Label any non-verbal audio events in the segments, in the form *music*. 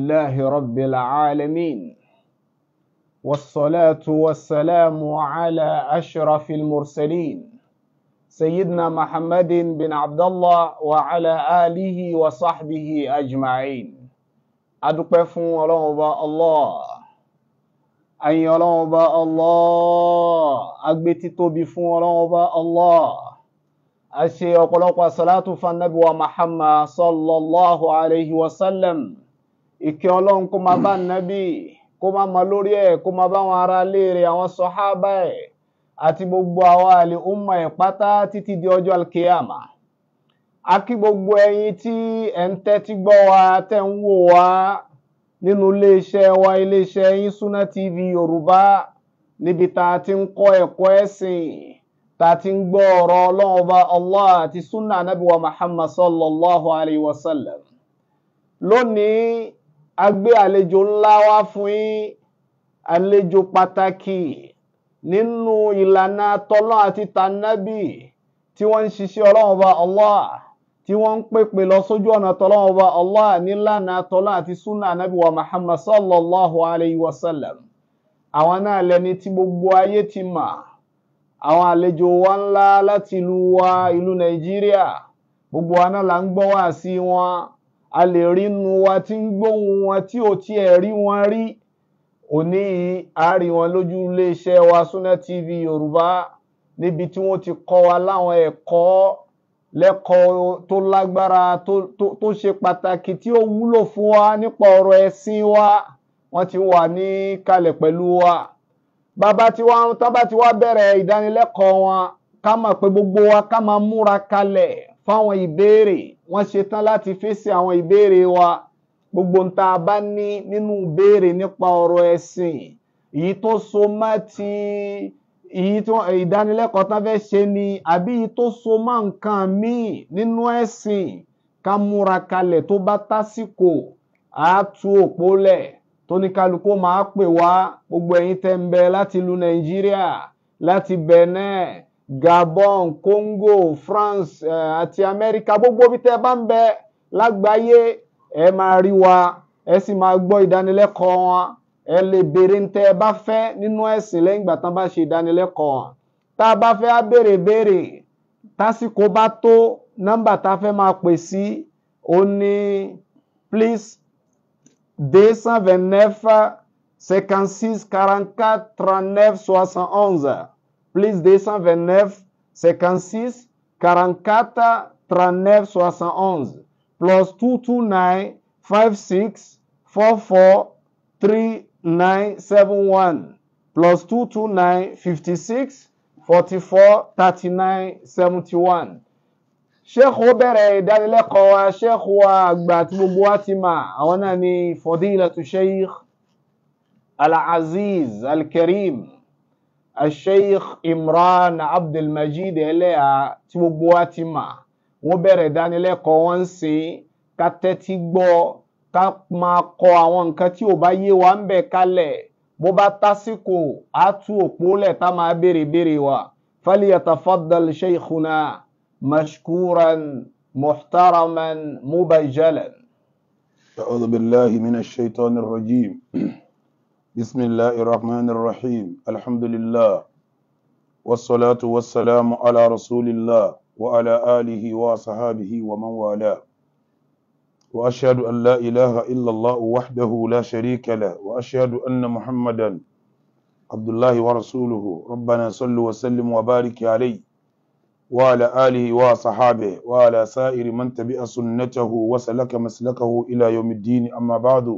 لله رب العالمين والصلاة والسلام على أشرف المرسلين سيدنا محمد بن عبد الله وعلى آله وصحبه أجمعين أدقفوا الله الله àyìn ọlọ́run ọba Allah agbé títóbi fún ọlọ́run ọba Allah a ṣe ọ̀pọ̀lọpọ̀ salatu fanabiwa Muhammad sallallahu alaihi wasallam. sallam ìkẹ́ ọlọ́run kó máa bá nábì kó máa mọ lórí ẹ̀ kó máa bá àwọn ará ilé rẹ̀ àwọn sọ̀hábà ẹ̀ àti gbogbo àwọn àlè umma ẹ̀ pátá títí di ọjọ́ alkiyama a kí gbogbo ẹ̀yin tí ẹ̀ ń tẹ́tí gbọ́ wa tẹ́ ń wò wá nínú iléeṣẹ́ wa iléeṣẹ́ yín Sunna TV Yorùbá níbi tá a ti ń kọ́ ẹ̀kọ́ ẹ̀sìn tá a ti ń gbọ́ ọ̀rọ̀ ọlọ́run ọba Allah àti sunna anabi Muhammad sallallahu alayhi wa sallam lónìí a gbé àlejò ńlá wá fún yín àlejò pàtàkì nínú ìlànà tọlọ́n àti tànábì tí wọ́n ń ṣiṣẹ́ ọlọ́run ọba Allah tí wọ́n ń pèpè lọ sójú ọ̀nà tọlọ́run ọba Allah nílànà tọlọ́n àti súnà ànábì wa Muhammad sallallahu alayhi wa sallam àwọn náà lẹni tí gbogbo ayé ti mà àwọn àlejò wa ńlá láti ìlú wa ìlú Nàìjíríà gbogbo wa náà là ń gbọ́ wá sí wọn a lè rí nu wa tí ń gbóhùn wọn tí ò tiẹ̀ rí wọn rí òní a wọn lójú iléeṣẹ́ wa Sunna TV Yorùbá níbi tí wọ́n ti kọ́ wa láwọn ẹ̀kọ́ lẹ́kọ̀ọ́ tó lágbára tó ṣe pàtàkì tí ó wúlò fún wa nípa ọ̀rọ̀ ẹ̀sìn wa wọ́n ti wà ní kalẹ̀ pẹ̀lú wa bàbá tí wọ́n tábà ti wá bẹ̀rẹ̀ ìdánilẹ́kọ̀ọ́ wọn ká mọ̀ pé gbogbo wa ká máa múra kalẹ̀ fáwọn ìbéèrè wọ́n ṣetán láti fèsì àwọn ìbéèrè wa gbogbo nta bá ní nínú ìbéèrè nípa ọ̀rọ̀ ẹ̀sìn èyí tó so mọ́ ti èyí tó ìdánilẹ́kọ̀ọ́ tán fẹ́ ṣe ni àbí èyí tó so mọ́ nǹkan míì nínú ẹ̀sìn ká múra kalẹ̀ tó bá tásìkò á tú òpó lẹ̀ tóníkálukú máa pè wá gbogbo ẹ̀yin tẹ́ ń bẹ láti ìlú Nàìjíríà láti Benin Gabon Congo France eh, àti uh, Amẹ́ríkà gbogbo bí tẹ́ bá ń bẹ lágbàáyé ẹ máa rí wa ẹ sì máa gbọ́ ìdánilẹ́kọ̀ọ́ wọn ẹ lè béèrè ń tẹ́ ẹ bá fẹ́ nínú ẹ̀sìn lẹ́yìn ìgbà tán bá ṣe ìdánilẹ́kọ̀ọ́ wọn tá a bá fẹ́ á béèrè béèrè tásìkò bá tó nọ́mbà tá a fẹ́ máa pè sí ó ní please deux cent vingt neuf cinquante six quarante quatre trente neuf soixante onze plus 229 56 44 39 71 plus 229 56 44 3971 plus 229 56 44 39 71. sheikh ó bẹ̀rẹ̀ ìdánilẹ́kọ̀ọ́ wa sheikh wa àgbà tí gbogbo wa ti mà àwọn náà ni fadilatu sheikh al-aziz al-karim. Al asheikh imran abdulmajid ẹlẹ́yà tí gbogbo wa ti mà wọ́n bẹ̀rẹ̀ ìdánilẹ́kọ̀ọ́ wọn ń ṣe ká tẹ́tí gbọ́ ká máa kọ àwọn nǹkan tí ò bá yé wa ń bẹ̀ kalẹ̀ bó bá tásìkò á tú òpó lẹ̀ tá máa béèrè béèrè wa falyatafaddal sheikhuna mashkuran muhtaraman mubajalan. أعوذ بالله من الشيطان الرجيم بسم الله الرحمن الرحيم الحمد لله والصلاة والسلام على رسول الله وعلى آله وصحابه ومن والاه وأشهد أن لا إله إلا الله وحده لا شريك له وأشهد أن محمدا عبد الله ورسوله ربنا صل وسلم وبارك عليه وعلى آله وصحابه وعلى سائر من تبع سنته وسلك مسلكه إلى يوم الدين أما بعد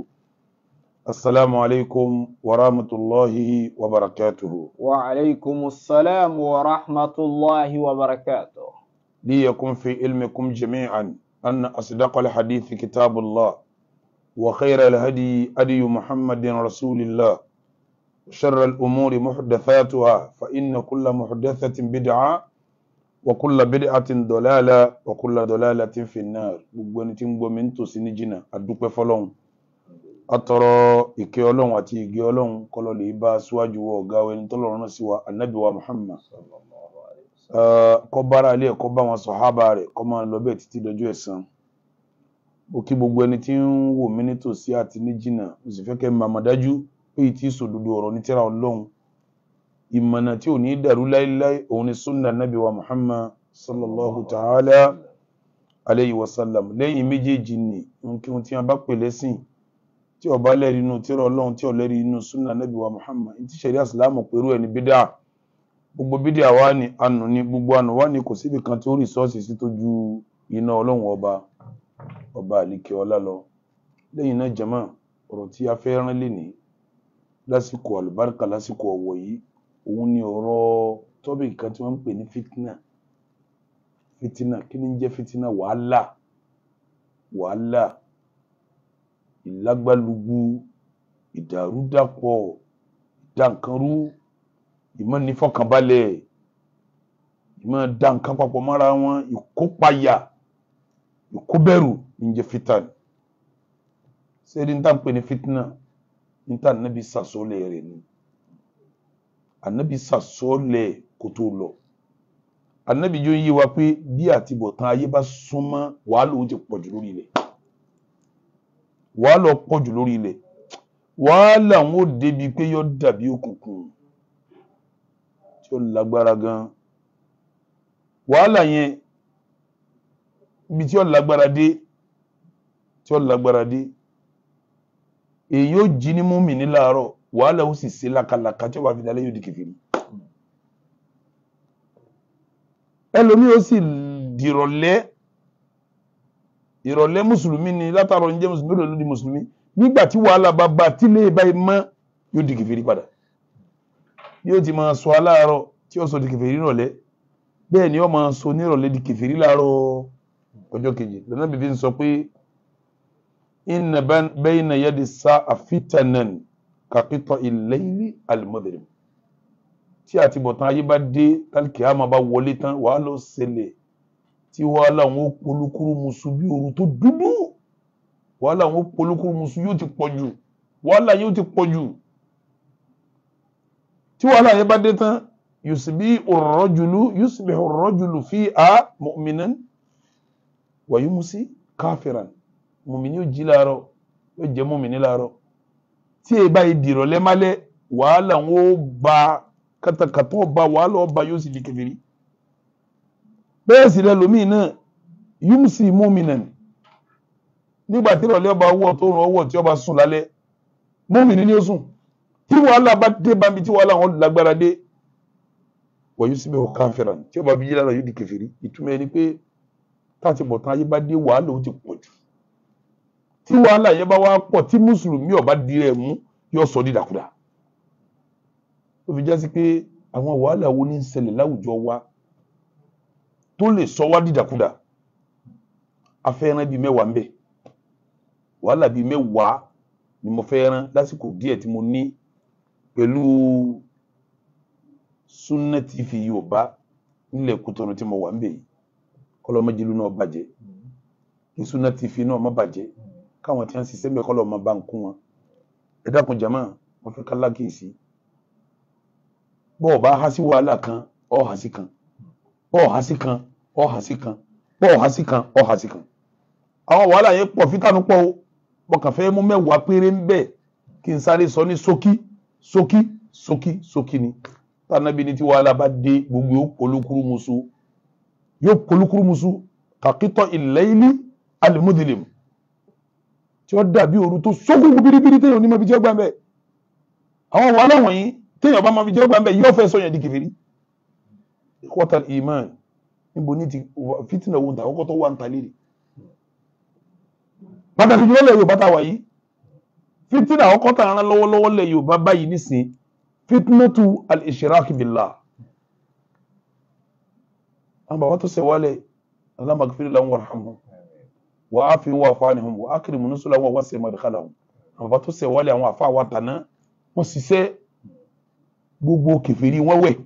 السلام عليكم ورحمة الله وبركاته وعليكم السلام ورحمة الله وبركاته ليكن في علمكم جميعا أن أصدق الحديث كتاب الله وخير الهدي أدي محمد رسول الله وشر الأمور محدثاتها فإن كل محدثة بدعة وكل بدعة دلالة، وكل دلالة في النار بغنتين بمنتو سنجنا أدوك فلون atọrọ ìkẹ́ ọlọ́run àti ìgẹ́ ọlọ́run kọlọ lè bá síwájú wọ ọ̀gá ẹni tọ́lọ́run náà sí wa anabi wa muhammad kọ́ bára ilé ẹ̀kọ́ e, bá wọn sọ̀hábà rẹ̀ kọ́ máa lọ bẹ́ẹ̀ títí dọjọ́ ẹ̀san ó kí gbogbo ẹni tí ń wò mí nítòsí àti ní jìnnà mo sì fẹ́ kẹ́ ẹ máa dájú pé ìtì ìsòdodo ọ̀rọ̀ ní tírà ọlọ́run ìmọ̀nà tí ò ní dàrú láéláé òun ni sunna nabi wa muhammad sallallahu ta'ala alayhi wa sallam lẹ́yìn méjèèjì ni nkí ohun tí wọn bá pè lẹ́sìn tí ó bá lẹ́rí inú tírà Ọlọ́run tí lẹ́rí inú súnà Nábì wa Muhammad ní ti ṣẹ̀ríà Ìsìlámù pẹ̀lú ẹni bídà gbogbo bídà wà ní ànú ní gbogbo ànú wà ní kò síbi kan tí ó rìsọ́ọ̀sì sí tó ju iná Ọlọ́run ọba ọba àlìkẹ́ ọlá lọ lẹ́yìn náà jàmá ọ̀rọ̀ tí a fẹ́ rán lé ní lásìkò àlùbáríkà lásìkò ọ̀wọ̀ yìí òun ni ọ̀rọ̀ tọ́bìkì kan tí wọ́n ń pè ní fitna fitna kí ni ń jẹ́ fitna wàhálà wàhálà ìlágbálúgbú ìdàrúdàpọ̀ ìdànkanrú ìmọ̀nífọ̀kànbalẹ̀ ìmọ̀ da nǹkan papọ̀ mọ́ra wọn ìkópayà ìkóbẹ̀rù níjẹ́ fitan sẹ́ni tá à ń pè ní fitna ní tá ànábi sàsọ́lẹ̀ rẹ̀ ni ànábi sàsọ́lẹ̀ kó tó lọ ànábi yóò yí wa pé bí àtibọ̀tán ayé bá súnmọ́ wàhálà ó ti pọ̀jù lórí rẹ̀ wàá lọ pọ̀jù lórí ilẹ̀ wàá làwọn ò débi pé yọ dàbí òkùnkùn tí ó lágbára gan wàhálà yẹn ibi tí ó lágbára dé tí ó lágbára dé èyí ó jí ní múmi ní láàárọ̀ wàhálà ó sì ṣe làkàlàkà tí ó wà fi dalẹ́ yóò di kẹfìrí ẹlòmíì ó sì dìrọ̀lẹ́ ìrọ̀lẹ́ mùsùlùmí ni látàrọ̀ ń jẹ́ mùsùlùmí rẹ̀ ló di mùsùlùmí nígbà tí wàhálà bá ba tílé báyìí mọ́ yóò di kèfèrí padà yóò ti máa sọ aláàárọ̀ tí ó sọ di kèfèrí rọ̀lẹ́ bẹ́ẹ̀ ni ó máa sọ nírọ̀lẹ́ di kèfèrí láàárọ̀ ọjọ́ kejì lọ́nà bíbí ń sọ pé inna bayna yadi sa fitanan kàpítọ̀ ilẹ̀yìnì alimọ́bìnrin tí àtibọ̀tán ayé bá dé tálkìá máa bá wọlé tán wàá lọ ṣẹlẹ̀ tí wọ́n làwọn ó polúkúrú musu bí ooru tó dúdú wọ́n làwọn ó polúkúrú musu yóò ti pọ̀ jù wọ́n là yóò ti pọ̀ jù tí wọ́n làwọn yẹn bá dé tán yusubi ar-rajulu yusubi ar-rajulu fiha mu'minan wa yumsi káfíran mùmíní yóò jí láàárọ̀ yóò jẹ́ mùmíní láàárọ̀ tí èyí báyìí dìrọ̀ lẹ́málẹ́ wàhálà ń ó ba katakata ọba wàhálà ọba yóò sì di kẹfìrí bẹ́ẹ̀ sì rẹ lómi náà yúùmù sí múmìnà nígbà tí ìrọ̀lẹ́ ọba owó tó ràn ọwọ́ tí ọba sùn lálẹ́ múmìnà ni ó sùn tí wàhálà bá dé bá mi tí wàhálà wọn lágbára dé wọ̀nyí síbẹ̀ wọ káfíra tí ọba bí yílára yóò di kẹfìrí ìtumọ̀ ẹni pé táàtì bọ̀ tán ayé bá dé wàhálà ó ti pọ̀ jù tí wàhálà yẹn bá wá pọ̀ tí mùsùlùmí ọba di rẹ̀ mú yóò sọ dídàkudà ó fi já sí pé àwọn wàhálà wo ní ń ṣẹlẹ̀ láwùjọ wa tó lè sọ wá dìdàkudà afẹ́ràn bíi mẹ́wàá ń bẹ wàhálà bíi mẹ́wàá ni mo fẹ́ rán lásìkò díẹ̀ tí mo ní pẹ̀lú Sunna TV Yorùbá nílẹ̀ Kútọ́nù tí mo wà ń bẹ yìí kọlọ́mọdélu náà bàjẹ́ ní Sunna TV náà má bàjẹ́ káwọn tí wọ́n ń ṣiṣẹ́ mẹ́ kọ́lọ́ ọmọ bá ń kún wọn jama mo fẹ́ ká lákèésí bọ́ọ̀ bá há sí kan ọ̀ há sí kan bọ́ọ̀ há kan ọ̀hà sí kan pọ̀ ọ̀hà sí kan ọ̀hà sí kan àwọn wàhálà yẹn pọ̀ fítànù pọ̀ o mo kàn fẹ́ mú mẹ́wàá péré ń bẹ̀ kí n sáré sọ ní ṣókí ṣókí ṣókí ṣókí ni tànàbí ni tí wàhálà bá dé gbogbo yóò polúkúrú musu yóò polúkúrú musu kàkítọ̀ ìlẹ́yìnlí alimudilimu tí ó dàbí òru tó sókùnkù biribiri téèyàn ní ma fi jẹ́ gbà mbẹ́ àwọn wàhálà wọ̀nyí téèyàn bá ma fi jẹ́ gbà mbẹ́ yóò fẹ́ sọ yẹn di kèfèrí ikhwatal iman níbo ní ti fìtínà ohun tàkọ́kọ́ tó wà ń talé rẹ̀ pàtàkì jùlọ lẹ̀ Yorùbá táwa yìí fìtínà àkọ́kọ́ tá a rán lọ́wọ́lọ́wọ́ Yorùbá báyìí nísìn fitnatu al-ishraq billah àwọn bàbá tó ṣẹ̀wálẹ̀ Allahumma ighfir lahum warhamhum wa afihim wa afanihum wa akrim nusulahum wa wasi' madkhalahum àwọn bàbá tó ṣẹ̀wálẹ̀ àwọn àfa wa tàná wọ́n ṣiṣẹ́ gbogbo kèfèrí wọ́n wẹ̀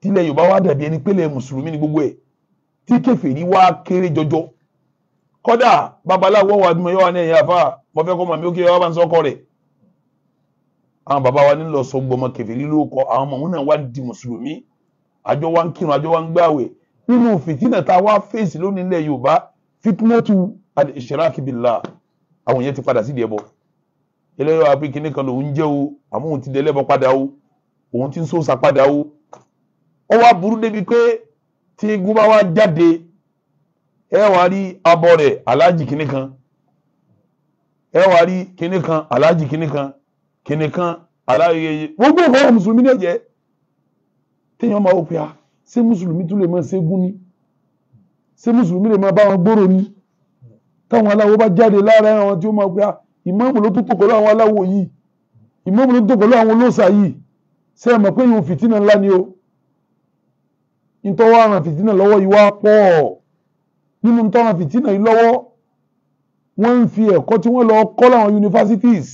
tilẹ̀ yorùbá wá dàbí ẹni pélé mùsùlùmí ni gbogbo ẹ̀ tí kèfèrí wá kéré jọjọ kódà babaláwo wà bímọ yọ wà ní ẹ̀yìn àfa mo fẹ́ kọ́ màmí ó kí ẹ bá ń sọ́kọ rẹ̀ àwọn bàbá wa nílò sọ gbọmọ kèfèrí lóòkọ àwọn ọmọ wọn náà wá di mùsùlùmí àjọ wa ń kírun àjọ wa ń gbààwẹ̀ nínú fìtínà tá a wá fèsì lónìí ilẹ̀ yorùbá fitinatu al-ishrak billah àwọn yẹn ti padà sídìí ẹbọ eléyàwó àpè kínní kan lòún jẹ́ o àmọ́ òun ti dẹ́lẹ́bọ padà o òun ti ń sọ́sà padà o ó wá burú débi pé tí igun bá wá jáde ẹ wá rí abọ́ rẹ̀ aláàjì kìnnì kan ẹ wá rí kìnnì kan aláàjì kìnnì kan kìnnì kan aláàyè gbogbo ìkọ́ mùsùlùmí lè jẹ́ téèyàn máa wò pé a ṣé mùsùlùmí tún lè máa ṣẹ́gun ni ṣé mùsùlùmí lè máa bá wọn gbòòrò ni táwọn aláwo bá jáde lára àwọn tí ó máa pé a ìmáàmù ló tún tò pẹ̀lú àwọn aláwo yìí ìmáàmù ló tún tò pẹ̀lú àwọn olóòṣà yìí ṣé ẹ mọ̀ pé ìhun fìtínà ńlá ni o ntọ́wọ́ àrùn fìtínà lọ́wọ́ yìí wá pọ̀ nínú ntọ́ràn fìtínà yìí lọ́wọ́ wọ́n ń fi ẹ̀kọ́ tí wọ́n lọ kọ́ láwọn universities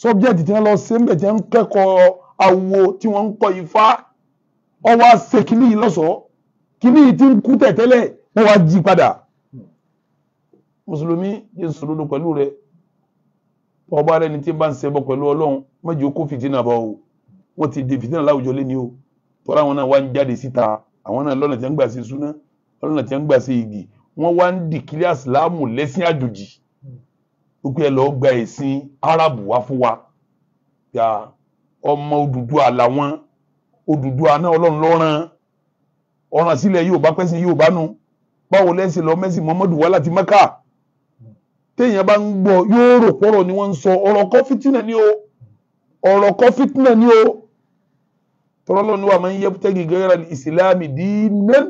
subject tí wọ́n lọ ṣe ń bẹ̀ tí wọ́n ń kẹ́kọ̀ọ́ awo tí wọ́n ń kọ́ ifá ọwọ́ àṣẹ kìíní yìí lọ́sọ̀ọ́ kìíní yìí ti ń kú tẹ̀tẹ́lẹ̀ wọ́n wá jí padà mùsùlùmí yẹn sòdodo pẹ̀lú rẹ ọba rẹ ni tí bá ń ṣẹbọ pẹ̀lú ọlọ́run mẹ́jọ kó fìtínà bá o wọ́n ti dé fìtínà láwùjọ lé o tọ́lá àwọn náà wá ń jáde síta àwọn náà lọ́nà tí wọ́n ń gbà ṣe súná lọ́nà tí wọ́n ń gbà ṣe igi wọ́n wá ń dìkírí àsìláàmù lẹ́sìn àjòjì wípé ẹ lọ́ọ́ gba ẹ̀sìn árábù wá fún wa ya ọmọ Odùduwà làwọn Odùduwà náà ọlọ́run lọ́ràn ọ̀ràn sílẹ̀ Yorùbá pẹ́sìn Yorùbá nu báwo lẹ́sìn lọ mẹ́sìn Muhammadu wá láti Mẹ́kà téèyàn bá ń gbọ́ yóò rò pọ̀rọ̀ ni wọ́n ń sọ ọ̀rọ̀ kọ́ fìtínà ni o ọ̀rọ̀ kọ́ fìtínà ni o tọ́lọ́lọ́ ni wà máa ń yẹ tẹ́gì gẹ́gẹ́rẹ́ ìsìlámì dínan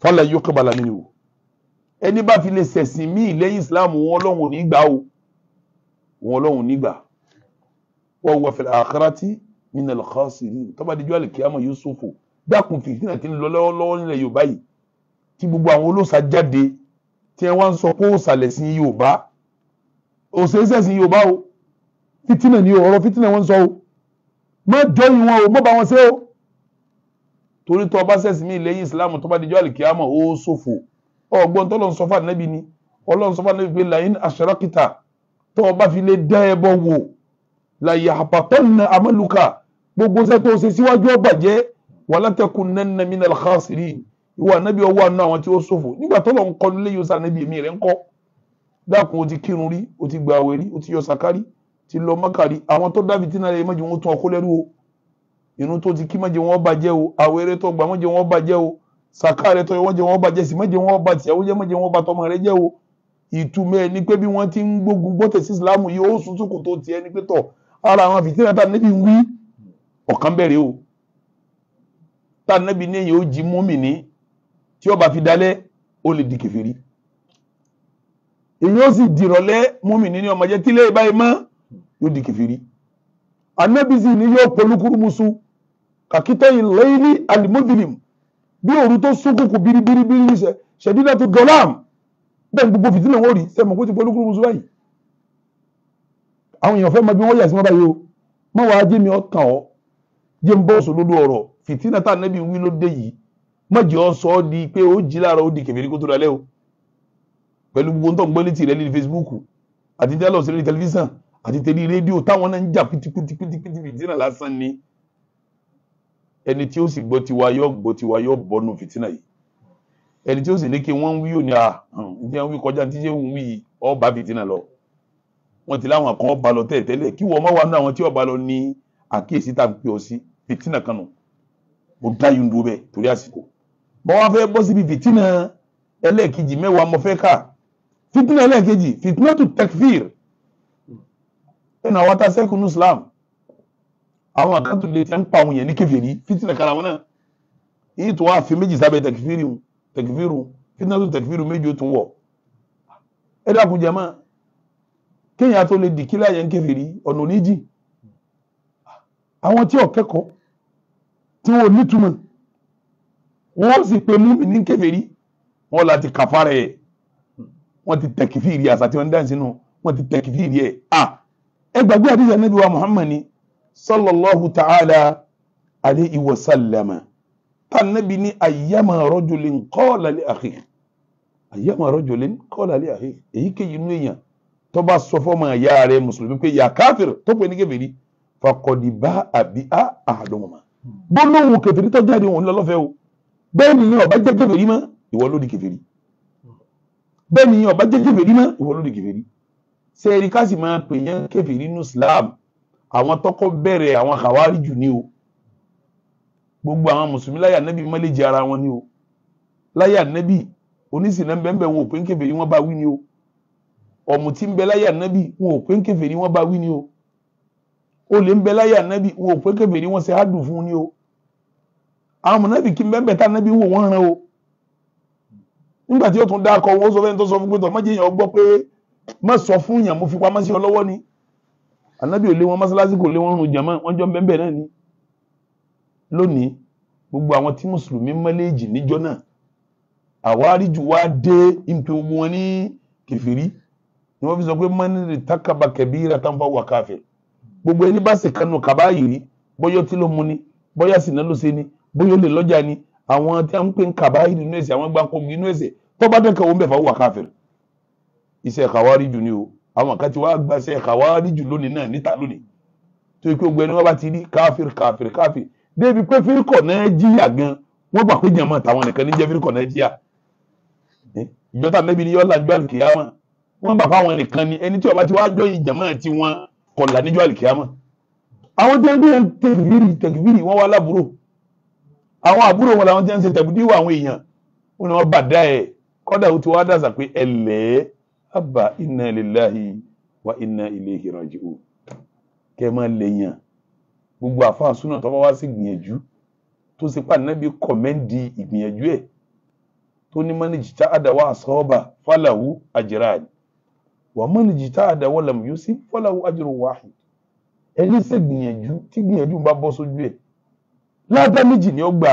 fọlá yóò kọ́ bala nínú ẹni bá fi lè ṣẹ̀sìn míì lẹ́yìn ìsìlámù wọn ọlọ́run nígbà o wọn ọlọ́run nígbà wọn wọ fẹlẹ àkàràtì nínú ẹlẹkọọsì tọba díjọ àlè Yusufu dákun fìtínà tí ń lọ lọ́wọ́lọ́wọ́ nílẹ̀ Yorùbá yìí tí gbogbo àwọn olóòṣà jáde tí wọn ń sọ pé òòṣàlẹ̀ sí Yorùbá òṣèṣẹ́ sí Yorùbá o fìtínà ni ọ̀rọ̀ fìtínà wọn ń sọ o má jọyìn wọn o má bá wọn ṣe o torí tó ọba sẹ́sìn mí lẹ́yìn ìsìlámù tó bá dijọ́ àlìkíyàmọ̀ ó ṣòfò ọgbọ́n tó lọ́n sọ́fà nẹ́bi ni ọlọ́run sọ́fà nẹ́bi pé làyín àṣàràkìtà tó ọba fi lè dá ẹbọ wò làyè àpàtọ́ nà amẹ́lùkà gbogbo sẹ́tọ́ ṣe síwájú ó bàjẹ́ wàlátẹ́kùn nẹ́nà mí nàlẹ́ xaasìrì ìwà nẹ́bi ọwọ́ àná àwọn tí ó ṣòfò nígbà tó lọ́n kọ́ lẹ́yìn ọ̀sán nẹ́bi èmi rẹ̀ ńkọ́ dákun o ti kírun rí o ti gbàwé rí o ti yọ sàkárì ti lọ mọ́kàrí àwọn tó dá fìtínà rẹ̀ má jẹ́ wọn tún ọkọ lẹ́rú o inú tó ti kí má jẹ́ wọn bàjẹ́ o àwẹ̀rẹ̀ tó gbà má jẹ́ wọn bàjẹ́ o sàká rẹ̀ tó yẹ má jẹ́ wọn bàjẹ́ sí má jẹ́ wọn bà tìyàwó jẹ́ má jẹ́ wọn bà tọmọ rẹ̀ jẹ́ o ìtumọ̀ ẹ̀ ni pé bí wọ́n ti ń gbógun gbọ́tẹ̀ sí Islam yìí ó sun sókò tó tiẹ̀ ni pé tọ̀ ara àwọn fìtínà tá níbi ń wí ọ̀kan bẹ̀rẹ̀ o tá níbi ó jí múmìnì tí ó fi dalẹ̀ ó lè di kèfèrí èyí ó sì dìrọ̀lẹ́ múmìnì ní ọmọ jẹ́ tílé ìbáyìí mọ́ yóò di kẹfìrí anabizi ni yóò polúkúrú musu kàkítọ́ ìlẹ́yìnì alimodirim bí òru tó súnkùnkùn biribiribiri ṣe ṣẹ̀dídà tó dọ́làm bẹ́ẹ̀ gbogbo fìtínà wọ́n rí sẹ́mọ̀ kó ti polúkúrú musu báyìí àwọn èèyàn fẹ́ mọ bí wọ́n yà sí wọn báyìí o mọ wàá jẹ́ mi ọ̀tàn ọ́ jẹ́ ń bọ́ sọ lólu ọ̀rọ̀ fìtínà tá ànábì wí ló dé yìí má jẹ́ ọ sọ ọ́ di pé ó jí láàárọ̀ ó di kẹfìrí kó tó dalẹ́ o pẹ̀lú gbogbo ń gbọ́ létí rẹ lórí Facebook àti tẹ́lọ̀ sí lórí tẹlifíṣàn àti tẹ̀lé rédíò táwọn náà ń jà pítípítípítí fìtínà lásán ni ẹni tí ó sì gbọ́ tiwa yóò gbọ́ tiwa yóò bọ́nu fìtínà yìí ẹni tí ó sì ní kí wọ́n ń wí òní à ní àwọn wí kọjá tí yóò ń wí ọba fìtínà lọ wọ́n ti láwọn kan ọba lọ tẹ́lẹ̀tẹ́lẹ̀ kí wọ́n má wà ní àwọn tí ọba lọ ní àkíyèsí tá à ń pè ọ sí fìtínà kan nù mo dá yín dúró bẹ́ẹ̀ torí àsìkò mo wá fẹ́ bọ́ síbi fìtínà ẹlẹ́ẹ̀kejì mẹ́wàá mo fẹ́ kà fìtínà ẹlẹ́ẹ̀kejì fìtínà tó takfir nínú àwọn tá sẹ́kù ní Islam àwọn àkáǹtò lè ti ń pa àwọn yẹn ní kèfèrí fìtínà kára wọn náà èyí tó wá fi méjì sábẹ́ tẹkifíru tẹkifíru fìtínà tó tẹkifíru méjì ó tún wọ̀ ẹ dákun jàmá kéèyàn tó lè dì kílà yẹn ń kèfèrí ọ̀nà oníjì àwọn tí ò kẹ́kọ̀ọ́ tí wọn nítumọ̀ wọ́n sì pe múmi ní kèfèrí wọ́n láti kàfàrẹ̀ wọ́n ti tẹkifíri àṣà tí wọ́n dá sínú wọ́n ti tẹkifíri ẹ̀ ah ẹ gbàgbé àdìsí ànábì wa Muhammad ni sallallahu ta'ala alayhi wa sallama tànàbí ní ayyama rajulin qala li akhi ayyama rajulin qala li akhi èyíkéyìí inú èèyàn tó bá sọ fọmọ ìyá rẹ̀ mùsùlùmí pé ya káfíìr tó pè ní kébèrè faqad ba'a biha ahaduhuma gbólóhùn kèfèrí tó jáde òun lọ́lọ́fẹ́ o bẹ́ẹ̀ ni ọba jẹ́ kèfèrí mọ́ ìwọ ló di kèfèrí bẹ́ẹ̀ ni ọba jẹ́ kèfèrí mọ́ ìwọ ló di kèfèrí ṣé ẹni ká sì máa pè yẹn kèfèrí nínú Islam àwọn tọkọ bẹ̀rẹ̀ àwọn kàwárí jù ní o gbogbo àwọn mùsùlùmí láyà nẹ́bí mọ́lẹ́jì ara wọn ní o láyà nẹ́bí onísìnà bẹ́ẹ̀ wọn ò pé ń kèfèrí wọn bá wí ni o ọ̀mùtí ń bẹ láyà nẹ́bí wọn ò pé ń kèfèrí wọn bá wí ni o olè ń bẹ láyà nẹ́bí wọn ò pé kèfèrí wọn ṣe hádùn fún ni o àwọn mọ̀nẹ́bí kí ń bẹ́ẹ̀ bẹ́ẹ̀ tá nẹ́bí wò wọ́n rán o nígbà tí ó tún dákọ̀ wọn ó sọ fẹ́ni tó sọ fún pé tọ́ má sọ fún yàn mo fi pamọ́ sí ọ lọ́wọ́ ni ànábì ò lé wọn mọ́sálásí kò lé wọn rùn jàmá wọn jọ bẹ́ẹ̀ bẹ́ẹ̀ náà ni lónìí gbogbo àwọn tí mùsùlùmí mọ́lẹ́jì níjọ́ náà àwáríjù wa dé ìpè gbogbo wọn ní kẹfìrí ni wọ́n fi sọ pé mọ́nìrì takaba kẹbí ratanfa wà káfẹ́ gbogbo ẹni bá sì kanu kaba yìí bọ́yọ́ tí ló mu ni bọ́yọ́ sì náà ló ṣe ni bọ́yọ́ lè lọ́jà ni àwọn tí wọ́n pè ń kaba yìí nínú ẹ̀sẹ̀ àwọn gbàǹkó nínú ẹ̀sẹ̀ tọ́ba dẹ́kẹ̀ wọn bẹ̀ fà wà káfẹ́ iṣẹ́ kàwáríjù ni o àwọn kan ti wá gbaṣẹ́ kàwáríjù lónìí náà níta lónìí tó yẹ kí ogun ẹni wọn bá ti rí káfíìr káfíìr káfíìr débi pé fírikọ̀ náà jìyà gan wọ́n gbà pé jẹ̀mọ́ táwọn nìkan ní jẹ́ fírikọ̀ náà jìyà eh, ìjọta nẹ́bi ni yọ́lá níjọ́ àlùkìyàmọ́ wọ́n gbà fáwọn nìkan ni ẹni tí ọba ti wá jọ ìjẹ̀mọ́ ti wọn kọ̀là níjọ́ àlùkìyàmọ́ àwọn tí wọ́n ń tẹ̀kìfìrì tẹ̀kìfìrì wọ́n wá lábúrò àwọn àbúrò wọn làwọn tí ń ṣe tẹ̀bùdíwọ̀ àwọn abba inna lillahi wa inna ilayhi raji'un kẹ́ máa lèèyàn gbogbo àfáà súnà tó bá wá sí gbìyànjú tó sì pa nàbí kọ̀mẹ́ǹdì ìgbìyànjú ẹ̀ tó ní mọ́nìjì tá àdáwà àsọ́ọ́bà fàlàwù àjìrààdì wà mọ́nìjì tá àdáwà làmù yóò sí fàlàwù àjìrò wàhìd ẹni sì gbìyànjú tí gbìyànjú bá bọ́ sójú ẹ̀ ládàá méjì ni ó gbà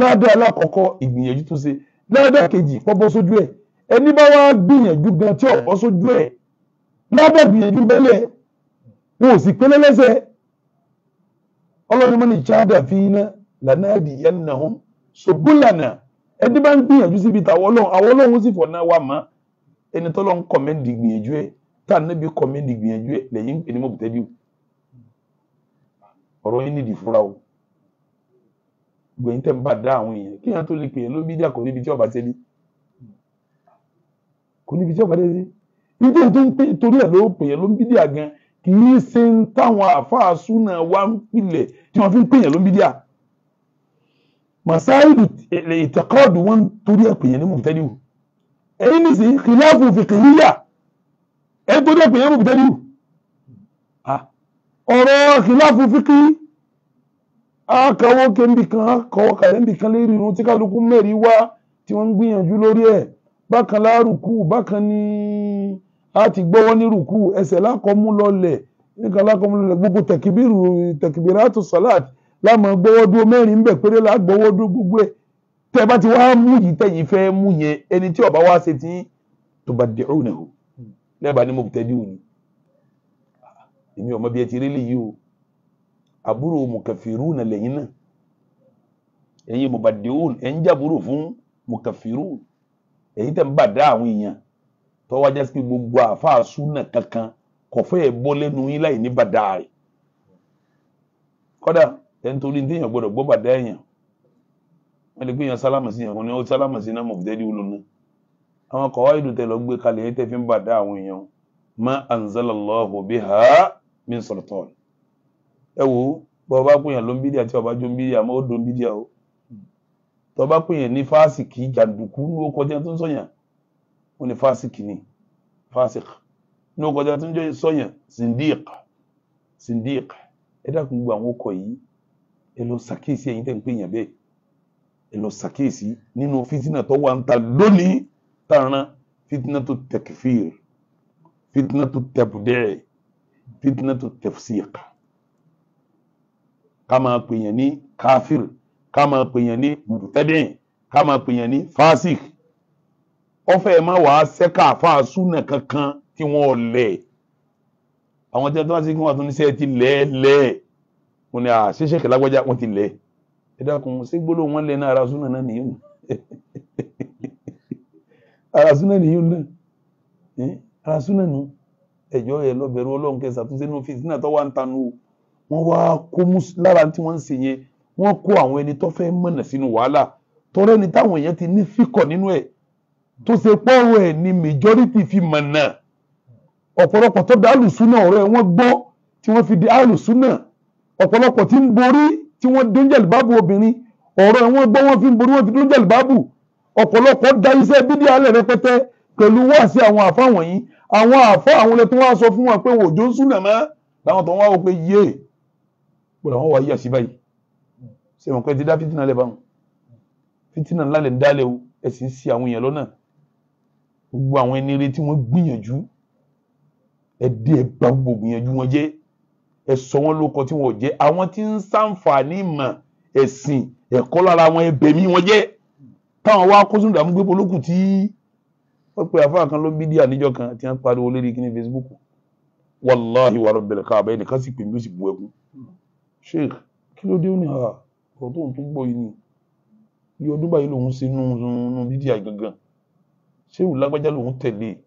ládàá alákọ̀ọ́kọ́ ìgbìyànjú tó ṣe ládàá kejì pọ́ sójú ẹ̀ ẹni bá wá gbìyànjú gan tí ọ̀pọ̀ sójú ẹ̀ lábẹ́ gbìyànjú bẹ́lẹ̀ wọn ò sì pélé lẹ́sẹ̀ ọlọ́run mọ́ni ìṣáàdà fi iná lànà ẹ̀dì yẹn nà hún ṣògbó lànà ẹni bá ń gbìyànjú síbi tàwọn ọlọ́run àwọn ọlọ́run sì fọ̀nà wà má ẹni tọ́lọ́ ń kọ̀mẹ́ndì gbìyànjú ẹ̀ tá à níbi kọ̀mẹ́ndì gbìyànjú ẹ̀ lẹ́yìn ẹni mọ̀ bùtẹ́bí ọ̀rọ̀ yín nídìí fúra o gbẹ̀yìn tẹ́ ń bá dá àwọn èèyàn kí kò níbi tí ó padà sí nítorí tó ń pè torí ẹ̀ ló pè é ló ń bí díà gan kì í ṣe ń táwọn àáfàá súnà wá ń pilẹ̀ tí wọ́n fi ń pè yẹn ló ń bí díà masáìlù eh, ìtẹ̀kọ́ọ̀dù wọn torí ẹ̀ pè yẹn ní mọ̀tẹ́díwù ẹ̀yìn ní sìn kìláàfù fìkìlíyà ẹ̀ torí ẹ̀ pè yẹn ní mọ̀tẹ́díwù ọ̀rọ̀ kìláàfù fìkìlíyà akọwọ́ kẹ́ńbì kan akọwọ́ kàlẹ́ńbì kan lérí irun tí kálukú mẹ́rin wá tí wọ́n ń gbìyànjú lórí ẹ̀ bákan lá rùkú bákan ní a ti gbọ́wọ́ ní rùkú ẹsẹ̀ lákọ̀ọ́mú lọlẹ̀ nìkan lákọ̀ọ́mú lọlẹ̀ gbogbo tẹ̀kìbìrù tẹ̀kìbìrátù salat láàmú gbọ́wọ́ dúró mẹ́rin ń bẹ̀ péré là gbọ́wọ́ dúró gbogbo ẹ̀ tẹ́ bá ti wá mú yìí tẹ̀yìn fẹ́ mú yẹn ẹni tí ó wá ṣe tí tó bá dẹ̀ òun náà lẹ́bàá ni mo tẹ́ dí òun èmi ọmọ bíi ẹ ti rí lè yí o àbúrò mùkàfìrú nà lẹ́yìn náà ẹ̀yin mùbàdìhùn ẹ̀ ń jàbúrò fún mùkàfìrú èyí tẹ̀ ń bàdá àwọn èèyàn tó wá jẹ́ sí gbogbo àáfàá súnà kankan kò fẹ́ ẹ̀ bọ́ lẹ́nu yín láì ní bàdá rẹ̀ kódà ẹ̀ ní èèyàn gbọ́dọ̀ gbọ́ bàdá èèyàn wọ́n lè gbé èèyàn sálámà sí èèyàn ni ó sálámà sí náà mọ̀ fìdẹ́ẹ́dì wúlò náà àwọn kọ̀wá ìlú tẹ̀ lọ gbé kalẹ̀ yìí tẹ̀ fi ń bàdá àwọn èèyàn ma anzalallahu biha min sultan ẹ wo bọ́ ọba pè yàn ló ń bídìí àti ọba jó ń bídìí àmọ́ ó dó ń bídìí àwọn tó bá pè yẹn ní fásìkì jàǹdùkú ní ó kọjá tó ń sọyàn ó ní fásìkì ni fásìkì ní ó kọjá tó ń sọyàn sindiq sindiq ẹ dákun gbogbo àwọn ọkọ yìí ẹ lọ ṣàkíyèsí ẹ̀yin tẹ́ ń pè yẹn bẹ́ẹ̀ ẹ lọ ṣàkíyèsí nínú fìtínà tó wà ń ta lónìí tààrán fìtínà tó tẹkifír fìtínà tó tẹbùdẹ́ẹ̀ fìtínà tó tẹfsíq ká máa pè yẹn ní káfíìrì ká máa pèèyàn ní mùtẹ́dìn ká máa pèèyàn ní fásik ọfẹ ẹ má wàá sẹka fáasúnà kankan tí wọn lẹ àwọn tí wọn ti kí wọn tún ní sẹ ti lẹẹlẹ wọn ni àṣeṣe kẹlágbájá wọn ti lẹ ẹ dákun ṣé gbólóhùn wọn lẹ náà ara súnà náà nìyẹn *laughs* ara súnà nìyẹn náà ara súnà nù ẹjọ yẹ lọbẹrù Ọlọ́run kẹsàtúnṣe ní ọfíìsì náà tó wà ń tanu wọn wá kó lára tí wọn ń ṣe yẹn wọ́n kó àwọn ẹni tó fẹ́ mọ̀nà sínú wàhálà tọrọ ẹni táwọn èèyàn ti ní fíkọ̀ nínú ẹ̀ tó ṣe pọ́ọ̀rọ̀ ẹ̀ ni majority fi mọ̀nà ọ̀pọ̀lọpọ̀ tó bẹ alùsùnà ọ̀rọ̀ ẹ̀ wọ́n gbọ́ tí wọ́n fi di alùsùnà ọ̀pọ̀lọpọ̀ tí ń borí tí wọ́n dé jẹ̀lìbábù obìnrin ọ̀rọ̀ ẹ̀ wọ́n gbọ́ wọ́n fi ń borí wọ́n fi dé jẹ̀lìbábù ọ̀pọ̀lọpọ̀ da iṣẹ́ bídí alẹ́ rẹpẹtẹ pẹ̀lú wá sí àwọn àfa wọ̀nyí àwọn àfa àwọn ilẹ̀ tó wá sọ fún wọn pé òjò ń súnà mọ́ làwọn tó wá wọ pé yé pẹ̀lú àwọn wà yíyà sí báyìí ṣe mọ̀ pé ti dá fìtínà lẹ̀ báwọn fìtínà ńlá lẹ̀ ń dálẹ̀ o ẹ sì ń ṣì àwọn èèyàn lọ́nà gbogbo àwọn ẹni rẹ tí wọ́n gbìyànjú ẹ dé ẹ bá gbogbo gbìyànjú wọn jẹ́ ẹ wọn lóko tí wọn ò àwọn tí ń sàǹfààní ìmọ̀ ẹ̀sìn ẹ̀kọ́ lára wọn ẹbẹ̀ mi wọn jẹ́ táwọn wá kó sínú ìdààmú gbépo lókù tí wọ́n pe àfáà kan ló ń bí díà kan tí wọ́n pariwo lórí kíní Facebook wàláhi wàrọ̀ bẹ̀rẹ̀ káàbẹ̀ ẹnìkan sì pè mí ó sì bu ẹkún sheikh kí ló dé ó ní àá ah, ọ̀rọ̀ tóun tó gbọ́ yìí ni iye ọdún báyìí lòun ṣe nù nù bídíà gangan ṣéwù lágbájá lòun tẹ̀lé e.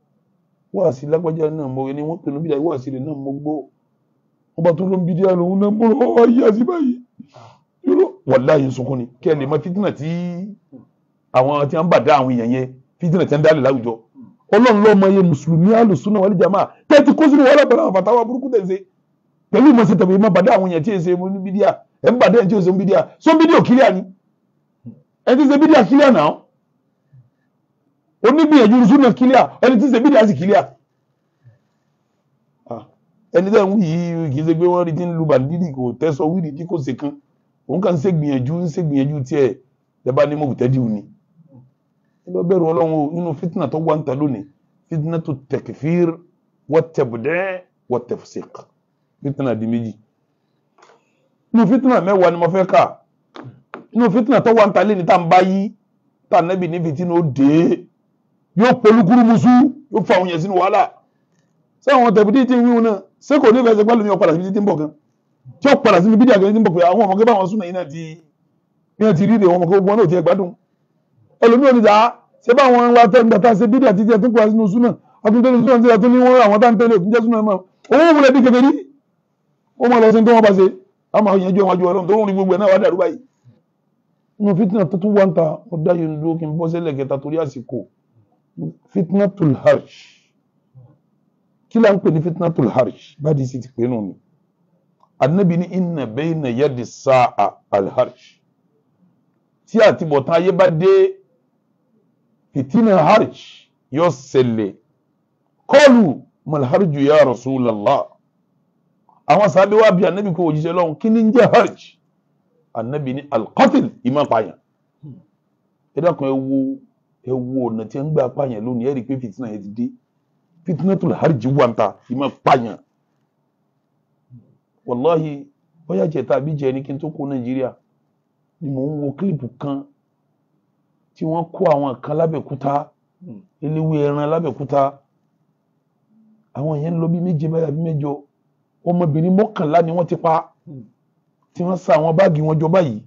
wáàsí lágbájá náà mọ ẹni wọ́n pinnu bídíà wáàsí rẹ̀ náà mọ gbọ́ wọ́n bá tó ló ń bídíà lòun náà mọ́ lọ́wọ́ ayé àti báyìí yọ̀rọ̀ wàláyé sunkún ni kí ẹ lè mọ fìtínà tí àwọn tí wọ́n bá dá àwọn èèyàn yẹn fìtínà tí wọ́n dálẹ̀ láwùjọ ọlọ́run lọ́mọ iye mùsùlùmí alùsùnà wal jamaa tẹ́tí kó sínú wàhálà pẹ̀lú àwọn fàtàwà burúkú tẹ̀ ṣe pẹ̀lú ìmọ̀sẹ̀ tẹ̀wé má bàdá àwọn èèyàn tí ì ẹ̀ ń bàdé ẹ̀ ń tí o ṣe ń bídíà so ń bídíà kílíà ni ẹ̀ ti ṣe bídíà kílíà náà onígbìyànjú súnà kílíà ẹni tí ń ṣe bídíà sì kílíà ah, ẹni tẹ́ ń wí yìí kì í ṣe pé wọ́n rí ti ń lu bàndínì kò tẹ́sọ wíìrì tí kò ṣe kan òun kàn ń ṣe gbìyànjú ń ṣe gbìyànjú tiẹ̀ dábàá ní mọ̀tẹ́dì òní lọ bẹ̀rù ọlọ́run o nínú fitna tó wà ń ta lónìí fitna tó tẹkifir wọ́tẹ̀bùdẹ́ wọ́tẹ̀fṣẹ̀k fitna di méjì inú fitna mẹ́wàá ni mo fẹ́ kà inú fitna tó wà ń ta lẹ́ni tá ń bá yí tá nẹ́bì ní fìtínà ó dé yóò polúkúrú musu yóò fa àwọn yẹn sínú wàhálà sẹ́wọ̀n tẹ̀bí tí ń wíwọn náà ṣé kò ní ìfẹsẹ̀ pẹ́lú mi ọ̀padà síbi tí ń bọ̀ gan tí ó padà síbi bídíà gan tí ń bọ̀ pé àwọn ọmọ kébà wọn súnmọ́ yìí náà ti yẹn ti ríre ọmọ kébà wọn náà ti ẹ̀ gbádùn ẹlòmíràn ni dáa ṣé bá wọn wá tẹ́lẹ̀ tá a ṣe bídíà títí ẹtún kura sínú súnà ọtún tẹ́lẹ̀ súnà tí ẹtún ní wọn àwọn tá ń tẹ́lẹ̀ òkú jẹ́ súnà mọ́ owó wọlé bí kékeré ó mọ̀ lọ́sẹ̀ tó wọ́n bá ṣe a máa yanjú ẹ̀wọ̀n àjọ ọlọ́run tó ń rí gbogbo ẹ̀ náà wá dàrú báyìí inú fitna tó tún wá ń ta mo dá yẹn dúró kí n bọ́ sílẹ̀ kẹta torí àsìkò fitna tul harj kí la ń pè ní fitna tul harj báyìí sì ti pè nù ni anabi ní inna bayna yadi sa'a al tí àtibọ̀tán ayé bá dé fitina harj yóò ṣẹlẹ̀ kọlu mal ya rasulallah àwọn sábẹ́ wá bí anabi kò òjíṣẹ́ lọ́hùn kí ni ń jẹ́ hajj anabi ní alqatil ìmọ̀ pààyàn ẹ dákun ẹ wo ẹ wo ọ̀nà tí ẹ ń gbà pààyàn lónìí ẹ rí i pé fìtínà yẹn ti dé fìtínà tó lè hajj wà ń ta ìmọ̀ pààyàn wàláhi bóyá jẹta àbí jẹ ní kí n tó kó nàìjíríà ni mò ń wo kílípù kan tí wọ́n kó àwọn kan lábẹ́kúta eléwé ẹran lábẹ́kúta àwọn yẹn ń lọ bí méje báyà bí mẹ́jọ ọmọbìnrin mọ́kànlá ni wọ́n ti pa tí wọ́n sa àwọn báàgì wọn jọ báyìí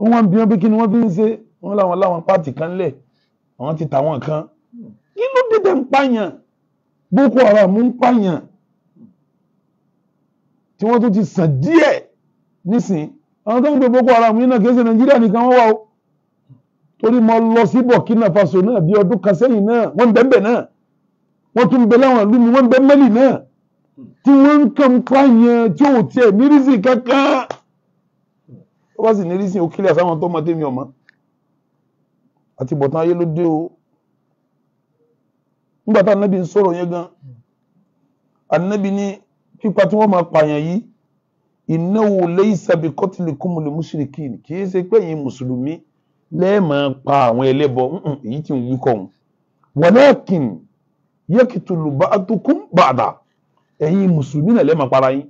wọ́n bí wọ́n bí kí ni wọ́n fi ń ṣe wọ́n láwọn láwọn pààtì kan lẹ̀ àwọn ti tà wọ́n kan kí ló dé tẹ̀ ń pààyàn Boko Haram ń pààyàn tí wọ́n tún ti sàn díẹ̀ nísìn àwọn tó ń gbé Boko Haram yìí náà kì í ṣe Nàìjíríà nìkan wọ́n wà o torí mo lọ sí Burkina Faso náà bí ọdún kan sẹ́yìn náà wọ́n ń bẹ́ẹ̀ bẹ́ẹ̀ náà wọ́n tún ń bẹ láwọn ìlú mi wọ́n ń bẹ mẹ́lì náà tí wọ́n ń kàn pa yẹn tí ò tiẹ̀ nírísì kankan ó bá sì nírísì ó kílẹ̀ sáwọn tó mọ tèmi ọ̀mọ́ àti bọ̀tán ayé ló dé o nígbà tá ànábì ń sọ̀rọ̀ yẹn gan ànábì ní pípa tí wọ́n máa pààyàn yìí innahu laysa bi qatlikumul mushrikin kì í ṣe pé ẹ̀yin mùsùlùmí lẹ́ẹ̀mọ́ pa àwọn ẹlẹ́bọ èyí tí ń wí kọ́ walakin yaqtulu ba'dukum ba'da ẹ̀yin mùsùlùmí náà lẹ́mọ̀ para yín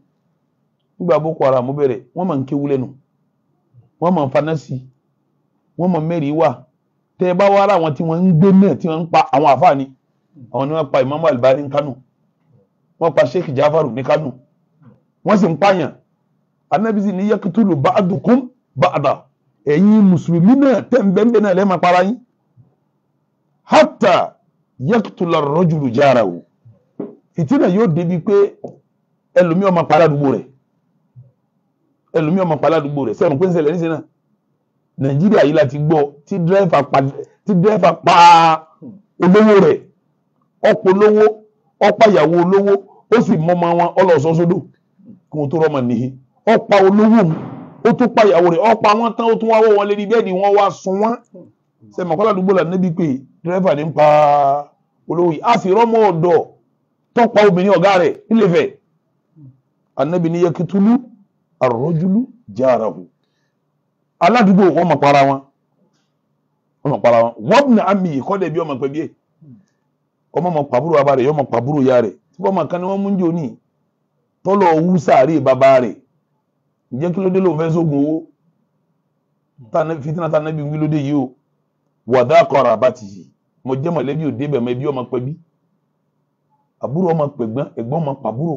nígbà boko haram bẹ̀rẹ̀ wọ́n mọ̀ ń kéwu lẹ́nu wọ́n mọ̀ ń fanásì wọ́n mọ̀ mẹ́rin wà tẹ́ ẹ bá wá ara àwọn tí wọ́n ń gbé náà tí wọ́n ń pa àwọn àfáà ni àwọn ni wọ́n pa Imam Albani ní Kánò wọ́n pa Sheikh Jafaru ní Kánò wọ́n sì ń pààyàn Ànábì sì ní yakutulu ba'dukum ba'da ẹ̀yin mùsùlùmí náà tẹ́ ń bẹ́ńbẹ́ náà lẹ́mọ̀ para yín hatta yakutula rọ́jùlù jára fìtínà yóò débi pé ẹlòmí ọmọ pa aládùúgbò rẹ̀ ẹlòmí ọmọ pa aládùúgbò rẹ̀ sẹ́wọ̀n pé ń ṣẹlẹ̀ nàìjíríà yìí láti gbọ́ tí dírẹ́fà pa tí dírẹ́fà pa olówó rẹ̀ ọ̀pọ̀ olówó ọ̀pá ìyàwó olówó ó sì mọ ọmọ wọn ọlọ́sọ́sọ́dọ̀ kí wọ́n tó rọ́mọ nìyí ọ̀pá olówó ó tún pa ìyàwó rẹ̀ ọ̀pá wọn tán ó tún wá wọ́ wọn lérí bẹ́ẹ̀ ni wọ́n wá sun wọn sẹ́wọ̀n kọ́ládùúgbò là níbi pé dírẹ́fà ní ń pa olówó yìí a sì rọ́mọ ọ̀dọ́ tó pa obìnrin ọ̀gá rẹ̀ ńlẹ̀fẹ̀ anabi ni yakitulu arrojulu jarahu aládùúgbò wọn mọ̀ para wọn wọn mọ̀ para wọn wọn bìnrin àmì ìkọ́lẹ̀ bí ọmọ pẹ̀bí ẹ̀ ọmọ mọ̀ pàbúrò bàbá rẹ̀ ya rẹ̀ tí mọ̀ kan mú àbúrò ọmọ pẹ̀gbọ́n ẹ̀gbọ́n ọmọ pàbúrò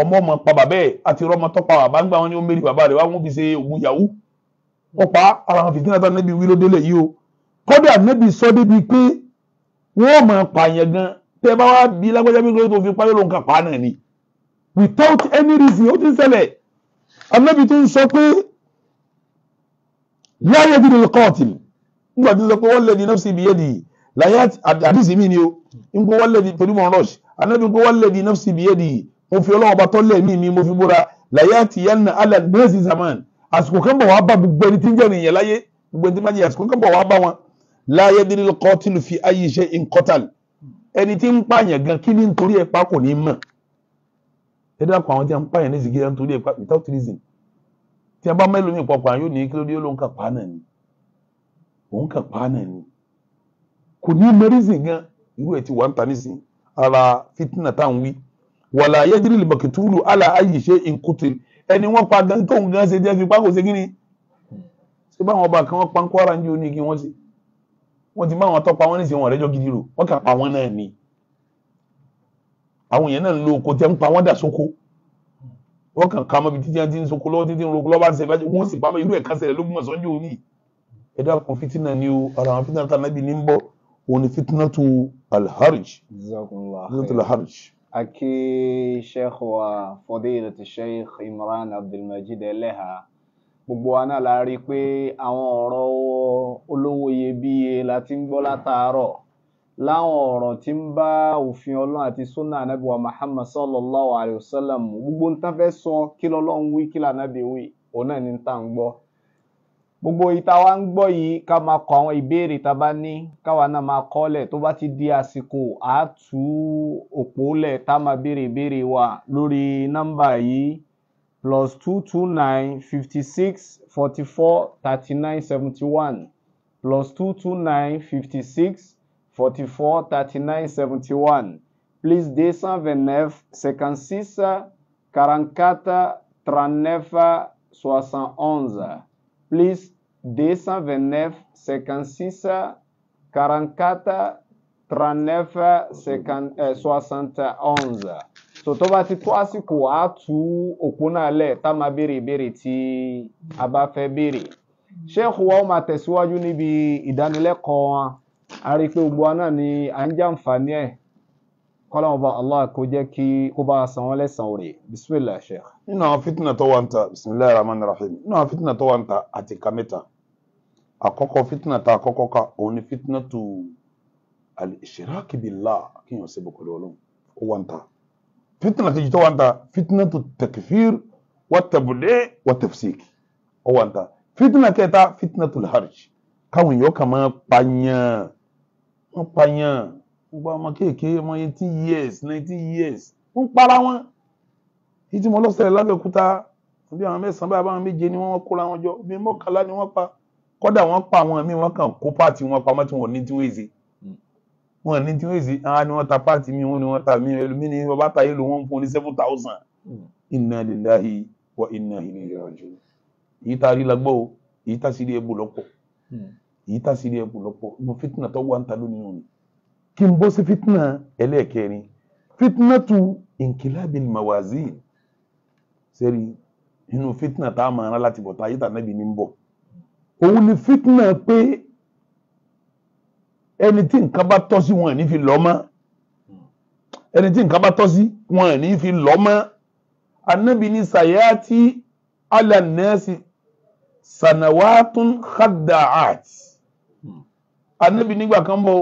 ọmọ ọmọ pa bàbá ẹ̀ àti ọmọ tọ́pa bàbá ń gbà wọn ni ó mérí bàbá rẹ̀ wá wọn fi ṣe ògùn yahoo wọn pa ara wọn fìtínà tán níbi wílódé lè yí o kódà níbi sọ débi pé wọn ò máa pààyàn gan tẹ bá wá bí lágbájá bí lóyún tó fi páyọ ló ń kà pa náà ni without any reason ó ti ń ṣẹlẹ̀ anábì tó ń sọ pé láyé bí lè kọ́ọ̀tì nígbà tó ń sọ pé wọ́n lè ní nọ́ọ̀sì ìbíyẹ́ nìyí Layat àdìsí mi ni o ń gbọ́ wálẹ̀dì torí mọ̀ rush anábì gbọ́ wálẹ̀dì nafsi biyadi mo fi ọlọ́wọ́ bá tọ́lẹ̀ mi ni mo fi búra láyàtì yanna ala nẹ́ẹ̀sì zaman àsìkò kan bọ̀ wá bá gbogbo ẹni tí ń jẹ́ nìyẹn láyé gbogbo ẹni tí má jẹ àsìkò kan bọ̀ wá bá wọn la yadri al-qatil fi ayyi shay'in qatal ẹni tí ń pààyàn gan kí ni nítorí ẹ̀ pa kò ní mọ̀ ẹ dákun àwọn tí wọn ń pààyàn ní ìsìnkú nítorí ẹ̀ pa without reason tí wọn bá mẹ́lòmíì pọ̀ pààyàn yóò ní kí ló dé ó ló ń kà pa náà ni òun kà pa náà ni kò ní mẹrísì gan irú ẹ ti wà ń ta nísìn ara fitina tá à ń wí wàlà ayédèrè lèmọkìtúrù àlà ayé ṣe nkùtì ẹni wọn pa gan tóun gan ṣe jẹ fipá kò ṣe kíni ṣé báwọn ọba kan wọn pa ń kó ara ń jó ní kí wọn ṣe wọn ti bá àwọn tọpa wọn nísìn wọn rẹjọ gidi rò wọn kà pa wọn náà ni àwọn èèyàn náà ń lo oko tẹ ń pa wọn dà sóko wọn kàn ká mọbi títí àti nsoko lọ́wọ́ títí nroko lọ́wọ́ bá ń ṣe fẹjọ wọn sì pa mọ irú ẹ kásẹ rẹ ló mú ọsán jò ní fitina ni o ara àwọn fitina tá a nábì ní ń bọ̀ òun ni fitinatu alharj fitinatu alharj. aki sheikh wa fadilati sheikh imran abdulmajid eleha gbogbo wa náà la rí i pé àwọn ọ̀rọ̀ olówó iyebíye la ti ń gbọ́ látàárọ̀ láwọn ọ̀rọ̀ tí ń bá òfin ọlọ́run àti sunna anabi wa muhammad sallallahu alayhi wa sallam gbogbo ń tán fẹ́ sọ kí lọ́lọ́run wí kí lànàbí wí òun náà ni ń tà gbọ́ gbogbo ìta wa ń gbọ́ yìí ká máa kọ àwọn ìbéèrè tá a bá ní káwa náà máa kọ́lẹ̀ tó bá ti di àsìkò àátú òpó lẹ̀ tá a máa béèrè ìbéèrè wa lórí nọ́mbà yìí plus two two nine fifty six forty four thirty nine seventy one plus two two nine fifty six forty four thirty nine seventy one plus deux cent vingt neuf cinquante six quarante quatre trente neuf soixante onze plus 229 56 44 39 50, eh, 71. so tó bá ti tó àsìkò á tú òpó náà lẹ̀ tá máa béèrè ìbéèrè tí a bá fẹ́ béèrè ṣéèkù wa ó máa tẹ̀síwájú níbi ìdánilẹ́kọ̀ọ́ wọn a rí i pé gbogbo wa náà ni à ń jàǹfààní ẹ̀ kọ́lọ́mọba Allah kó jẹ́ kí kó bá a san wọ́n lẹ́san-án rẹ̀ bismillah sheikh nínú àwọn fitna tó wà ń ta bisimilayi rahman rahim nínú àwọn fitna tó wà ń ta àti kàmẹ́ta àkọ́kọ́ fitna ta àkọ́kọ́ ká òun ni tu alishiraki billah kinyo yàn ṣe bọ̀kọ̀lọ́ wanta. ó wà ń wanta. fitna kejì tu takfir wa tabule wa tafsik ó wà ń ta fitna kẹta fitna tu al-harj káwọn èèyàn kà máa pààyàn wọ́n pààyàn wọ́n years nineteen years wọ́n para wọn ìtí mo lọ́sẹ̀rẹ̀ lábẹ́òkúta bí àwọn mẹ́sàn-án báyìí àwọn méje ni wọ́n kóra wọn jọ bí mọ́kànlá ni wọ́n pa kọ́dà wọ́n pa àwọn míì wọ́n kàn kó páàtì wọn pamọ́ tí wọ́n ní tí wọ́n èsì hmm. wọ́n ní tí wọ́n èsì àwọn ni wọ́n ta páàtì mi wọ́n ni wọ́n ta mi ẹlòmí ni bàbá ta yìí ló fún ní seven thousand hmm. inna lillahi wa inna ilayhi raji'un èyí tá a rí lagbọ́ o èyí tá a sì rí ẹbù lọ́pọ̀ hmm. èyí tá a sì rí ẹbù lọ́pọ̀ mo fitna sẹ́rí inú fitna tá a máa rán láti bọ̀ tá ayé tànàbí ní ń bọ̀ òun ni fitna pé ẹni tí nǹkan bá tọ́ sí wọn ní fi lọ́ mọ́ ẹni tí nǹkan bá tọ́ sí wọn ní fi lọ́ mọ́ anabi ni sayati ala nẹ́ẹ̀sì sanawatun khada'at anabi nígbà kan bọ̀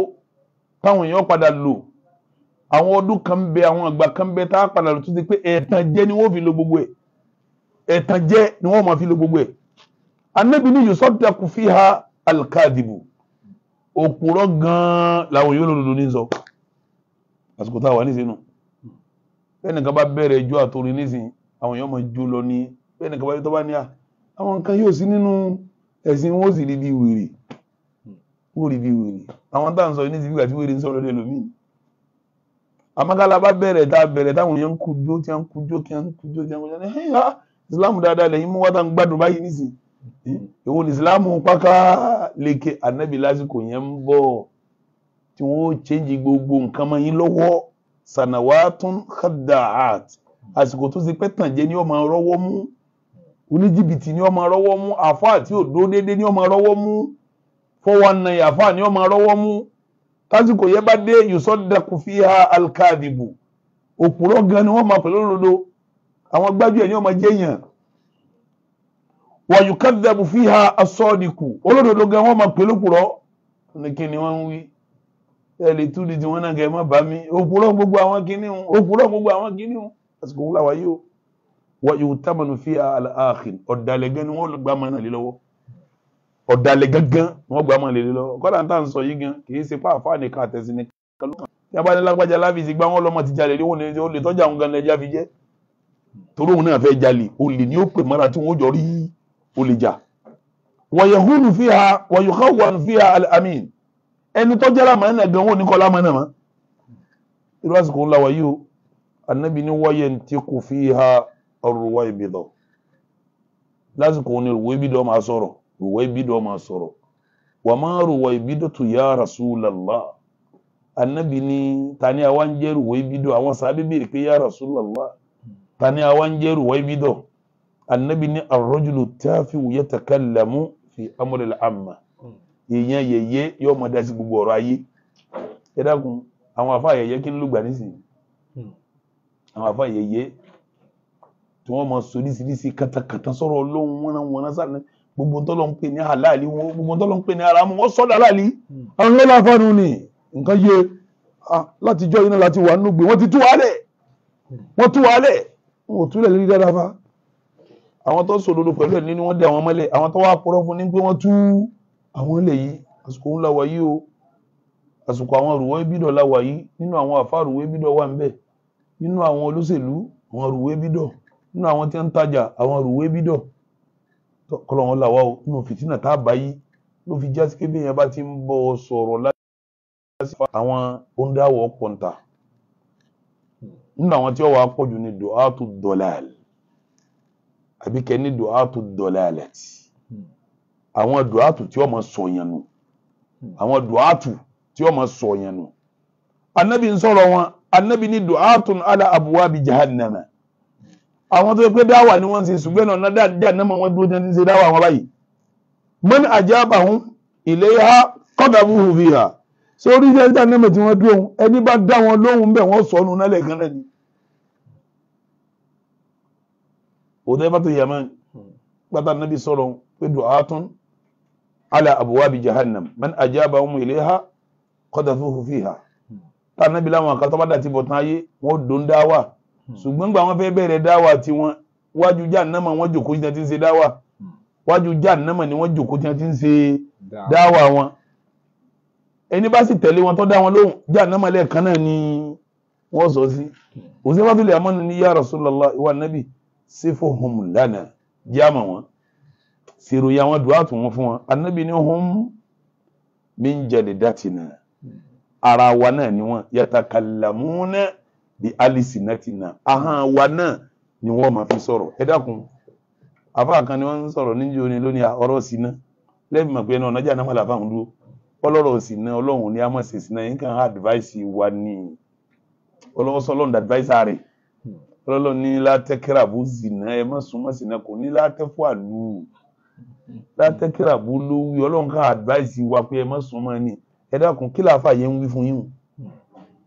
táwọn èèyàn padà lò àwọn ọdún kan bẹ àwọn àgbà kan bẹ tá a padà lò tó ti pé ẹ̀ẹ̀tàn jẹ́ ni wọ́n fi lo gbogbo ẹ̀ ẹ̀tàn jẹ́ ni wọ́n máa fi lo gbogbo ẹ̀ anabi ni yusaddaku fiha alkaadibu òpùrọ́ gan-an làwọn yóò lòdòdó ní sọ àsìkò táwa ní sínú bẹ́ẹ̀nìkan bá bẹ̀rẹ̀ ijó àtòrin nísìn àwọn èèyàn máa jó lọ ní bẹ́ẹ̀nìkan bá tó bá ní à àwọn nǹkan yóò sí nínú ẹ̀sìn wọn ó sì rí bí wèrè ó rí bí wèrè àwọn táà ń sọ ní ti fìgbà tí wèrè ń sọ̀rọ̀ lẹ́lòmíì àmọ́kálá bá bẹ̀rẹ̀ tá bẹ̀rẹ̀ táwọn èèyàn ń kú jó tí wọ́n ń kú jó tí wọ́n ń kú jó tí wọ́n ń kú jó ìsìláàmù dáadáa lẹ́yìn mú wátá ń gbádùn báyìí nísìn hmm. èwo ni ìsìláàmù pákà lèkè ànábì lásìkò yẹn ń bọ̀ tí wọ́n ó chẹ́ǹjì gbogbo nǹkan mọ́ yín lọ́wọ́ sanawatun khada'at àsìkò tó ti pẹ́ tàn jẹ́ ní ọmọ rọ́wọ́ mú oníjìbìtì ní ọmọ rọ́wọ́ mú àfáà tí ò dó déédéé ní ọmọ rọ́wọ́ mú fọwọ́ nà àfáà ní ọmọ rọ́wọ́ mú tásìkò yẹn bá dé yusodaku fiha alkaadibu òpùrọ́ gan ni wọ́n máa pẹ̀lú òdodo àwọn gbájú ẹ̀ ní ọmọ jẹ́yàn wọ́n yùká dẹ́bù fi ha asọ́ọ̀dìkù olódodo gan wọ́n máa pèlú pùrọ́ ní kí ni wọ́n ń wí ẹ lè tú di tí wọ́n náà kẹ́ ẹ má bá mi òpùrọ́ gbogbo àwọn kìíní hun òpùrọ́ gbogbo àwọn kìíní hun àsìkò wúlà wáyé o wọ́n yóò tábànù fi ha àlàáhìn ọ̀dàlẹ̀ gan ni wọ́n gbà máa nà lé lọ́wọ́ ọ̀dàlẹ̀ gangan ni wọ́n gbà máa lè lé lọ́wọ́ kọ́dà tá à ń sọ yìí gan kì í ṣe pàáfàá nìkan àtẹ̀sí nìkan ló kàn lágbájá láfi ìsìgbà wọn lọ́mọ ti jalè rí wọn lè torí òun náà fẹ́ jalè olè ni ó pè mọ́ra tí wọ́n jọ rí olè jà wọ̀yẹ̀húnù fi ha wọ̀yẹ̀húnù fi ha amin ẹni tó jẹ́ lámà náà gan wọn ní kọ́ lámà náà mọ́ irú àsìkò ńlá wáyé o anabi ni wọ́yẹ̀ ti kò fi ha ọ̀rùwá ìbìdọ̀ lásìkò ní rùwé ìbìdọ̀ máa sọ̀rọ̀ rùwé ìbìdọ̀ máa sọ̀rọ̀ wà má rùwé ìbìdọ̀ tó yá rasulallah anabi ni tani àwọn jẹ́ rùwé ìbìdọ̀ àwọn sábẹ́ bèrè pé yá rasulallah tani àwa ń jẹ́rù wáyé bí dọ̀ anabi ní arọ́jùlù táàfin wòye takalamu fi amúlẹ̀lá àmà èèyàn yẹyẹ yóò máa dá sí gbogbo ọ̀rọ̀ ayé ẹ dákun àwọn afa yẹyẹ kí ni lùgbà nísìnyí hmm. àwọn afa yẹyẹ tí wọ́n máa sọ oríṣiríṣi katakata sọ̀rọ̀ ọlọ́run wọnàwọnà sáré gbogbo tọ́lọ̀ ń pè ní halali wọn gbogbo tọ́lọ̀ ń pè ní haramu wọn sọ́dọ̀ halali hmm. àwọn afánu ni nǹkan yé látijọ́ yìí náà láti wà nínú wọ́n ti tú wa lẹ̀ hmm. wọ́n tú wa lẹ̀ wọn ò túlẹ̀ lórí dáadáa fa àwọn tó sòdodo pẹ̀lú ẹ̀ nínú wọn dé àwọn mọ́lẹ̀ àwọn tó wá purọ́ fún ní pé wọ́n tú àwọn ilẹ̀ yìí àsìkò ńlá wa yìí o àsìkò àwọn rùwọ́ ibìdọ̀ la wà yìí nínú àwọn àfa rùwọ́ ibìdọ̀ wà ń bẹ̀ nínú àwọn olóṣèlú àwọn rùwọ́ ibìdọ̀ nínú àwọn tí ń tajà àwọn rùwọ́ ibìdọ̀ kọlọ̀ wọn là wá o nínú fìtínà tá a bá yìí ló fi jásí kébé yẹn bá ti ń bọ̀ sọ̀rọ̀ láti àwọn ondawọ̀ pọ̀ǹtà nínú àwọn tí ó wà pọ̀jù ní du'atu dolal àbí kẹ́ ní du'atu dolalet àwọn du'atu tí ó máa sọ̀yàn nù àwọn du'atu tí ó máa sọ̀yàn nù anabi ń wọn anabi ní du'atun ala abuwabi jahannama àwọn tó pé dáwà ni wọ́n ń ṣe ṣùgbọ́n ọ̀nà dáadáa náà wọ́n dúró jẹ́ ń ṣe dáwà wọn báyìí man ajabahum ilayha qadabuhu fiha sórí ilé ẹja nẹ́mẹ̀ tí wọ́n dúró ohun ẹni bá dá wọn lóhùn bẹ́ẹ̀ wọ́n sọnù nálẹ̀ kan rẹ̀ ni. òde bá tó yàmá pátá nàbí sọ̀rọ̀ pé du'atun ala abwabi jahannam man ajabahum ilayha qadhafuhu fiha tá nàbí láwọn àkàtọ́ bá dàtí bọ̀ tán ayé wọ́n dùn dáwà ṣùgbọ́n gbà wọ́n fẹ́ bẹ̀rẹ̀ dáwà tiwọn wájú jahannama wọ́n jòkó tí wọ́n ti ń ṣe dáwà wájú jahannama ni wọ́n jòkó tí wọ́n ti ń ṣe dáwà wọn ẹni bá sì tẹ̀lé wọn tó dá wọn lóhùn jahannama lẹ́ẹ̀kan náà ni wọ́n sọ sí òsínfàtúlẹ̀ àmọ́nu ní ya Rasulullah ìwà nábì sifuhum lana jáàmà wọn sèròyìn àwọn dùá tún wọn fún wọn anábì ní hum min jalidatina ara wa náà ni wọn yatakallamuna bi alsinatina ahọ́n wa náà ni wọ́n máa fi sọ̀rọ̀ ẹ dákun àfáà kan ni wọ́n ń sọ̀rọ̀ níjó ni lónìí ọ̀rọ̀ sí náà lẹ́bi mọ̀ pé ẹnu náà wà láfáà kọlọrọ sìnà Ọlọ́run ní amọ sìnà yín kan advice wa ni ọlọwọ sọlọrun advice rẹ ọlọlọ ní látẹkẹrà bó sìnà ẹ má súnmọ́ sìnà kò ní látẹfọ àlù látẹkẹrà bó lówí Ọlọ́run kan advice wa pé ẹ má súnmọ́ ni ẹ dákun kí làáfà yẹn ń wí fún yín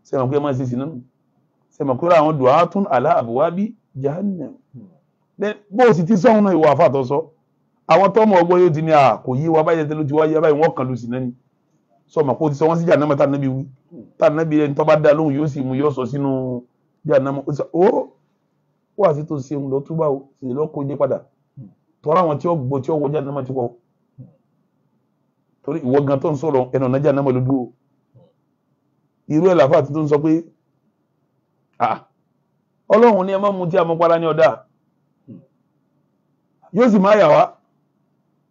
sẹmọ pé ẹ má ṣe sìnà nù sẹmọ pé àwọn du'atun ala abwabi jahannam bó o sì ti sọhún náà ìwà àfàtọ sọ àwọn tọmọ ọgbọ yóò di ní à kò yí wa báyìí tẹlẹ ni sọmọ kó ti sọ wọn sí jàǹdàmà tá nàbí wí tá nàbí rẹ nítorí bá dá lóhùn yóò sì mú yóò sọ sínú jàǹdàmà ó sọ ó wà sí tó ṣe ń lọ túbà ó sì lọ kó jẹ padà tọ́ra àwọn tí ó gbọ́ tí ó wọ jàǹdàmà ti wọ torí ìwọ gan tó ń sọ̀rọ̀ ẹnu ọ̀nà jàǹdàmà ló dúró irú ẹ̀ làfà tuntun sọ pé ọlọ́run ni ẹ má mu tí a mọ para ní ọ̀dà yóò sì má yà wá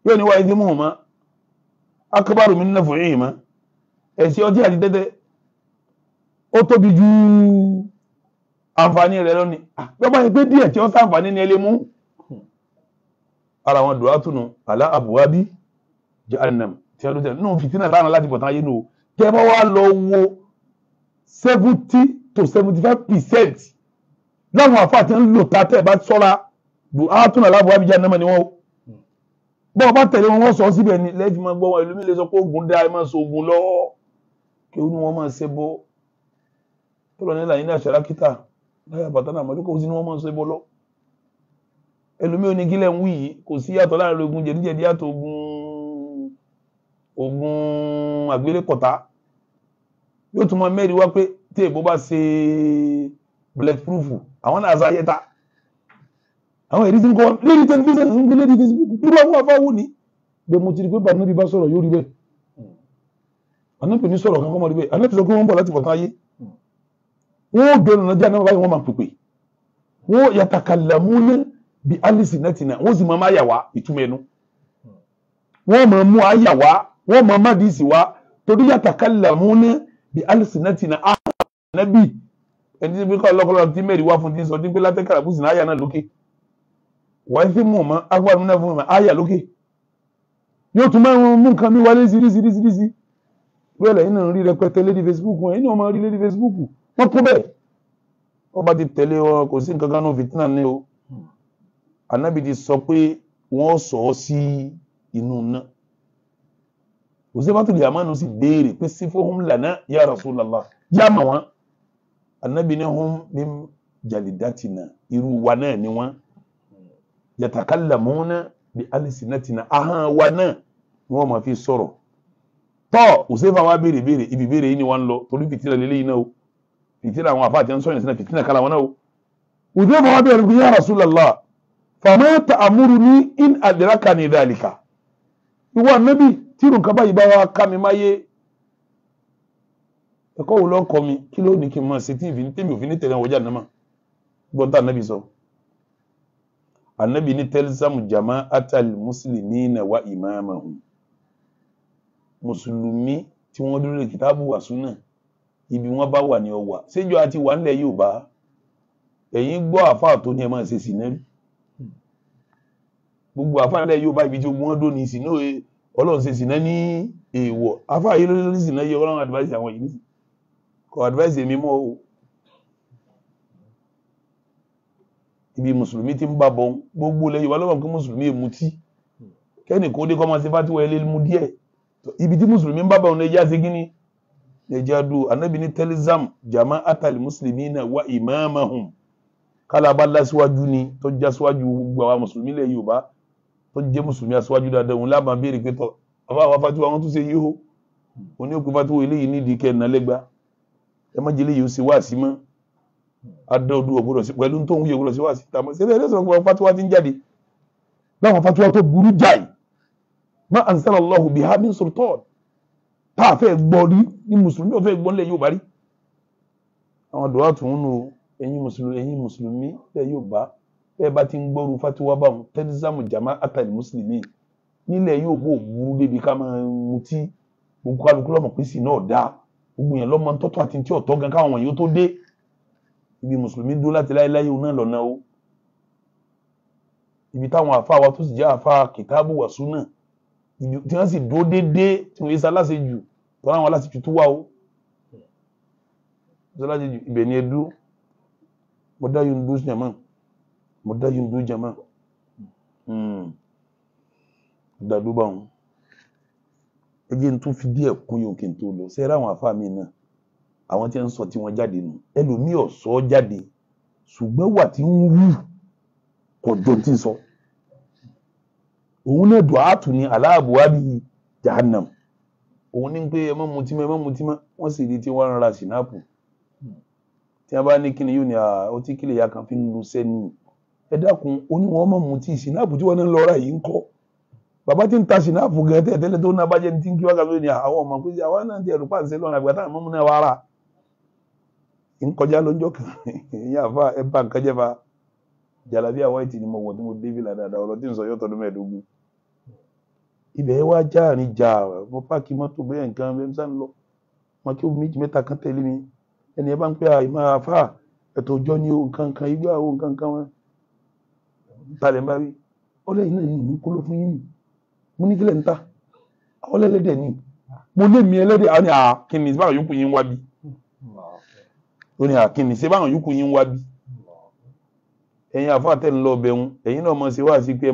yóò ní wáyé tí mò ń mọ akabaru mi nínú fún yìí mọ́ ẹ̀sìn ọtí àti tẹ́tẹ́ ó tóbi ju àǹfààní rẹ̀ lónìí gbọ́dọ̀ yìí pé díẹ̀ tí ó sàǹfààní ni ẹ lè mú ara wọn dùwà tùnú àlá àbúwábí jahannam tí a ló jẹ nínú fìtínà táwọn aláti bọ̀ tán ayé nù tẹ́ bá wá lọ wo seventy to seventy five percent láwọn àfáà tí ń lò tá tẹ́ bá sọ́ra dùwà tùnú àlá àbúwábí jahannam ni wọ́n bọ́ọ̀ bá tẹ̀lé wọn wọ́n sọ síbẹ̀ ni lẹ́yìn tí wọ́n gbọ́ wọn ìlú mi lè sọ pé ogun dá ẹ máa so ogun lọ́wọ́ kéwú ni wọ́n máa ṣe bọ́ tọ́lọ́ nílà yín ní àṣà rákítà láyà bàtà náà mọ́tò kò sí ni wọ́n máa ṣe bọ́ lọ. ẹlòmíì ò ní kílẹ̀ ń wí yìí kò sí yàtọ̀ láàrin ogun jẹ̀díjẹ̀dí àti ogun ogun àgbélẹ̀kọ̀tà yóò tún máa mẹ́rin wá pé tí èbó bá ṣe bulletproof àwọn náà ṣàyẹ̀ta àwọn èrí tí ń kọ́ lórí tẹlifíṣàn ń gbé lórí Facebook bí wọ́n wá fáwọn ní bẹ́ẹ̀ mo ti rí pé bàbá mi bá sọ̀rọ̀ yóò rí bẹ́ẹ̀ anábì ní sọ̀rọ̀ kankan mọ́rí pé anábì sọ pé wọ́n ń bọ̀ láti bọ̀tán ayé wọ́n ó dọ̀nà náà jẹ́ anábì báyìí wọ́n máa pèpè wọ́n yàtàkàlàmúnà bí alice nẹ́tìnà wọ́n sì máa má yà wá ìtumọ̀ ẹnu wọ́n máa mú àyà wá wọ́n máa má dìísì wá torí yàtàkàlàmúnà bí alice nẹ́tìnà àwọn anábì ẹni tí bíkọ́ ọlọ́kọ́lọ́ tí mẹ́rin wá fún ti sọ dípé látẹ́kàrà bùsùn àyà náà lókè wàá fi mú ọmọ agbára náà fún ọmọ àyà lókè yóò tún máa mú nǹkan mi wálé sírísírísírísí pé ọ̀lẹ́ yìí náà rí rẹpẹtẹ lédi Facebook wọn yìí náà máa rí lédi Facebook wọn kú bẹ́ẹ̀ wọ́n bá ti tẹ̀lé wọn kò sí nǹkan kan náà fìtínà ní o Ànábì ti sọ pé wọ́n sọ ọ́ sí inú náà òsèbátò lè àmánu sì béèrè pé sífóhùn lànà ya Rasulullah yá mà wọn Ànábì ní hum ní jalidatina irú wa náà ni wọn yatakallamuna bi alsinatina ahọ́n wa náà ni wọ́n máa fi sọ̀rọ̀ tọ́ òṣèfà wa béèrè béèrè ibi béèrè yìí ni wọ́n ń lọ torí fìtínà lélẹ́yìn náà o fìtínà àwọn àfáà tí wọ́n ń sọ̀rọ̀ sínú fìtínà kala wọn náà o òṣèfà wa béèrè pé ya Rasulullah fama ta'amuruni in adrakani dhalika ìwọ ànábì tírù nǹkan báyìí bá wa ká mi má yé ẹ̀kọ́ wo lọ́kọ́ mi kí ló ní kí n máa ṣe tí ìfín tèmi òfin ní tẹ̀lé àwọn ọjà náà mà gbọ́n tá ànábì sọ ànábì ní tẹ́lísàmù jama'atal muslimina wa imamahum mùsùlùmí tí wọ́n dúró lè kìtàbù wà súnà ibi wọ́n bá wà ní ọwà séjọ àti wà nílẹ̀ Yorùbá ẹ̀yin gbọ́ àfáà tó ní ẹ máa ṣe sí náà gbogbo àfáà nílẹ̀ Yorùbá ibi tí wọ́n dó ní ìsìn náà Ọlọ́run ṣe sí náà ní èèwọ̀ àfáà yìí ló ní ìsìn náà yẹ Ọlọ́run advice àwọn yìí kò advice èmi mọ́ o ibi mùsùlùmí ti ń bá bọ̀ gbogbo lẹ́yìn wà lọ́wọ́ pé mùsùlùmí èmutí kẹ́nìkan ó dé kọ́ máa ṣe fátíwọ̀ ẹlẹ́mú ibi tí mùsùlùmí ń bá báwọn ẹja ṣe gíní ẹja dúró anabi ní tẹlizam jama atali mùsùlùmí náà wá ìmáàmahùn kálábà lásìwájú ni tó já síwájú gbogbo àwa mùsùlùmí lẹ Yorùbá tó jẹ́ mùsùlùmí aṣíwájú dáadáa òun lábàá béèrè pé tọ àbá àwọn afájú àwọn tó ṣe yìí ó òní òkú fatiwo eléyìí nídìí kẹ nàlẹgba ẹ má jẹ eléyìí ó ṣe wáàsí mọ́ adọdún ọgbọdọ sí pẹ̀lú tóun yẹ ọgbọdọ sí wáàsí tàmọ ṣẹlẹ ẹ lẹsọ fatiwa ti ń jáde láwọn fatiwa tó burú jáì má anzala Allahu biha min sultan tá a fẹ́ gbọ́ rí ní mùsùlùmí ò fẹ́ gbọ́ nílẹ̀ Yorùbá rí àwọn àdúrà tó ń nu ẹ̀yin mùsùlùmí ẹ̀yin mùsùlùmí lẹ̀ Yorùbá bẹ́ẹ̀ bá ti ń gbọ́rú fatiwa báwọn tẹ́lifísàmù jama atal mùsùlùmí nílẹ̀ Yorùbá ò burú débi ká máa mutí gbogbo kálukú lọ́mọ pé sí náà dáa gbogbo yẹn lọ́mọ tọ́tọ́ àti tí ọ̀tọ́ gan káwọn yóò tó dé ibi mùsùlùmí dúró láti láéláé òun náà lọ́nà o ibi táwọn àfa wa tó sì jẹ́ àfa kìtáàbù wà súnà tí wọ́n sì dúró déédéé tí wọ́n yé sálásẹ̀ jù tọ́lá àwọn aláṣẹ jù tó o sálásẹ̀ jù ibẹ̀ ni ẹ dúró mo dá yóò dúró jàmá mo dá yóò dúró jàmá hmm. dàdú bá wọn ẹ jẹ́ n tún fi díẹ̀ kún yóò kí n tó lọ sẹ́rẹ́ àwọn afá mi náà àwọn tí ń sọ tí wọ́n jáde nù ẹlòmíì ò jáde ṣùgbọ́n wà tí ń wù kọjọ tí ń sọ. So òun náà dùátù ni aláàbùwábì jahannam òun ní pé ẹ má mutí mọ́ ẹ má mutí mọ́ wọ́n sì di tí wọ́n rárá sínápù tí wọ́n bá ní kíni yóò ní ọtí kílè ya kan fi ń lu sẹ́ni ẹ dákun ó ní wọ́n má mutí sínápù tí wọ́n ní lọ́ra yìí ń kọ́ bàbá tí ń ta sínápù gan tẹ́ tẹ́lẹ̀ tó ń nabàjẹ́ ní tí ń kí wá kàtó ní àwọn ọmọ pé àwa náà ti ẹ̀rù pàṣẹ lọ́nà àgbà táwọn mọ́mú náà rà ń kọjá lọ́jọ́ kan ìyá àfa ẹ bá nǹkan jẹ́ fa jalabi àwa ni mo wọ̀ tí mo dé bí ládàá ọlọ́tí ń sọ yọ́tọ̀ ọdún mẹ́ẹ̀ẹ́dógún ibẹ̀ wá já àárín jà mo páàkì mọ́tò bẹ́ẹ̀ nǹkan bẹ́ẹ̀ sá ń lọ mo kí méjì mẹ́ta kan tẹ̀lé mi ẹni ẹ bá ń pẹ́ àì máa fà ẹ̀tọ́ ọjọ́ ní o nǹkan kan igbá o nǹkan kan wọn balẹ̀ ń bá rí ọlẹ́ yìí náà ní ìlú kóló fún yín mo ní kílẹ̀ ń ta ọlẹ́ ẹlẹ́dẹ̀ ni mo lé mi ẹlẹ́dẹ̀ àwọn ni àkínní báwọn yòókù yín wá bí ó ní àkínní ṣé báwọn yòókù yín wá bí ẹ̀yin àfáàtẹ̀ ńlọ ọbẹ̀ ń ẹ̀yin náà mọ̀ ṣe wá sí pé ẹ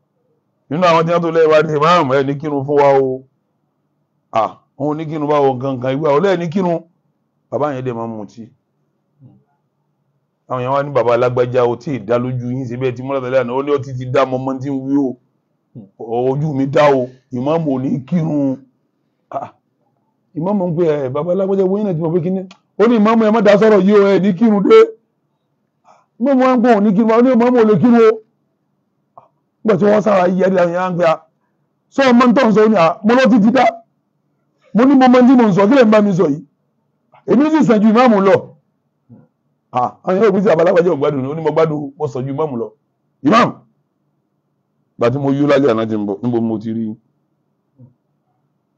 nínú àwọn tí wọ́n tó lẹ́yìn wá ní imam ẹ̀ ní kírun fún wa o à òun ní kírun báwo gangan ìgbà òun lẹ́yìn ní kírun bàbá yẹn dẹ̀ máa ń mutí àwọn yẹn wá ní bàbá alágbájá o tí ì dá lójú yín síbẹ̀ tí mọ́lá tẹ̀lé àná ó ní ọtí ti dá mọ́mọ́ tí ń wí o ojú mi dá o imam ò ní kírun imam ń pè ẹ bàbá alágbájá wọ́n yẹn náà ti mọ̀ pé kíní ó ní imam ẹ má dá sọ̀rọ̀ yìí o ẹ ní kírun dé imam wọn ń pọ̀ ní kírun nígbà tí wọ́n sára yẹ ẹ̀rí àwọn èèyàn pé a sọ ọmọ tó ń sọ ní a ah, mo lọ títí dá mo ní mo mọ tí mo ń sọ kílẹ̀ ń bá mi sọ yìí èmi sì sàn ju ìmáàmù lọ ah, àwọn èèyàn òbí sí abalábàjẹ́ ògbádùn ó ní mo gbádùn mo sàn ju ìmáàmù lọ ìmáàmù gbàtí mo yú lálẹ́ àná ti ń bọ̀ mo ti rí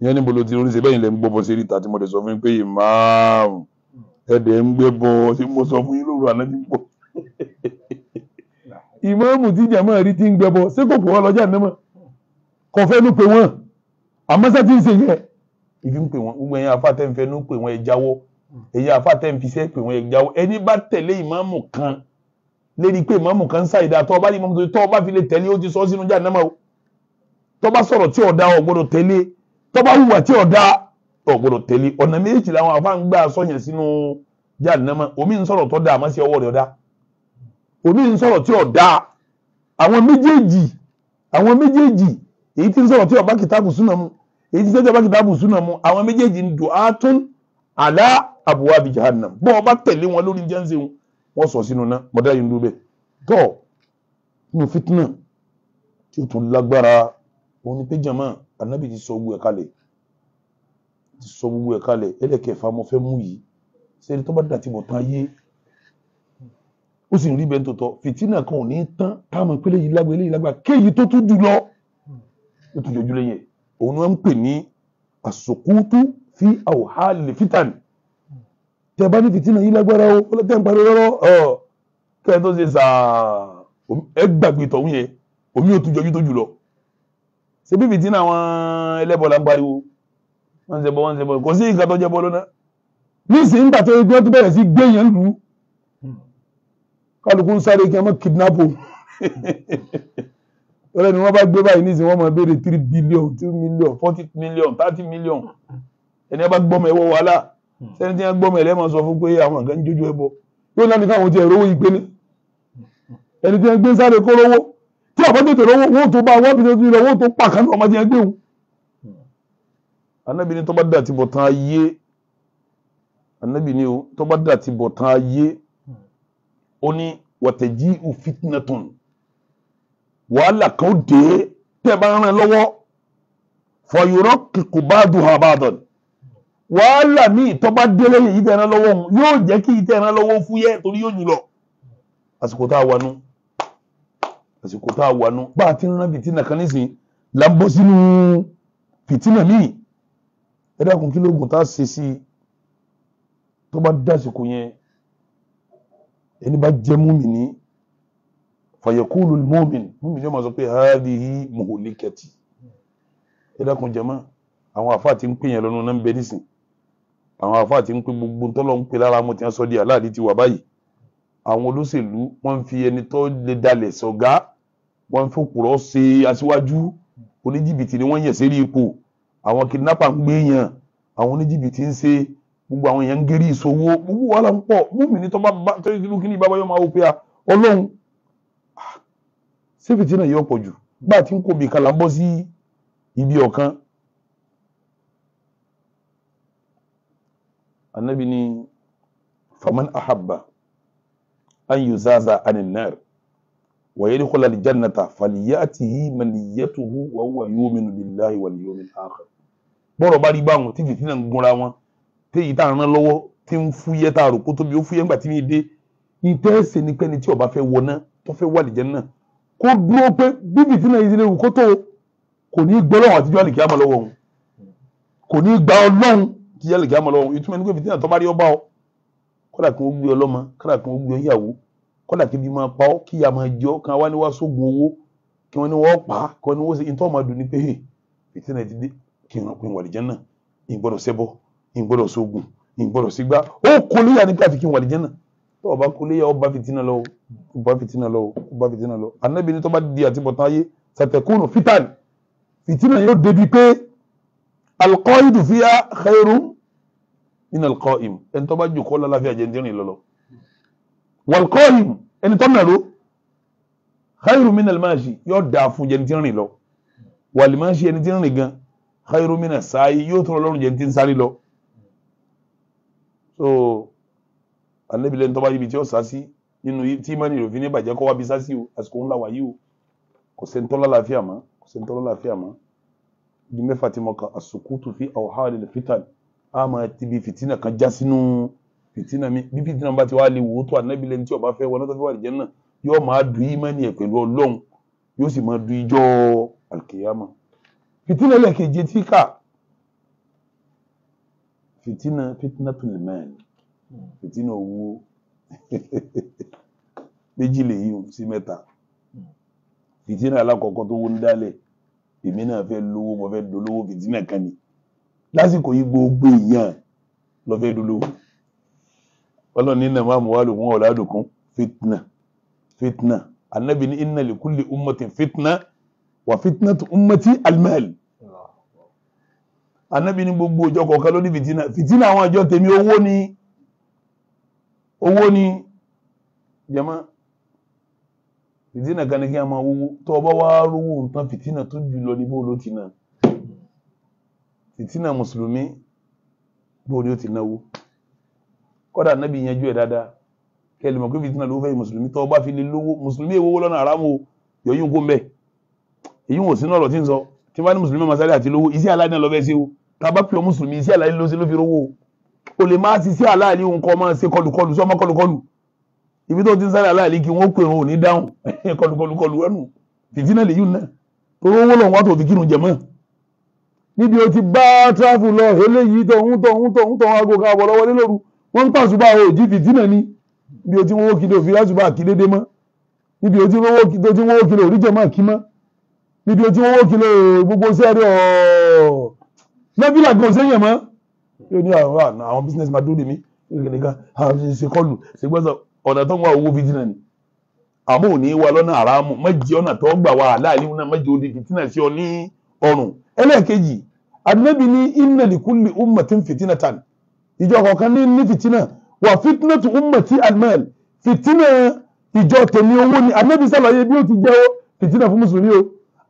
ìyẹn níbo ló ti rí ṣe bẹ́yìn lẹ́ ń gbọ́ sí ríta tí mo dẹ̀ sọ fún yín pé ìmáàmù ẹ̀dẹ̀ ń gbé bọ́ tí mo sọ fún yín lóru àná ti ń bọ̀ *laughs* ìmáàmù tí jàmáà rí ti ń gbẹbọ ṣé kò pè wọ́n lọ́jà nímọ̀ kò fẹ́ ló pe wọ́n àmọ́ sẹ́ ti ń ṣe yẹ ìfi ń pè wọ́n gbogbo ẹ̀yin afáàtẹ́ ń fẹ́ ló pè wọ́n ẹ jáwọ́ ẹ̀yin afáàtẹ́ ń fiṣẹ́ pè wọ́n ẹ jáwọ́ ẹni bá tẹ̀lé ìmáàmù kan lédi pé ìmáàmù kan ṣàìdá tọ́ ọba ìmáàmù tó tọ́ ọba fi lè tẹ̀lé ó ti sọ sínú jà nímọ̀ o tọ́ bá sọ̀rọ̀ tí ọ̀dà ò gbọ́dọ̀ tẹ̀lé tọ́ bá hùwà tí ọ̀dà ò gbọ́dọ̀ tẹ̀lé ọ̀nà méjì làwọn afáà ń gbà sọ̀yàn sínú jà nímọ̀ omi ń sọ̀rọ̀ tọ́ da àmọ́ sí ọwọ́ rẹ̀ ọ̀dà omi ń sọ̀rọ̀ tí ò dáa àwọn méjèèjì àwọn méjèèjì èyí tí ń sọ̀rọ̀ tí ò bá kìtàbù súnà mu èyí tí ń sọ̀rọ̀ tí ò bá kìtàbù súnà mu àwọn méjèèjì ń dùn áátún àlá àbúwá bíi jahannam bọ́ ọ bá tẹ̀lé wọn lórí jẹ́nsẹ̀ wọn wọ́n sọ sínú náà mọ̀dá yìí ń dúró bẹ́ẹ̀ tọ́ nínú fitna tí ó tún lágbára òun ni pé anabi ti sọ gbogbo ẹ̀ kalẹ̀ ti sọ gbogbo ẹ̀ kalẹ̀ ẹlẹ́kẹ̀ẹ́fà mo mú yìí sẹ́ni tó ó sì rí bẹ́ẹ̀ tó tọ́ fìtínà kan ò ní tán táwọn pélé yìí lágbá eléyìí lágbá kéyìí tó tún jù lọ ó tún yọjú lẹ́yìn òun ni wọ́n ń pè ní àsòkútú fi àwòhá lè fítàn tẹ bá ní fìtínà yìí lágbára o ó lọ tẹ́ ń parí rọ́rọ́ ọ kẹ́ ẹ tó ṣe sàá ẹ gbàgbé tọ̀hún yẹn omi ò tún yọjú tó jù lọ ṣe bí fìtínà àwọn ẹlẹ́bọ̀ là ń pariwo wọ́n ń ṣẹbọ wọ́n ń ṣẹbọ kò sí ìkàtọ́jẹ́bọ lọ́nà nísìnyí ń gbà tó ẹgbẹ́ tó bẹ̀rẹ̀ sí kálukú ń sáré kí wọn mọ kidnap o wọ́n *laughs* ní wọ́n bá gbé báyìí nísìnyí wọ́n máa béèrè three billion two million forty million thirty million ẹni wọ́n bá gbọ́mọ ẹ̀wọ́ wàhálà hmm. sẹ́ni tí wọ́n gbọ́mọ ẹ̀lẹ́ máa sọ fún pé àwọn nǹkan ń jójú ẹbọ yóò náà ní káwọn ti ẹ̀rọ owó yìí pé ní ẹni tí wọ́n gbé sáré kó lówó tí àbá tètè lówó wọ́n tó bá wọ́n tètè lówó tó pa kan náà ọmọ tí wọ́n gbé wọn. anábì ni tó bọ̀ tán ayé anábì ni tó bọ̀ tán ayé oni ní wọ̀tẹ̀jì ufitinatun wàhálà kan ó dé tẹ́ bá ràn lọ́wọ́ fọyọ̀rọ̀ kìkù bá dùn àbádọ́n wàhálà míì tó bá délé yìí tẹ́ ràn lọ́wọ́ òun yóò jẹ́ kí tẹ́ ràn lọ́wọ́ fúyẹ́ torí yóò jùlọ àsìkò tá a wà nù àsìkò tá a wà nù bá a ti rán fìtínà kan nísìnyí là ń bọ́ sínú fìtínà míì ẹ dákun kí tá a ṣe sí i dásìkò yẹn ẹni bá jẹ́ múmìnì fàyẹ̀kúlù múmìnì múmìnì ọmọ sọ pé hádìhí mùhùlíkẹtì ẹ dákun jẹmọ́ àwọn àfáà ti ń pè yẹn lọ́nu náà ń bẹ nísìn àwọn àfáà ti ń pè gbogbo ntọ́lọ́ ń pè lára mo ti ń sọ di aláàdí ti wà báyìí àwọn olóṣèlú wọ́n fi ẹni tó lè dalẹ̀ sọ̀gá wọ́n ń fòkùrọ̀ ṣe aṣíwájú oníjìbìtì ni wọ́n yẹ̀ sí ipò àwọn kidnapper ń gbé yàn àwọn oníjìbìtì ń ṣe gbogbo àwọn èèyàn ń geri ìṣòwò gbogbo wàhálà ń pọ̀ múmi ní tọ́ba bá tẹ́lẹ̀ kí ló kí ní bàbá yóò máa wò pé a ah, ọlọ́run sífìtì ah, náà yóò pọ̀ jù gbà tí ń kó bìkan là ń bọ́ sí ibi ọ̀kan. anabi ni faman ahabba an yuzaza anin nar wa yadkhul al jannata falyatihi maniyatuhu wa huwa yu'minu billahi wal yawmil akhir bọ́rọ̀ bá rí báwọn tí fìtì náà ń gúnra wọn téyí tá à ń rán lọ́wọ́ tí ń fúyẹ́ tá a rò kó tóbi ó fúyẹ́ ńgbà tí mi dé ìtẹ́sẹ̀ ni pẹ́ni tí ọba fẹ́ wọná tó fẹ́ wà lìjẹ́ náà kó dúró pé bíbí tí náà ìdílé wù kó tó kò ní gbọ́ lọ́wọ́ àtijọ́ àlìkí àmọ́ lọ́wọ́ òun kò ní gba ọlọ́run àtijọ́ àlìkí àmọ́ lọ́wọ́ òun ìtumọ̀ ní pé fìtínà tó bá rí ọba ọ kódà kí wọ́n gbé ọlọ́mọ kódà kí wọ́n gbé ọyàwó kódà kí bí máa pa ọ́ kí ìyá máa jẹ ọ́ kan wá ní wá sógun owó kí wọ́n ní wọ́n pa kí wọ́n ní wọ́n ṣe ìtọ́ máa dùn ní pé fìtínà ti dé kí n ràn pé wà náà ìgbọ́dọ̀ sẹ́bọ̀ ìgbọ́dọ̀ sógun ìgbọ́dọ̀ sígbà ó kó léyà nígbà tí kí wọ́n àlìjẹ́ náà tó o bá kó léyà ó bá fìtínà lọ ó bá fìtínà lọ ó bá fìtínà lọ anábì ní tó bá di àtibọ̀tán ayé sàtẹ̀kùnù fítàlì fìtínà yóò débi pé alqaidu fiya khairu min alqaim ẹni tó bá jòkó lálàáfíà jẹ́ walqaim ẹni tó nàró khairu min almashi yóò dáa fún jẹ́ ndínrín lọ wàlìmáṣí ẹni tí ń rìn gan khairu min asai yóò tún lọ́rùn jẹ́ ndín sáré lọ so ànábì lẹ́ni tó bá yíbi tí ó sá sí nínú tí mọ́ni rò fi ní bàjẹ́ kọ́ wá bí sá sí o àsìkò ńlá wáyé o kò sẹ́ni tọ́lá láàfíà mọ́ kò sẹ́ni tọ́lá láàfíà mọ́ ibi mẹ́fà tí mo kà àsùkútù fi àwòhálẹ̀ lè fìtàn á máa ti bi fìtínà kan já sínú fìtínà mi bí fìtínà bá ti wá lè wò ó tó ànábì lẹ́ni tí ó bá fẹ́ wọná tó fẹ́ wà lè jẹ́ náà yóò máa dùn ìmọ̀ni ẹ̀ pẹ̀lú ọlọ́run yóò sì máa dùn ìjọ àlùkìyàmà fìtínà lẹ́ẹ̀kejì tí kà fìtínà fìtínà tún lè mẹ́rin fìtínà owó méjì lèyí sí mẹ́ta fìtínà alákọ̀ọ́kọ́ tó wó ń dálẹ̀ èmi náà fẹ́ lówó mo fẹ́ dolówó fìtínà kan ni lásìkò yìí gbogbo èèyàn lọ fẹ́ dolówó ọlọ́run ní nàá mú wàá lòkun ọ̀la lòkun fìtínà fìtínà anabi ní inna li kulli ummatin fìtínà wà fìtínà tó ummati almal anábì ní gbogbo ọjọ́ kọ̀ọ̀kan ló ní fìtínà fìtínà àwọn ọjọ́ tèmi owó ni owó ni jama fìtínà kan ní kí a máa wúwo tó o bá wá rówó nǹkan fìtínà tó jù lọ níbo ló ti nà fìtínà mùsùlùmí bó ni ó ti náwó kódà anábì yanjú ẹ̀ dáadáa kẹlẹ̀ mọ̀ pé fìtínà ló fẹ́ mùsùlùmí tó o fi lè lówó mùsùlùmí èwo lọ́nà àrámù yọ̀yún kó ń èyí wò sínú ọ̀rọ̀ tí ń sọ tí wọ́n bá ní mùsùlùmí masáré àti lówó iṣẹ́ aládìní lọ́fẹ́ sí o tàbá pè ọ́ mùsùlùmí iṣẹ́ àlàyé ló ṣe ló fi rówó o lè máa ṣiṣẹ́ àlàyé òun kọ́ máa ṣe kọlùkọlù sọ́mọ́ kọlùkọlù ibi tó ti ń sáré àlàyé kí wọ́n pè wọn ò ní dáhùn *laughs* kọlùkọlù kọlù ẹnu fìtínà lè yùn náà torí owó lòun wá tó fi kírun jẹ̀mọ́ níbi o ti bá tíráfù lọ eléyìí tọ̀hún tọ̀hún tọ̀hún tọ̀hún aago kan àbọ̀ lọ́wọ́ lóru wọ́n ń pàṣùbà òjì fìtínà ni níbi o ti wọ́n kí lè fi àṣùbà kí dédé mọ́ níbi o ti wọ́n kí lè oríjẹ̀mọ́ kí mọ́ níbi o ti wọ́n kí lè gbogbo sẹ́ẹ̀rì ọ̀ọ́ nẹ́bílà gan ṣe yẹn mọ́ yóò ní àwọn business máa dúró de mí nìkan àwọn ṣe kọlù ṣe gbọ́dọ̀ ọ̀nà tó ń wá owó fìtínà ni àmọ́ ò ní wá lọ́nà àràmù mẹ́jì ọ̀nà tó gbà wá aláàlí náà mẹ́jì ó di fìtínà sí ọ ní ọrùn ẹlẹ́ẹ̀kejì ànábì ní inna li kulli ummatin fìtínatan ìjọ kọ̀ọ̀kan ní ní fìtínà wà fitnatu ummati almal fìtínà ìjọ tèmi owó ni ànábì sàlàyé bí ó ti jẹ́ fìtínà fún mùsùlùmí o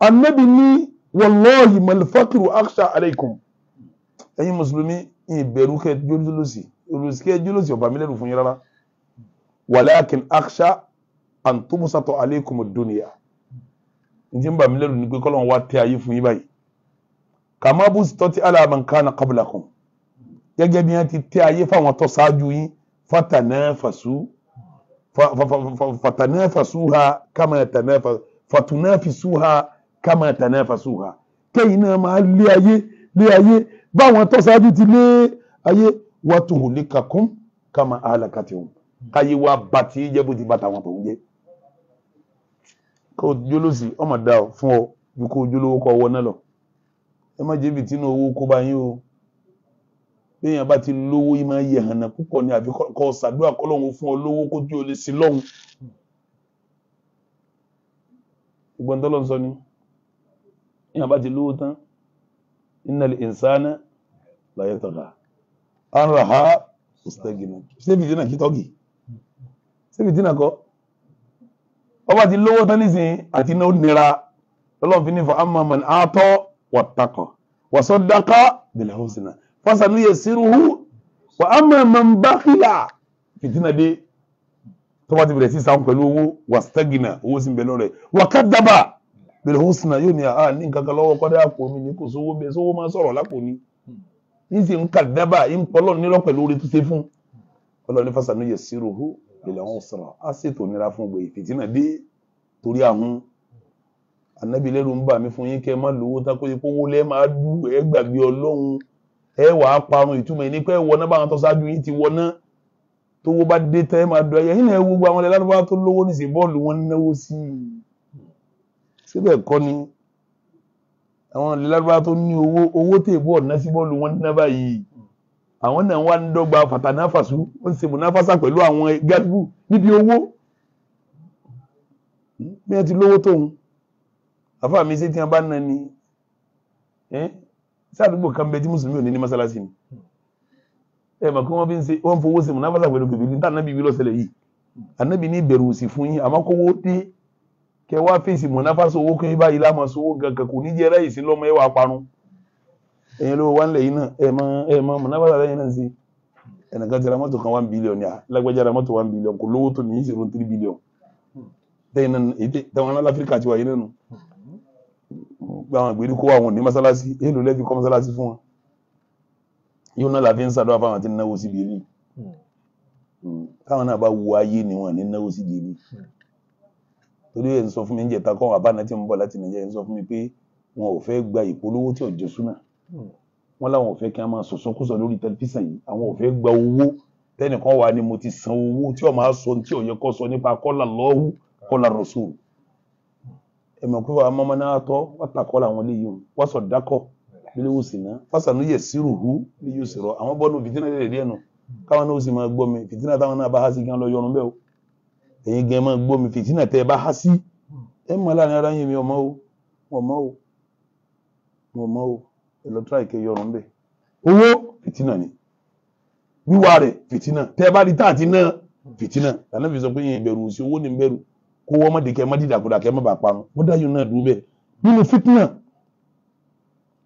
ànábì ní wallahi mal faqru akhsha alaykum ẹ̀yin mùsùlùmí ìbẹ̀rù kẹ́ jólósì olùsí kẹ́ jólósì ọ̀bà mi lẹ́rù fún yín rárá walakin aksha an tubsata alaykum ad-dunya njẹ́ ń bà mí lẹ́rù ni pé kọ́lọ́n wá tẹ ayé fún yín báyìí kama busitati ala man kana qablakum gẹ́gẹ́ bí wọ́n ti tẹ ayé fáwọn tó ṣáájú yín fatanafasu fatanafasuha kama tanafasu fatunafisuha kama tanafasuha kẹ́yìn náà máa lé ayé lé ayé báwọn tó ṣáájú ti lé ayé wà tó hùn ní kakún ká máa àlàkà tí òun káyé wá bá ti jẹ́ bó ti bá tàwọn tòun jẹ́ kó jólósì ọmọ dá ọ fún ọ ju kó jólówó kọ ọwọ́ náà lọ ẹ má jẹ́bi tínú owó kó bá yín o béèyàn bá ti lówó yìí máa yẹ hànà púpọ̀ ni àfi kọ́ ṣàdúrà kọ́lọ́hún fún ọ lówó kójú o lè sí lọ́hùn. ìgbọ́n ni béèyàn bá ti lówó tán innal insana la yatagha an raha mustagina ṣé fìdínà kí tọ́gì ṣé fìdínà kọ́ ọba ti lówó tán nísìnyí àti iná ó nira lọ́lọ́run fi ní fa amma man aatọ́ wattaqa wa saddaqa bil husna fasanu yasiruhu wa amma man bakhila fìdínà dé tọ́ba ti bẹ̀rẹ̀ sí sáwọn pẹ̀lú owó wastagina owó sì ń bẹ wa kadaba bẹ̀rẹ̀ ó sinà yóò ní àá ah, ní nǹkan kan lọ́wọ́ kọ́dá àpò mi ní kò sówó bẹ́ẹ̀ sówó máa sọ̀rọ̀ lápò ni ń hmm. sì ń kàdábà ń pọ́lọ́ nírọ̀ pẹ̀lú orí tó ṣe fún ọlọ́ni fásánù yẹ sí rohó ìlẹ̀ wọn sọ̀rọ̀ á ṣètò nira fún gbé fìtínà dé torí àwọn anábì lẹ́rù ń bà mí fún yín kẹ́ ẹ má lówó tako yìí kówó lẹ́ máa dú ẹ gbàgbé ọlọ́run ẹ wà á parun ìtumọ̀ ní pé wọná báwọn tó ṣáájú yín ti wọná tówó bá dé tẹ́ máa dọ ẹyẹ yín náà gbogbo àwọn ẹlẹ́dàá tó lówó nísìnyí bọ́ọ̀lù wọn náwó sí i síbẹ̀ kọ́ ni àwọn ìlérúbá tó ní owó owó tè bọ́ ọ̀nà sí bọ́ọ̀lù wọn níná báyìí àwọn náà wà ń dọ́gba fàtànáfàṣù ó ń ṣe mùnáfàṣà pẹ̀lú àwọn gálíbù níbi owó bí wọ́n ti lówó tóun àfa mi ṣe tí wọ́n bá ń nani sádùúgbò kan bẹ tí mùsùlùmí ò ní ní mọ́sálásí ni ẹ mọ̀ kí wọ́n fi ń ṣe wọ́n fowó ṣe mùnáfàṣà pẹ̀lú kòkòrò ní tànàbí wí lọ́sẹ̀lẹ̀ yìí ànábì ní ìbẹ̀rù kẹ wá fèsì mọ̀náfàsó owó kan báyìí lámọ̀ sówó gangan kò ní jẹ́ ráyè sí lọ́mọ ẹwà parun ẹ̀yin ló wà nílẹ̀ yìí náà ẹ̀ mọ ẹ̀ mọ mọ̀náfàsó lẹ́yìn náà sí ẹnìkan ti ra kan one billion ni à lágbájá one billion kò lówó tó ní í zero three billion tẹ́yìn náà èdè táwọn ará áfíríkà ti wà yìí nánu àwọn ìgbèríko àwọn òní mọ́sálásí èlò lẹ́fi kọ́ mọ́sálásí fún wọn yóò náà láfi ń sàdọ́ àfáwọn àti náwó síbi èlì hmm. hmm. táwọn náà bá wo ayé ni wọn ní náwó síbi èlì torí ẹ̀ ń sọ fún mi ń jẹ́ takọ́ àbáná tí ń bọ̀ láti nàìjíríà ń sọ fún mi pé wọn ò fẹ́ gba ìpolówó tí ọ̀jọ̀ súnà hmm. wọn làwọn ò fẹ́ kí a máa sọ̀sọ́kùsọ lórí tẹlifíṣàn yìí àwọn ò fẹ́ gba owó tẹnìkan wà ní mo ti san owó tí ọmọ asọ tí òye kọ sọ nípa kọ́là lọ́wọ́ kọ́là rọ̀ṣù ẹ̀mọ̀ pé wàá mọ́mọ́ náà tọ́ wàtàkọ́ làwọn lè yùn wàṣọ dákọ̀ lè wò sí náà fásánù yẹ sírù hù yóò sì àwọn bọ́ọ̀lù fìtínà lè rí ẹnu káwọn náà ó sì máa gbọ́ mi fìtínà táwọn náà bá há sí gan lọ yọrùn bẹ́ẹ̀ o ẹ̀yin gan máa gbọ́ mi fìtínà tẹ́ ẹ bá há sí ẹ mọ̀ láàrin ara yín mi ọmọ o wọ́n mọ́ o wọ́n mọ́ o ẹ lọ tíra ìkẹyọ ọ̀rọ̀ ń bẹ̀ owó fìtínà ni wíwá rẹ̀ fìtínà tẹ́ ẹ bá rí táàtì náà fìtínà lànà fi sọ pé yẹn ìbẹ̀rù sí owó ni ń bẹ̀rù kó wọ́n má di kẹ́ má di dàkúdà kẹ́ má bàa parun wọ́n dá yóò náà dúró bẹ́ẹ̀ nínú fìtínà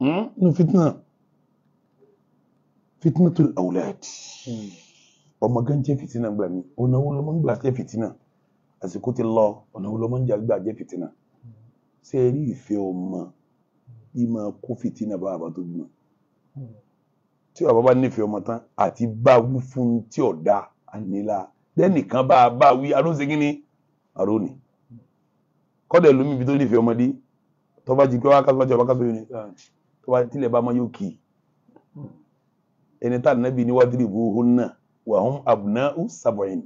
hmm? nínú fìtínà fìtínà tó lọ́wọ́lẹ́ẹ̀tì hmm. ọmọ gan jẹ́ fìtínà gbà mí ọ̀nà wo gbà jẹ́ fìtínà àsìkò ti lọ ọ̀nà wo ló máa ń gbà jẹ́ fìtínà ṣé rí ìfẹ́ ọmọ bí máa kó fìtínà bá bàbá tó bímọ tí bàbá bá nífẹ̀ẹ́ ọmọ tán àti bá wí fún tí ọ̀dà àníla lẹ́nìkan bá a bá wí aróńṣe kí ni àrónì kọ́dẹ̀ lómi ibi tó nífẹ̀ẹ́ ọmọdé tó bá jí pé wá kásán jọba kásán yóò ní ah, tó bá tilẹ̀ bá mọ yóò kì í ẹni tá nàbí níwájú ìbò òhun náà wàhún àbùnà ó sàbọ̀yìn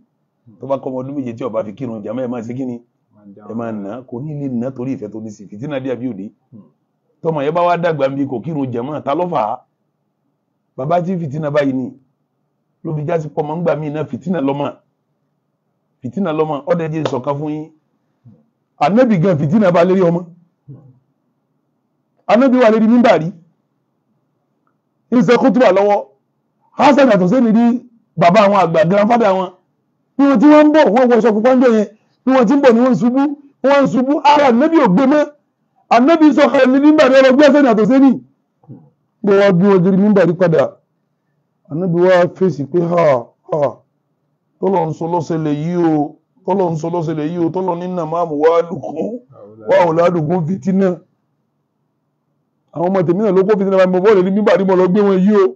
tó bá kọ́mọ ọdún méje tí ọba fi kírun jàmọ́ ẹ máa ṣe kíni ẹ máa nà kò ní ilé nà torí ìfẹ́ tó ní sí fìtínà dí àbí òde hmm. tọmọ yẹn bá wá dàgbà ń bi kò kírun jàmọ́ ta ló fà á bàbá tí fìtínà báyìí ni ló fi jásí pọ́mọ ńgbà míì náà fìtínà lọ́mọ fìtínà lọ́mọ ọ̀dẹ̀ jẹ́ sọ̀kan fún yín ànábì gan fìtínà bá lérí ọmọ ànábì wà lérí mímbàrí ń ṣe kútùbà lọ́wọ́ hasan àtọ̀sẹ́ni rí bàbá àwọn àgbà grandfather wọn bí wọn ti wọn ń bọ̀ wọn wọṣọ pupa ńjọ yẹn bí wọn ti ń bọ̀ ni wọn ń ṣubú wọn ń ṣubú ara ànábì ò gbé mọ́ ànábì sọ ẹni nígbà rẹ lọ gbẹ́sẹ̀ ní àtọ̀sẹ́ni bí wọn bí wọn dirí nígbà rí padà ànábì wa fèsì pé ha ha tọ́lọ̀ ń sọ lọ́sẹ̀lẹ̀ yìí o tọ́lọ̀ ń sọ lọ́sẹ̀lẹ̀ yìí o tọ́lọ̀ ní nà máàmù wá lùkún wá ò ládùkún fìtínà àwọn ọmọ tèmi ló kó fìtínà bá mi bọ́ọ̀lù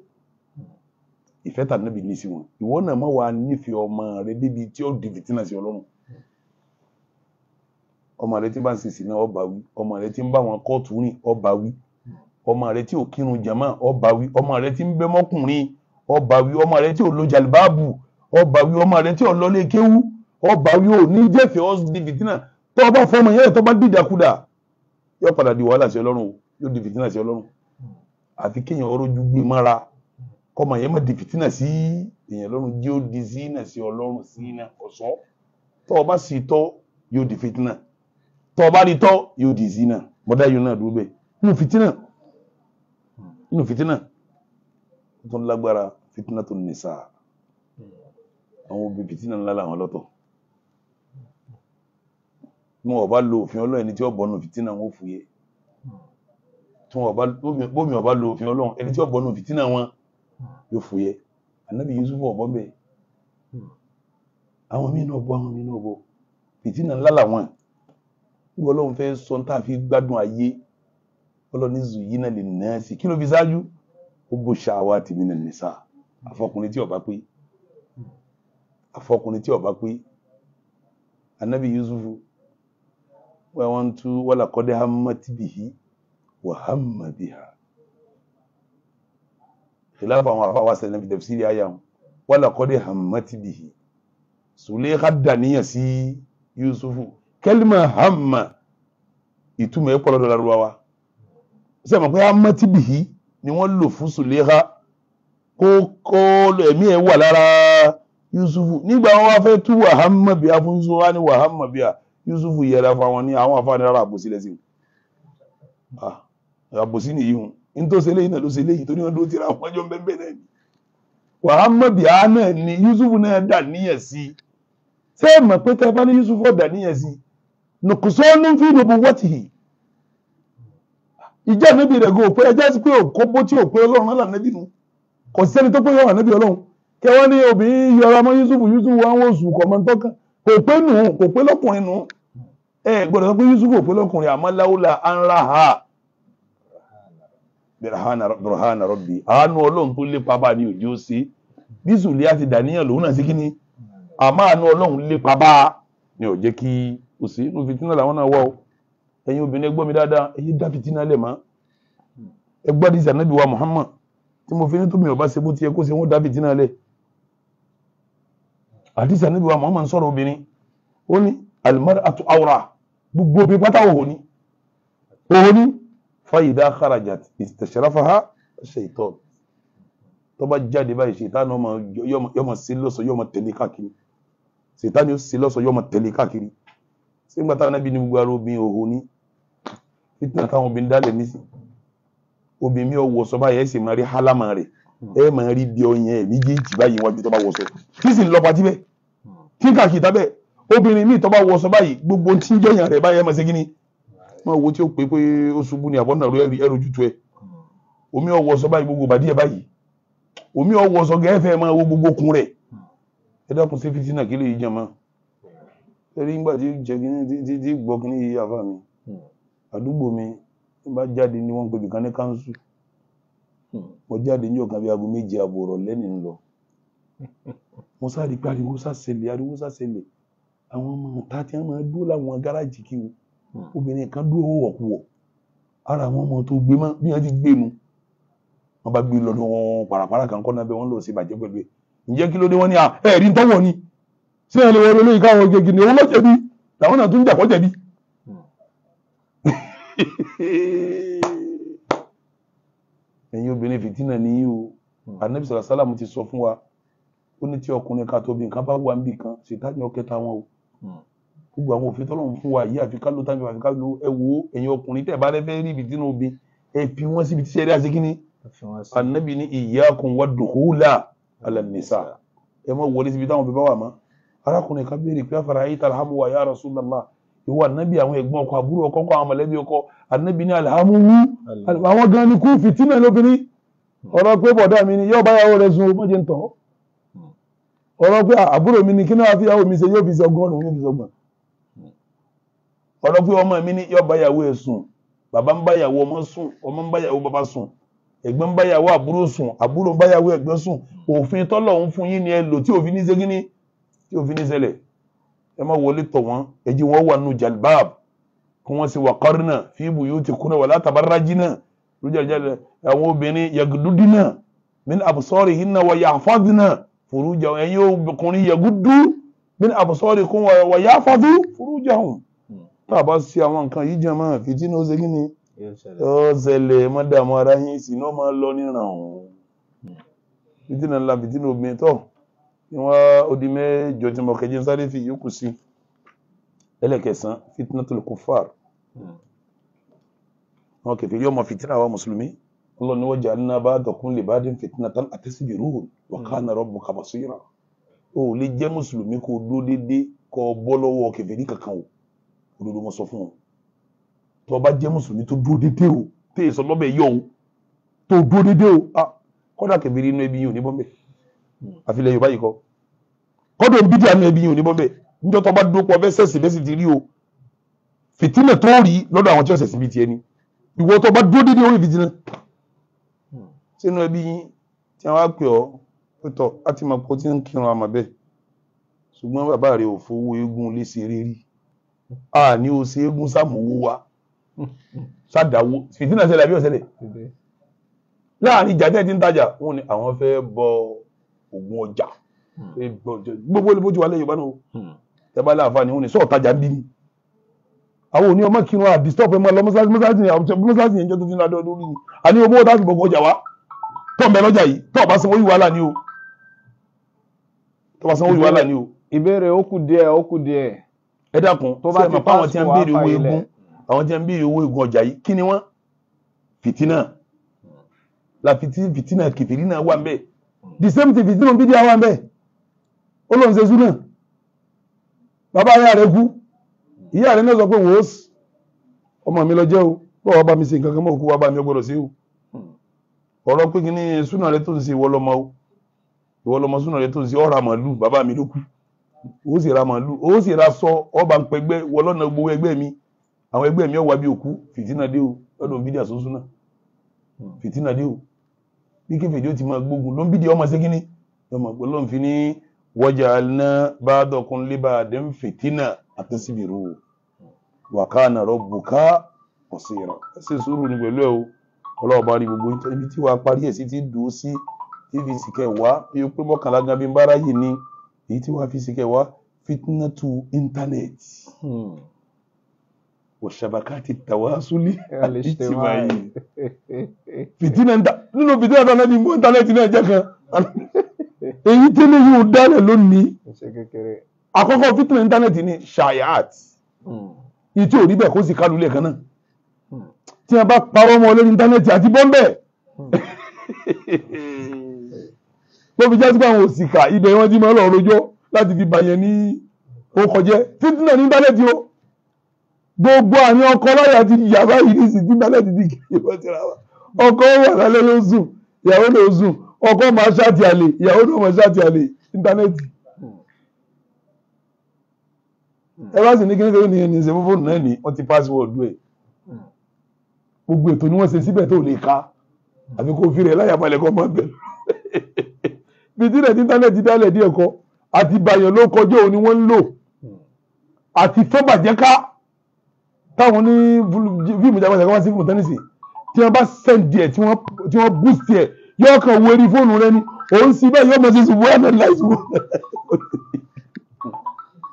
ìfẹ́ tàbí níbi ní sí wọn ìwọ náà má wàá nífẹ̀ẹ́ ọmọ rẹ débi tí ó di fìtínà sí ọlọ́run ọmọ rẹ tí bá ń sèṣì náà ọba wí ọmọ rẹ tí ń bá wọn kóòtù rìn ọba wí ọmọ rẹ tí ò kírun jàmá ọba wí ọmọ rẹ tí ń bẹ mọ́kùnrin ọba wí ọmọ rẹ tí ò lo jàlibáàbù ọba wí ọmọ rẹ tí ò lọlé kéwú ọba wí ò ní jẹ́fẹ̀ẹ́ ọ́ di fìtínà tó ọba fọmọ yẹn tó bá dìdàkudà yóò padà di wàhálà sí ọlọ́run yóò di fìtínà sí ọlọ́run àfi kéèyàn ọrọ́jú gbé mára kọmọ yẹn má di fìtínà sí èèyàn lọ́rùn jí ó di zina sí ọlọ́run zina ọ̀sọ́ tọ́ ọ bá sì tọ́ yóò di fìtínà tọ́ ọ bá rí tọ́ yóò di zina bọ́dá yóò náà dúró bẹ́ẹ̀ nínú fìtínà nínú fìtínà tó ń lágbára fìtínà tó ní sáà àwọn òbí fìtínà ńlá làwọn lọ́tọ̀ wọn ò bá lo òfin ọlọ́run ẹni tí ó bọ́nu fìtínà wọn ò fúyẹ́ tí wọn ò bá lo òfin ọlọ́run ẹni tí ó bọ́nu fìtínà wọn yóò fúyẹ́ ànábì Yusuf ọ̀bọ bẹ́ẹ̀ hmm. àwọn míì náà bọ àwọn míì náà bọ fìtínà ńlá làwọn níbo ọlọ́run fẹ́ sọ tá a fi gbádùn ayé ọlọ́run ní zuyina lè nà á sí kí ló fi ṣáájú ó bó ṣàwá tèmi nà nìṣá àfọkùnrin tí ọba pé àfọkùnrin tí ọba pé ànábì Yusuf wọ́n wọ́n ń tú wọ́lá kọ́dé hamatibihi wàhámàbíhà khilafa àwọn àfa wa sẹ́lẹ̀ fi tafsiri àyà wọn wàlà kọ́dé hamati bihi Sùlẹ́kà dàníyàn sí Yusufu kẹ́límà hamma ìtumọ̀ ẹ̀ pọ̀lọ́dọ̀ lárúbáwá wa ṣe mọ̀ pé hamati bihi ni wọ́n lò fún Sùlẹ́kà kó kó ẹ̀mí ẹ̀ wà lára Yusufu nígbà wọn wá fẹ́ tú wàhámà bíà fún Yusufu wá ní wàhámà bíà Yusufu yẹra fáwọn ní àwọn afáàní rárá àbòsí lẹ́sìn ah, nítòsí eléyìí náà ló ṣe eléyìí tó wọn dúró tira wọn jọ bẹ́ẹ̀ náà ni wàhámàbí àánà ni yusuf náà dà níyàn sí i ṣé ẹ mọ̀ pé tẹ́ ẹ bá ní yusuf ọ̀dà níyàn sí i nùkùsọ́nù fi ìdòbò wọ́tì yìí ìjà níbi rẹ̀ gò pé ẹjẹ́ sí pé òkó bó tí òpé ọlọ́run lọ́la níbi nu kò sí ẹni tó pé yọ̀wà níbi ọlọ́run kẹ wọ́n ní obìnrin yọra mọ́ yusuf yusuf wọn wọ́n sùn kọ̀ ha burhana rabbi àánú ọlọ́run tó lépa bá ní òjò ṣe bí sùlíà ti dàníyàn lòun náà sí kíni àmọ́ àánú ọlọ́run lépa bá ní òjẹ́ kí kò sí inú fitinà làwọn náà wà o ẹ̀yin obìnrin gbọ́ mi dáadáa ẹ̀yin dá fitinà lẹ̀ mọ́ ẹ gbọ́ àdìsí wa Muhammad tí mo fi ní tómi ọba ṣe bó ti yẹ kó ṣe wọ́n dá fitinà lẹ̀ àdìsí ànábì wa Muhammad ń sọ̀rọ̀ obìnrin ó ní alimari atu awra gbogbo obìnrin pátá òhò ni fayida kharajat istashrafaha ṣètọ́ tó bá jáde báyìí ṣètánì yọmọ sí lọ́sọ̀ yọmọ tẹ̀lé káàkiri ṣètánì ó sí lọ́sọ̀ yọmọ tẹ̀lé káàkiri sígbà táwọn náà bí ní gbogbo ara obìnrin òhò ní títí táwọn obìnrin dálẹ̀ ní obìnrin mi ò wọ̀sọ̀ báyìí ẹ̀ sì máa rí hálámà rẹ̀ ẹ̀ máa rí bí ọyàn ẹ̀ méjèèjì báyìí wájú tó bá wọ̀sọ̀ kí sì ń lọ pàtí bẹ́ẹ̀ kí káàkiri tábẹ́ obìnrin mi tó bá wọ̀sọ̀ báyìí gbogbo tí ń jọyàn rẹ̀ báyìí ẹ̀ máa ṣe kí ni máa wo tí ó pé pé ó ṣubú ni àbọ̀nà ẹrù ojú tu ẹ omi ọwọ́ sọ báyìí gbogbo bàdí ẹ báyìí omi ọwọ́ sọ gẹ́fẹ́ máa wo gbogbo kun rẹ̀ ẹ dákun sí fitinà kí lè jẹ máa ẹrí ńgbà tí jẹ kí tí gbọ́ kí ní yíyá àfa mi àdúgbò mi bá jáde ní wọ́n pè kan ní káńsù mo jáde ní ọ̀kan bí aago méje àbò ọ̀rọ̀ lẹ́nu lọ mo sáré pé ariwo sá ṣẹlẹ̀ ariwo sá ṣẹlẹ̀ àwọn ọmọ ọ̀tá tí wọ́n máa dúró láwọn gáràjì kí wọn Hmm. obìnrin kan dúró owó wọ̀kuwọ̀ ara àwọn ọmọ tó gbé mọ́ bí wọ́n ti gbé mu wọ́n bá gbé lọ́dọ̀ wọn pàràpàrà kan kọ́nà bẹ́ẹ̀ wọ́n lọ sí ìbàjẹ́ pẹ̀lú ẹ̀ ǹjẹ́ kí ló dé wọ́n ní à ẹ̀rí tọ́wọ̀ ni sí ẹ̀ lè wọ́n lórí káwọn ògègì ni òun lọ́jẹ̀bi làwọn náà tún ń jàkọ́ jẹ̀bi. ẹ̀yin obìnrin fìtínà ni yín o anabi sọ̀rọ̀ sálàmù ti sọ fún wa ó ní tí ọkùnrin ká tóbi nǹkan bá wà níbì kan ṣètàjọ́ kẹta wọn o hmm gbogbo àwọn òfin tọ́lọ́run fún wa yìí àfi ká ló tàbí àfi ká ló ẹ wo ẹ̀yin ọkùnrin tẹ̀ bá fẹ́ rí ibi tí inú obìn ẹ fi wọ́n síbi tí sẹ́rí àti kíní anabi ni iyyakum wad-dukhula ala nisa ẹ má wọlé síbi táwọn bíbá wà mọ́ arákùnrin kan béèrè pé afara ayé ta alhamu wa ya rasulallah ìwọ anabi àwọn ẹ̀gbọ́n ọkọ àbúrò ọkọ ọkọ àwọn mọ̀lẹ́bí ọkọ anabi ni alhamu wu àwọn gan ni kú fìtínà lóbìnrin hmm. ọ̀rọ̀ pé bọ̀dá mi ni yóò bá yàwó rẹ̀ sun ọmọdé ń tọ́ hmm. ọ̀rọ̀ pé àbúrò mi ni kí náà fi yàwó mi ṣe yóò fi ṣe ọgbọ́n ọ̀run yóò fi ṣe ọgbọ́n ọ̀rọ̀ pé ọmọ mi ní yọ báyàwó ẹ̀ sùn bàbá ń báyàwó ọmọ sùn ọmọ ń báyàwó bàbá sùn ẹ̀gbọ́n ń báyàwó àbúrò sùn àbúrò ń báyàwó ẹ̀gbọ́n sùn òfin tọ́lọ̀ ń fún yín ni ẹ lò tí òfin ní segin ní tí òfin ní ṣẹlẹ̀ ẹ má wọlé tọ̀ wọ́n ẹ jí wọ́n wà nù jalbab kí wọ́n sì wà kọ́rìnà fi buyutikuna wala tabarrajina lójàjáde àwọn obìnrin yagududina min absarihinna wa tá a bá ṣe àwọn nǹkan yìí jẹ́ máa fi tí ní ó ṣe kí ni ó ṣẹlẹ̀ mọ́ dààmú ara yín sí náà máa lọ níran òun fìtí náà ńlá fìtí náà obìnrin tọ̀ ni wọ́n odi mẹ́jọ tí mo kẹjẹ sáré fi yòókù sí ẹlẹ́kẹsàn fitnatul kufar wọn kẹfì yóò mọ fìtí náà wà mùsùlùmí Allah ni wajalna ba'dakum li ba'din fitnatan atasbirun wa kana rabbuka basira o lè jẹ́ mùsùlùmí kó dúró déédéé kó bọ́ lọ́wọ́ kẹfì ní kankan o òdodo mo sọ fún ọ tó o bá jẹ́ mùsùlùmí tó dúró dédé o tó èso lọ́bẹ̀ yọ o tó dúró dédé o ah kọ́dà kẹ̀mírí inú ẹbí yìí ò ní bọ́m̀bẹ̀ àfilẹ̀ yorùbá yìí kọ́ kọ́dà òbí díà inú ẹbí yìí ò ní bọ́m̀bẹ̀ níjọ́ tó bá dúró pọ̀ bẹ́ẹ̀ sẹ̀sì bẹ́ẹ̀ sì ti rí o fìtínà tó rí lọ́dọ̀ àwọn tí ọ̀sẹ̀ síbi tiẹ̀ ni ìwọ tó bá dúró dédé orí fìtínà sínú ẹbí yín tí wọ́n á pè ọ́ pẹ̀tọ̀ láti máa kó tí ń kírun àmàbẹ́ ṣùgbọ́n bàbá rẹ̀ ò fowó eégún lé sí rírí a ní o ṣe égún sàmúwò wa sàdáwó fìtínà ṣẹlẹ̀ àbí ọ̀ṣẹlẹ̀ láàrin ìjà tẹ́ ti ń tajà wọn ni àwọn fẹ́ bọ ògùn ọjà hmm. gbogbo olùbójú wa lẹ́yìn ìbánu hmm. tẹ́bá láàfáàní wọn ni sọ́ọ̀ tajà ń bí ni àwọn òní ọmọ kírun àbí stop ẹ máa lọ mọ́sáàsì mọ́sáàsì ní àwọn mọ́sáàsì yẹn jẹ́ tó ti ń lọ lórí ni a ní owó dáàbò gbogbo ọjà wa tọ́ mẹ́ lọ́jà yìí tọ́ bá sanwó yìí wàhálà ni o tọ́ bá sanwó yìí wàhálà ni o. ìbéèrè ó kù díẹ̀ ó kù díẹ̀ ẹ dákun sí ẹ mọ̀ pé àwọn tí wọ́n ń béèrè owó egun àwọn tí wọ́n ń owó egun ọjà yìí kí ni wọ́n fìtínà la fìtínà fìtínà kìfìrí náà wà ń the same thing fìtínà ń bí díà wà ń bẹ ó lóun ṣe súnà bàbá ìyá rẹ kú ìyá rẹ náà sọ pé wòó sì ọmọ mi lọ jẹ́ o bọ́ wa bá mi ṣe nǹkan kan mọ́ òkú wa bá mi ọgbọ́dọ̀ sí o ọ̀rọ̀ pé kí ni súnà rẹ tó ń ṣe ìwọ lọmọ o ìwọ lọmọ rẹ tó ń ṣe ọ̀rọ̀ àmàlù bàbá mi ló kú ó sì ra màálù ó sì ra sọ ọba ń wọlọ́nà gbowó ẹgbẹ́ mi àwọn ẹgbẹ́ mi ọ̀wá bí òkú fìtínà dé o lọ́dọ̀ bídí náà fìtínà dé o ti máa gbógun ló ń ọmọ sí kínní ọmọ fi ní wọ́jà alná bá dọ̀kun lébà fìtínà àtẹ́síbìrú sùúrù pẹ̀lú ẹ̀ o ọlọ́ọ̀bá rí gbogbo ibi tí wàá parí ẹ̀ èyí tí wàá fi ṣe kẹwàá fitinatu íńtánẹ́ẹ̀tì wọ̀ṣàbàkàtì tàwásúlì àlìtìmáyì fìtínà nínú fìtínà tó náà ní mú íńtánẹ́ẹ̀tì náà jẹ́ kan èyí tẹ́lẹ̀ yóò dálẹ̀ lónìí àkọ́kọ́ fìtínà íńtánẹ́ẹ̀tì ni ṣayat ìtí hmm. ò rí bẹ́ẹ̀ kó sì kálu lẹ́ẹ̀kan náà hmm. tí wọ́n bá parọ́ mọ́ lórí íńtánẹ́ẹ̀tì àti bọ́ńbẹ́ẹ̀. Hmm. *laughs* tó fi jásí pé àwọn òsìkà ibẹ̀ wọn ti máa lọ rojọ́ láti fi bàyẹn ní okọ̀jẹ́ títí náà ní íńtánẹ́ẹ̀tì o gbogbo àwọn ọkọ láyà ti yà báyìí ní ìsìn íńtánẹ́ẹ̀tì ti kì í wọ́n ti ra wa ọkọ wà lálẹ́ ló sùn ìyàwó ló sùn ọkọ máa ṣáàtì àlè ìyàwó náà máa ṣáàtì àlè íńtánẹ́ẹ̀tì ẹ bá sì ní kíní kékeré nìyẹn ní ṣe fófóònù náà ní wọ́n ti pásíwọ̀dù ẹ̀ gbogbo ètò ni wọ́n ṣe síbẹ̀ tó lè ka àfi kó láyà balẹ̀ kọ́ máa bẹ̀rù *laughs* fìdílẹ̀ títàlẹ̀ títàlẹ̀ díẹ̀ kọ́ àti bàyàn ló kọjá òun ni wọ́n ń lò àti fọ́bàjẹ́ká táwọn ní fíìmù jágbọ́n ṣàkóso sí fíìmù tẹ́nìsì tí wọ́n bá sẹ́ǹdì ẹ̀ tí wọ́n búùsì ẹ̀ yóò kàn wo eré fóònù rẹ ni òun sì bẹ́ẹ̀ yóò mọ̀ sí subhana allah subhana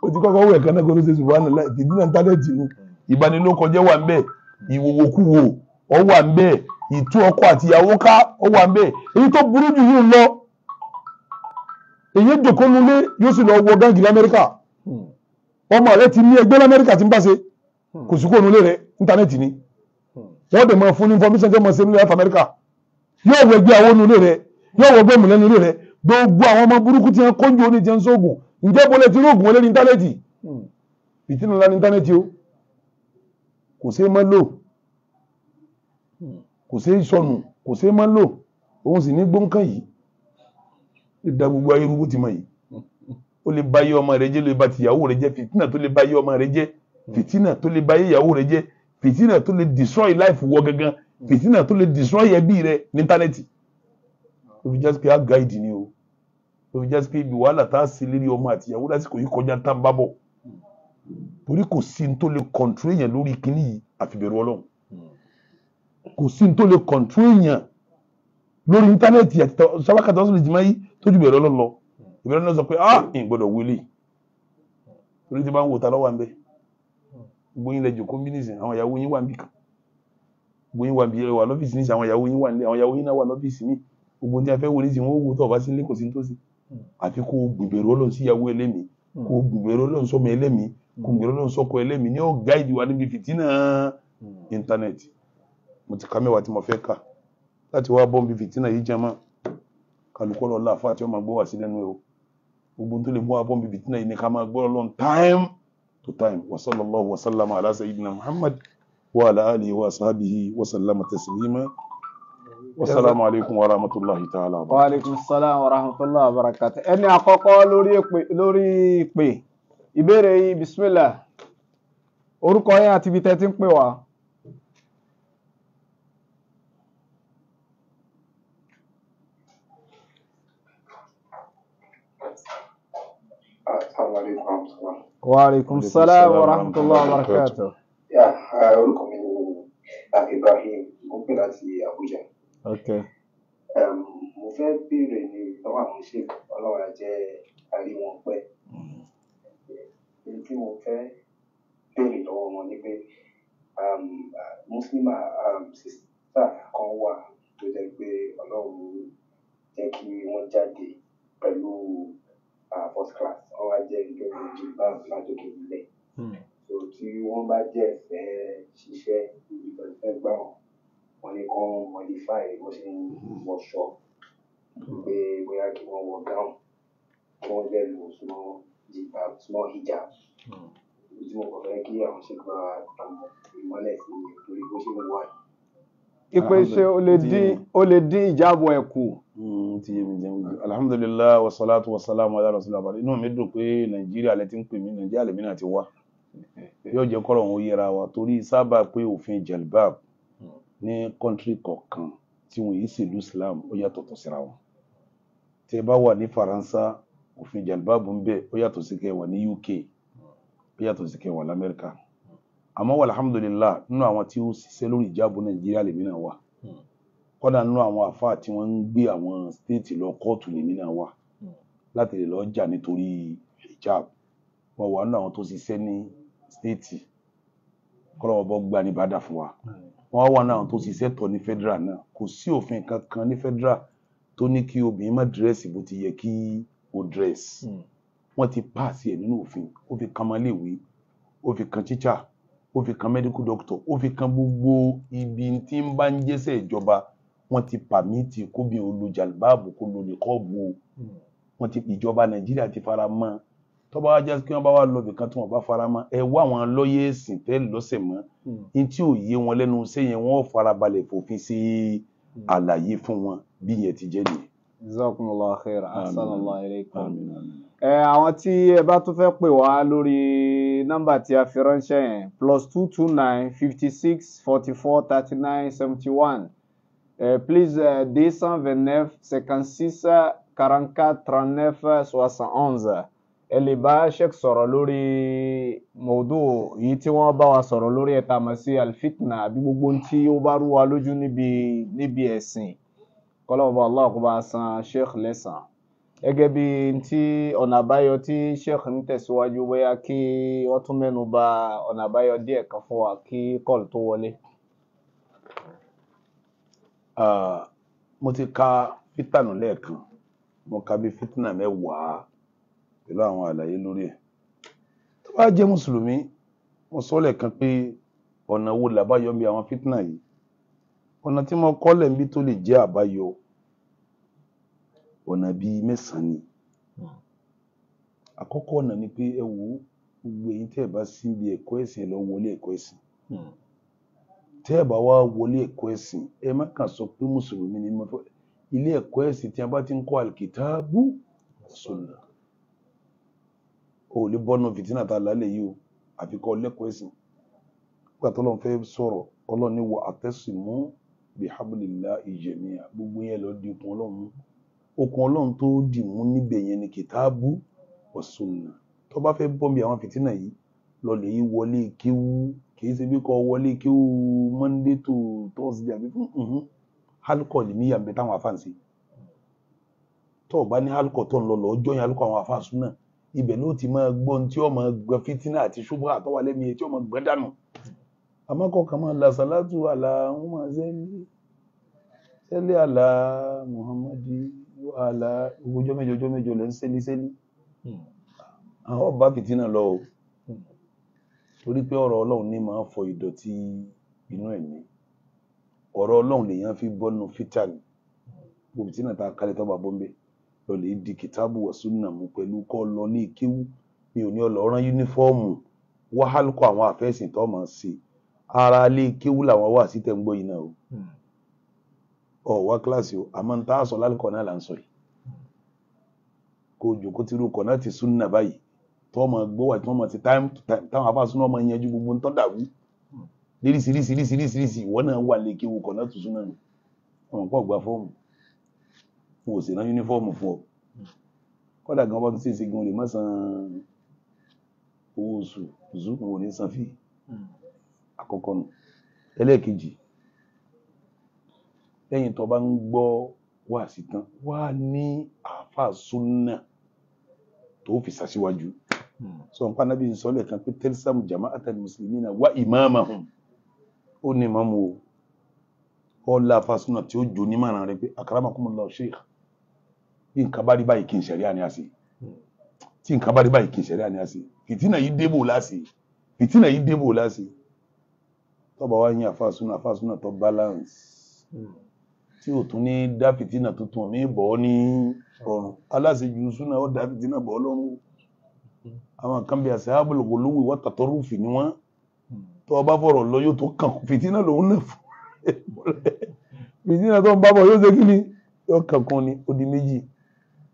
o ti kọ́kọ́ wẹ̀ kánná kó ló ṣe subhana allah ìdí náà tálẹ̀tì nu ìbanilókọjẹ́ wà ń bẹ̀ ìwòwòkúwò ọ wà ń bẹ̀ ìtú ọkọ àtìyàwó ká ọ wà ń bẹ̀ èyí tó burú jù yìí lọ èyí jòkó nulé yóò sì lọ wọ gángì lamẹ́ríkà hmm. ọmọ rẹ ti ní ẹgbẹ́ lamẹ́ríkà ti ń bá ṣe hmm. kò sí kó nulé rẹ íńtánẹ́ẹ̀tì ni wọ́n hmm. dẹ̀ máa fún ní information jẹ́ máa ṣe nílẹ̀ ẹ̀fọ́ amẹ́ríkà yóò wọ ẹgbẹ́ àwọn nulé rẹ yóò wọ ẹgbẹ́ mùlẹ́ nulé rẹ gbogbo àwọn ọmọ burúkú ti hàn kóńjó ní jẹun sóògùn ǹjẹ́ bọ́lẹ̀ ti róògùn wọlé ní íńtánẹ́ẹ̀tì ìtinú ńlá lè da gbogbo ayé rúgbó ti mọ̀ yìí ó lè bá yé ọmọ rẹ jẹ́ lè bá tìyàwó rẹ jẹ́ fìtínà tó lè bá yé ọmọ rẹ jẹ́ fìtínà tó lè bá yé ìyàwó rẹ jẹ́ fìtínà tó lè destroy life wọ gangan fìtínà tó lè destroy ẹbí rẹ ní íńtánẹ́ẹ̀tì ló fi jásí pé á gáìdì ni o ló fi jásí pé ibi wàhálà tá a sì lérí ọmọ àtìyàwó lásìkò yìí kọjá tá n bá bọ̀ torí kò sí n tó lè control èèyàn lórí kinní yìí àfìbẹ̀rù ọlọ́run kò sí n tó lè control èèyàn lórí íńtánẹ́ẹ̀tì àti sábàkàtà ọ̀sán lè jìmá yìí tó ju bẹ̀rẹ̀ lọ́lọ́ ìbẹ̀rẹ̀ náà sọ pé ah n gbọ́dọ̀ wílì torí tí bá ń wò ta lọ́wọ́ à ń bẹ́ gbogbo yín lẹ́jọ́ kó mínísì àwọn ìyàwó yín wà ń bì kan gbogbo yín wà ń bì wà lọ́fíìsì ní àwọn ìyàwó yín wà nílé àwọn ìyàwó yín náà wà lọ́fíìsì ní gbogbo ní afẹ́ wòlíìsì wọn ó wò tó ọba sí ilé kò sí nítòsí àfi kó gbìbèrè ọlọ́run sí ìyàwó ẹlẹ́mìí kó gbìbèrè ọlọ́run sọmọ ẹlẹ́mìí kó gbìbèrè ọlọ́run sọkọ ẹlẹ́mìí ní ó gáìdì níbi fìtínà hmm. íńtánẹ́ẹ̀tì mo ti ka mẹ́wàá tí mo fẹ́ kà láti wá bọ́m̀bì fìtínà yìí jẹ́ mọ́ kálukọ́ lọ láàfà tí wọ́n máa gbọ́ wá sí lẹ́nu o gbogbo tó lè mú wa bọ́m̀bì fìtínà yìí ni ká máa gbọ́ lọ́n time to time wa sallallahu wa sallama muhammad wa ala wa sahbihi wa sallama taslima wa wa rahmatulahi ta'ala. wa alaykum salaam wa rahmatulahi wa barakatuh. ẹni àkọ́kọ́ lórí ìpè ìbéèrè yìí bismillah orúkọ yẹn àti ibi tẹ́ ń pè wá. rahmatulah. wa ورحمة الله وبركاته. يا أقولكم barakatuh. إبراهيم ممكن mi ni uh, Ibrahim mo ń pè láti Abuja. Um, mo fẹ́ béèrè ní lọ́wọ́ àwọn ṣèkù ọlọ́run àjẹ́ àríwọ̀n pẹ́ èyí tí mo fẹ́ béèrè lọ́wọ́ wọn ni pé um, muslima um, sista kan wà tó jẹ́ pé ọlọ́run jẹ́ kí wọ́n jáde pẹ̀lú uh, first class wọ́n wá jẹ́ ìjọ méjì báwọn tó máa jókè nílẹ̀ so tí wọ́n bá jẹ́ ẹ̀fẹ́ ṣiṣẹ́ ìbọn ìfẹ́ gbà wọ́n wọ́n ní kàn modify bó ṣe ń wọṣọ hmm. pé bóyá kí wọ́n wọ gown kí wọ́n dẹ̀ lò small jibab small hijab hmm. tí mo kàn fẹ́ kí àwọn ṣe gba ìmọ̀lẹ̀ sí i torí bó ṣe ń wà yìí ipe ṣe o lè dín ìjábọ̀ ẹ̀ kù. Mm, alhamdulilayi wasalaatu wasalaamu ala rasulillah abadu inú mi dùn pé nàìjíríà lẹ ti ń pè mí nàìjíríà lèmi náà ti wá yóò jẹ́ kọ́rọ̀ òun yẹra wa torí sábà pé òfin jalbab ní kọ́ńtírì kọ̀ọ̀kan tí wọ́n yìí sì lu islam ó yàtọ̀ tó síra wọn tẹ bá wà ní faransa òfin jalbab ń bẹ ó yàtọ̀ sí kẹwàá ní uk ó yàtọ̀ sí kẹwàá lamẹ́ríkà àmọ́ wà alhamdulillah nínú àwọn tí ó ṣiṣẹ́ lórí ìjáàbò nàìjíríà lèmi náà wà hmm. kọ́dà nínú àwọn àfáà tí wọ́n ń gbé àwọn stéètì lọ kóòtù lèmi náà wà hmm. láti lè lọ́ọ́ jà nítorí hijab wọn wà nínú àwọn tó ṣiṣẹ́ ní stéètì kọ́lọ́wọ́bọ́ gba ní bàdà fún wa hmm. wọn wà nínú àwọn tó ṣiṣẹ́ tọ̀ ní federal náà kò sí òfin kankan ní federal tó ní kí obìnrin má dírẹ́sì bó ti yẹ kí o dírẹ́sì wọ́n ti páàsì ẹ̀ nínú òfin ó fi kan ọmọléèwé ó fi kan tíṣà ó fi kan medical doctor ó fi kan gbogbo ibi tí ń bá ń jẹ́sẹ̀ ìjọba wọ́n ti pàmìtì kóbi olùjàlbáàbò kó lo nìkọ́ọ̀bù o hmm. wọ́n ti ìjọba nàìjíríà ti fara mọ́ tọ́ba wa jẹ́ kí wọ́n bá wà lọ ibìkan tí wọ́n bá fara mọ́ ẹ wá àwọn lọ́yẹ̀ ẹ̀sìn tẹ́ lọ́sẹ̀ mọ́ hmm. ní tí ò yé wọn lẹ́nu iṣẹ́ yẹn wọ́n farabalẹ̀ fòfin sí hmm. àlàyé fún wọn bí yẹn ti jẹ́ nìyẹn. jazakumullahu khair ẹ àwọn tí ẹ bá tún fẹ́ pè wá lórí nọ́mbà tí a fi ránṣẹ́ yẹn plus two two nine fifty six forty four thirty nine seventy one plus deux cent vingt neuf cinquante six quarante quatre trente neuf soixante onze ẹ lè bá sheikh sọ̀rọ̀ lórí mọ̀ọ́dù yìí tí wọ́n bá wa sọ̀rọ̀ lórí ẹ̀ta mọ̀ sí alfitna àbí gbogbo ohun tí ó bá rú wa lójú níbi níbi ẹ̀sìn kọ́lọ́mọba allah san sheikh lẹ́sàn-án gẹ́gẹ́ bí tí ọ̀nà àbáyọ tí sheikh ń tẹ̀síwájú bóyá kí wọ́n tún mẹ́nu ba ọ̀nà àbáyọ díẹ̀ kan fún wa kí kọ́ọ̀lù tó wọlé. mo ti ka fítànù lẹ́ẹ̀kan mo ka bí fítànà mẹ́wàá pẹ̀lú àwọn àlàyé lórí ẹ̀. tó bá jẹ́ mùsùlùmí mo sọ lẹ́ẹ̀kan pé ọ̀nà wo làbáyọ bí àwọn fítànà yìí ọ̀nà tí mo kọ́ lẹ̀ ń bí tó lè jẹ́ àbáyọ ọ̀nà bíi mẹ́sàn-án ni hmm. àkọ́kọ́ ọ̀nà ni pé ẹ wò ó gbogbo ẹ̀yin tẹ́ ẹ bá síbi ẹ̀kọ́ ẹ̀sìn ẹ lọ wọlé ẹ̀kọ́ ẹ̀sìn hmm. tẹ́ ẹ bá wá wọlé ẹ̀kọ́ ẹ̀sìn ẹ má kàn sọ pé mùsùlùmí ni mo fẹ́ ilé ẹ̀kọ́ ẹ̀sìn tí a bá ti ń kọ́ alikitaabu sunna o ò lè fìtínà tá a lálẹ́ yìí o àfi kọ́ lẹ́kọ̀ọ́ ẹ̀sìn nígbà tó lọ́n fẹ́ sọ̀rọ̀ ọlọ́ni wọ àtẹ́sìmú bihabulillahi jami'a gbogbo yẹn lọ di okun ọlọ́run okùn ọlọ́run tó dì mú níbẹ̀ yẹn ni kìtáàbù ọ̀sùnà tó bá fẹ́ bọ́ mi àwọn fìtínà yìí lọlẹ̀ yìí wọlé kíwú kìí ṣe bí kò wọlé kíwú monday to thursday àbí fún un mhm, alcohol ní ìyàmbẹ táwọn afáàn ṣe tó o bá ní alcohol tó ń lọ lọ ọjọ́ yẹn alcohol àwọn afáàn sùn náà ibẹ̀ ló ti máa gbọ́ tí ó máa fìtínà àti ṣubú àtọwà tí ó máa dànù àmọ́ máa la sàlátù àlà ń máa ṣẹ́lẹ̀ àlà muhammadu. wàhálà ogójọ́ mẹ́jọ ọjọ́ mẹ́jọ lẹ́ lọ sẹ́lí sẹ́lí àwọn ọba fìtínà lọ o hmm. torí pé ọ̀rọ̀ ọlọ́run ní máa fọ ìdọ̀tí inú ẹ̀mí ọ̀rọ̀ ọlọ́run lèèyàn fi lè di kìtáàbù wọ̀súnà mú lọ ní ìkéwú mi ò ní wàhálùkọ àwọn ara làwọn wà sí yìí náà o. Hmm. ọ̀ wá kíláàsì o àmọ́ tá a sọ lálùkọ́ náà là ń sọ yìí kó o jòkó tí irú náà ti súnà báyìí tí wọ́n máa gbówà tí wọ́n máa ti time to time táwọn afáàsúná máa yanjú gbogbo ń tọ́ dàrú lírísìírísìírísìírísìí ìwọ náà wà lè kéwu kọ̀ náà tó súnà nù àwọn pọ̀ gba fọ́ọ̀mù wọn ò sì ná yúnífọ́ọ̀mù fún ọ kọ́dà gan bọ́n ti ṣe gan lè lẹ́yìn tó bá ń gbọ́ wáàsí tán wá ní àáfàá súnà tó fi sàṣíwájú hmm. sọ nǹkan anábì ń sọ lẹ́ẹ̀kan pé tẹ́lísàmù jama'atal muslimina wá imamahum ó ní ìmáàmù o ó la àáfàá súnà tí ó jò nímọ̀ràn rẹ pé akramakumullahu sheikh bí nǹkan bá rí báyìí kí n ṣẹ̀rí àní àṣì hmm. tí nǹkan bá rí báyìí kì í ṣẹlẹ̀ àní àṣì fìtínà yìí débò láṣì fìtínà yìí débò láṣì tọ́ba wa yín àfàsúnà àfàsúnà tó balance hmm tí ò tún ní dá fìtínà tuntun mi bọ̀ ọ́ ní ọ̀run aláṣejù súnà ó dá fìtínà bọ̀ ọ́ lọ́rùn àwọn kan bí àṣẹ àbúlòkò lówó ìwà tàtọ́rù fì ni wọ́n tó ọba fọ̀rọ̀ lọ yóò tó kàn fìtínà lòun náà fún fìtínà tó ń bá bọ̀ yóò ṣe kí ni yóò kàn kan ni ó di méjì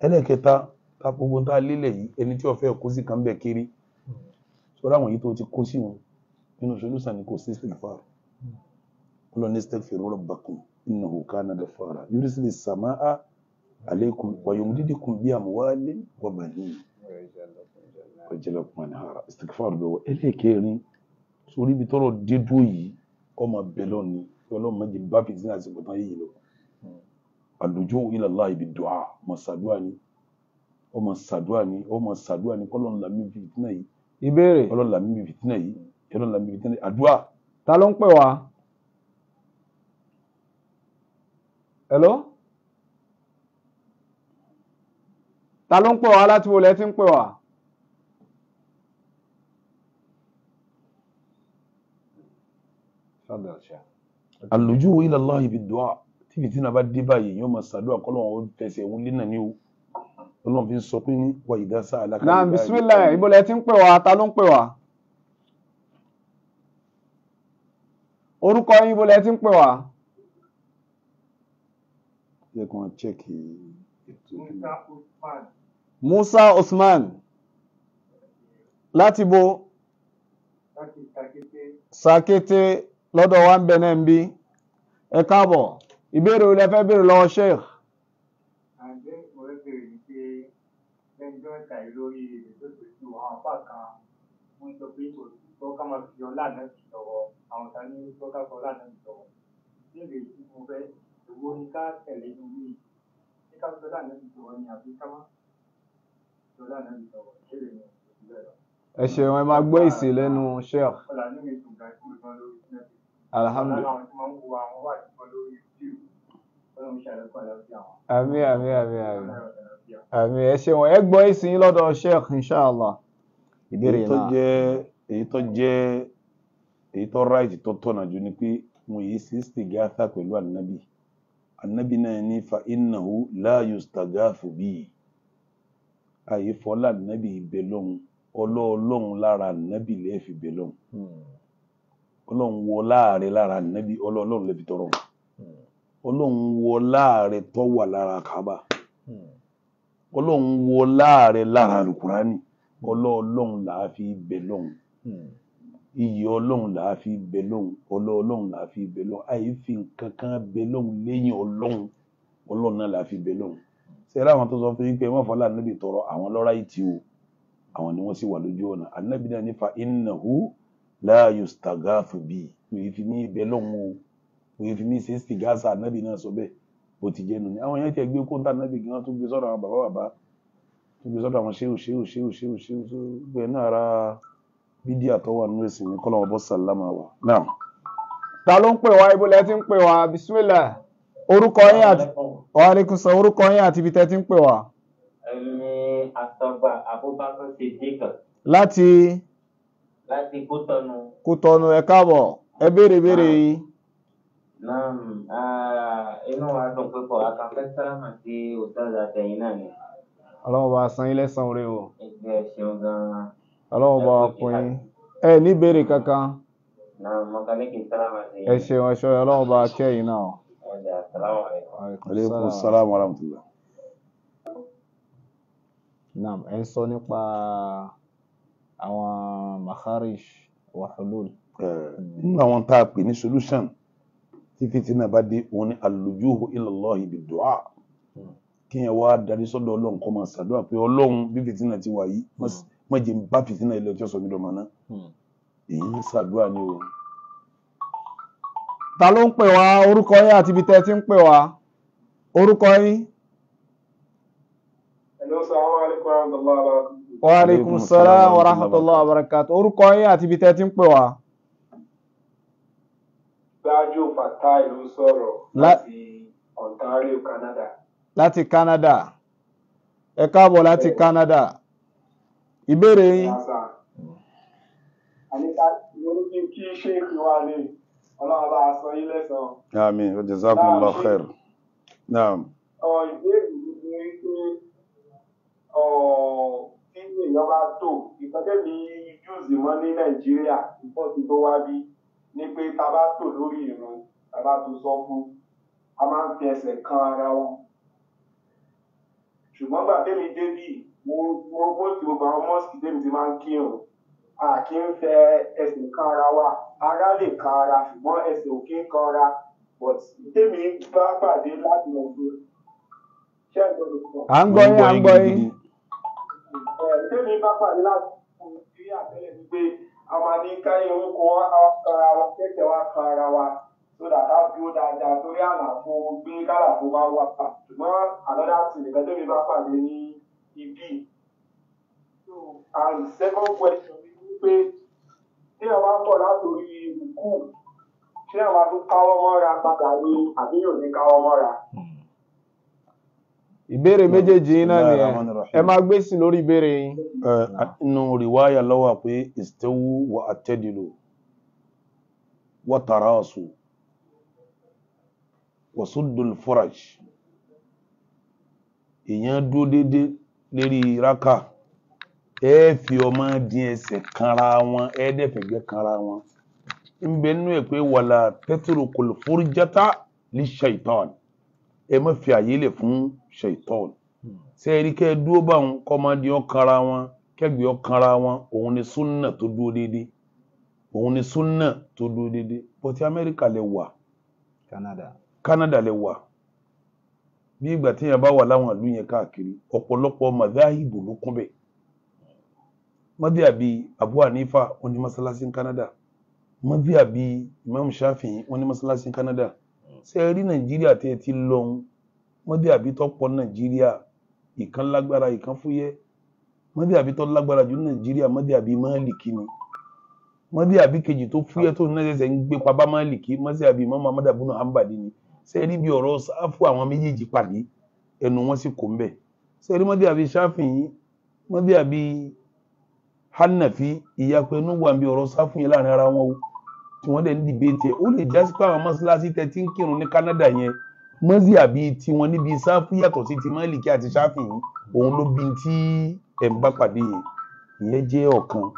ẹlẹ́kẹta ta gbogbo tá lélẹ̀ yìí ẹni tí ọ̀fẹ́ kó sí kan bẹ̀ kiri sọ́dọ̀ àwọn yìí tó ti kó sí wọn nínú solúsàn ni kò sí sèlfà ọlọ́ni stẹ́fì rọ́bàkùn innahu kana ghaffara yursilu samaa alaykum wa yumdidukum bi amwalin wa banin wa yaj'alakum anhara istighfar bi wa elekerin sórí ibi tọ́rọ̀ dédú yìí ọmọ bẹlọ ni Ọlọ́run méjì bá fi sínú àsìkò tán yìí lọ àlùjọ ila Allah bi du'a mọ sàdúà ni ọmọ sàdúà ni ọmọ sàdúà ni kọlọ ńlá mi fi fìtínà yìí ìbéèrè kọlọ ńlá mi fi fìtínà yìí kọlọ ńlá mi fi fìtínà yìí àdúà. ta ló ń pè wá. hello ta ló ń pè wá láti wo lẹ ti ń pè wá. àlùjù ila Allah bid-du'a tíbi tí nàbà dé báyìí yóò máa ṣàdúrà kọ́lọ́wọ́n ó tẹ̀sẹ̀ òun lé náà ní o ọlọ́run fi ń sọ pé ní wà ìdásá alákàlẹ̀ báyìí. náà bismillah ibo lẹ ti ń pè wá ta ló ń pè wá. orúkọ yín ibo lẹ ti ń pè wá jẹ́ kí chẹ́kì. Musa Osman, láti bo Sàkété lọ́dọ̀ wa ń bẹ náà ń bí. Ẹ káàbọ̀, ìbéèrè olè fẹ́ béèrè lọ́wọ́ Sheikh. Àǹdé mo fẹ́ béèrè ní pé àwọn apá kan ọlá náà sọ̀rọ̀ àwọn ìta ní tó mo fẹ́ èwo ni ká tẹ̀lé ní ilé yìí ṣé ká sọ láàánú ti sọ̀rọ̀ ni àbí ká má sọ láàánú ti sọ̀rọ̀ ìṣẹ̀lẹ̀ ni òbí bẹ́ẹ̀ lọ. ẹ ṣeun ẹ máa gbọ́ èsì lẹ́nu sheikh. ọ̀là ní mi sùn gan ìkúrò gan ẹ ṣeun ẹ gbọ́ èsì yín lọ́dọ̀ sheikh inshallah ìbéèrè náà. èyí tó jẹ́ èyí tó jẹ́ èyí tó ráìtì tó tọ̀nà jù ni pé mo yìí sí sìgá pẹ̀lú ànábì anabi náà ní fa innahu la yustagafu bíi àyè fọlá anabi ibẹ lọhùn ọlọ́ọ̀lọ́hùn lára anabi lẹ́ẹ̀ fi bẹ lọhùn ọlọ́hùn wọ láàrẹ lára anabi ọlọ́ọ̀lọ́hùn lẹ́ẹ̀ tọrọ ọlọ́hùn wọ láàrẹ tó lára kábà ọlọ́hùn wọ láàrẹ lára alukurani ọlọ́ọ̀lọ́hùn làá fi bẹ lọhùn iyì ọlọ́run là á fi bẹ lọ́hùn ọlọ́ ọlọ́run là á fi bẹ lọ́hùn àyè fi nǹkan kan bẹ lọ́hùn lẹ́yìn ọlọ́run ọlọ́run náà là á fi bẹ lọ́hùn sẹ́rẹ́ àwọn tó sọ fún yín pé mọ́ fọlá ànábì tọrọ àwọn lọ́ra ìtì o àwọn ni wọ́n sì wà lójú ọ̀nà ànábì náà nífa innahu la yustaghathu bi òye fi mí bẹ lọ́hùn o òye fi mí ṣe sìgáàsà ànábì náà sọ bẹ́ẹ̀ bó ti jẹ́ nu ni àwọn yẹn ti gbé kóńtà ànábì gan tó gbé sọ́dọ̀ àwọn bàbá bídíà tó wà nínú ẹ̀sìn ní kọ́lọ́mọ bọ́ sàlámà wa. Naam. Ta ló ń pè wá ibo lẹ ti ń pè wá bisimilà orúkọ yín àti wàhálẹ́kùsọ orúkọ yín àti ibi tẹ ti ń pè wá. Ẹni àtọ́gbà Abubakar ṣe dé kan. Láti. Láti Kútọ́nu. Kútọ́nu ẹ káàbọ̀ ẹ béèrè béèrè yìí. Naam, ah, inú wa dùn pípọ̀, àkànfẹ́ sálámà sí òtún àgbàtẹ̀yìn náà ni. Ọlọ́run bá san ilé san orí o. Ẹgbẹ́ ṣeun gan-an ọlọ́run bá wa kún yín ẹ ní ìbéèrè kankan. ẹ ṣeun ẹ ṣeun ọlọ́run bá wa kẹ́ yín náà. aleykum salaam wa rahmatulah. naam ẹ sọ nípa àwọn makarish wa hulul. nínú àwọn tá a pè ní solution tí fìtínà bá dé òun ni alujuhu ilallahi bi du'a hmm. kéèyàn wá darí sọ́dọ̀ ọlọ́run kó máa ṣàdúrà pé ọlọ́run bí fìtínà ti wà yìí mọ̀jẹ̀ ń bá fìtínà ilé ọjọ́ sọ mí lọ́mọ náà hmm. èyí ń ṣàdúrà ni o. ta ló ń pè wá orúkọ yín àti ibi tẹ́ ẹ ti ń pè wá orúkọ yín. wa alaikum salaam wa rahmatullahi wa barakatuh orúkọ yín àti ibi tẹ́ ti ń pè wá. Gbájú Fatai ló sọ̀rọ̀ láti Ontario, Canada. láti Canada ẹ káàbọ̀ láti Canada ìbéèrè yín. àníkà lórúkí kí ṣéèkì wà ní ọlọ́run bá a sọ yín lẹ́sàn-án. àmín wa jazakumullahu khair. ọ̀ ìbéèrè mi ni pé tí èèyàn bá tò ìfẹ́kẹ́mi júùsì mọ́ ní nàìjíríà ìfọ́sí tó wá bí ni pé tá a bá tò lórí ìrun tá a bá tó sọ fún a máa ń fi ẹsẹ̀ kan ara wọn ṣùgbọ́n gbàgbé mi débìí mo mo ti gbogbo àwọn mọ́sìkì tèmi ti máa ń kírun a kì í fẹ ẹsẹ̀ kan wa ara lè kan ara ṣùgbọ́n ẹsẹ̀ ò kí ń kan but tèmi bá pàdé láti mọ̀ pé ṣé ẹ̀ gbọ́dọ̀ kàn. à ń gbọ́ yín à ń gbọ́ yín. tèmi bá pàdé láti mọ̀ pé àtẹ̀lẹ̀ ni pé a máa ní káyé orúkọ ara wa kẹ́kẹ́ wa kan wa sódà ká dúró dáadáa torí àlàfo gbé kálàfo máa wà pa ṣùgbọ́n àlọ́dá tì nìkan tèmi bá pàdé ní ìbí. So, and second question ni wípé tí ẹ bá pọ̀ látòrí ìkú ṣé àwọn tó káwọ́ mọ́ra padà ní àbíyàn ní káwọ́ mọ́ra. Hmm. ìbéèrè méjèèjì yín náà nìyẹn ẹ máa gbé sí lórí ìbéèrè yín. inú rìwáyà lọ́wọ́ pé ìsìtẹ́wù wà àtẹ́dìlò wọ́tàrà ọ̀sùn wọ́sùdùl fúraj èèyàn dúró déédéé lérí raka ẹ fi ọmọ dín ẹsẹ̀ kanra wọn ẹ dẹfẹgbẹ kanra wọn ń bẹ nínú ẹ pé wàlà tẹtùrù kòlù fúrújátá lè ṣàìtàn ẹ má fi àyè lè fún ṣàìtàn sẹẹrí kẹ dúró báwọn kọmọdé ọkànra wọn kẹgbẹ ọkànra wọn òun ni súnà tó dúró déédéé òun ni súnà tó dúró déédéé pọtí amẹ́ríkà lè wà Canada Canada lè wà bí ìgbà tí yẹn bá wà láwọn ìlú yẹn káàkiri ọ̀pọ̀lọpọ̀ màdáhìbò ló kún bẹ̀ mọ́díàbí Abu Hanifa wọn masalasi mọ́sálásí ní Canada mọ́díàbí Imam Shafi wọn ní mọ́sálásí ní Canada ṣe rí Nàìjíríà tẹ́ ẹ ti lọ́hún mọ́díàbí tó pọ̀ Nàìjíríà ìkan lágbára ìkan fúyẹ́ mọ́díàbí tó lágbára jù Nàìjíríà mọ́díàbí Málìkì ni mọ́díàbí kejì tó fúyẹ́ tó ní ẹsẹ̀ ń gbé pa bá Málìkì mọ́díàbí mọ́ ṣe níbi ọ̀rọ̀ sáfù àwọn méjèèjì pàdé ẹnu wọn sì kò ń bẹ̀ ṣe ní mọ́dí àbí ṣáfìyí mọ́dí àbí hanafi ìyapẹnu wà bí ọ̀rọ̀ sáfù yẹn láàrin ara wọn o tí wọ́n dẹ̀ ń dìbẹ́tì ó lè jásí pé àwọn mọ́ṣáláṣí tẹ ti ń kírun ní Canada yẹn mọ́sí àbí tiwọn níbi sáfù yàtọ̀ sí ti Málíkì àti ṣáfìyí òun ló bí tí ẹ̀ ń bá pàdé yẹn ìyẹn jẹ́ ọ̀kan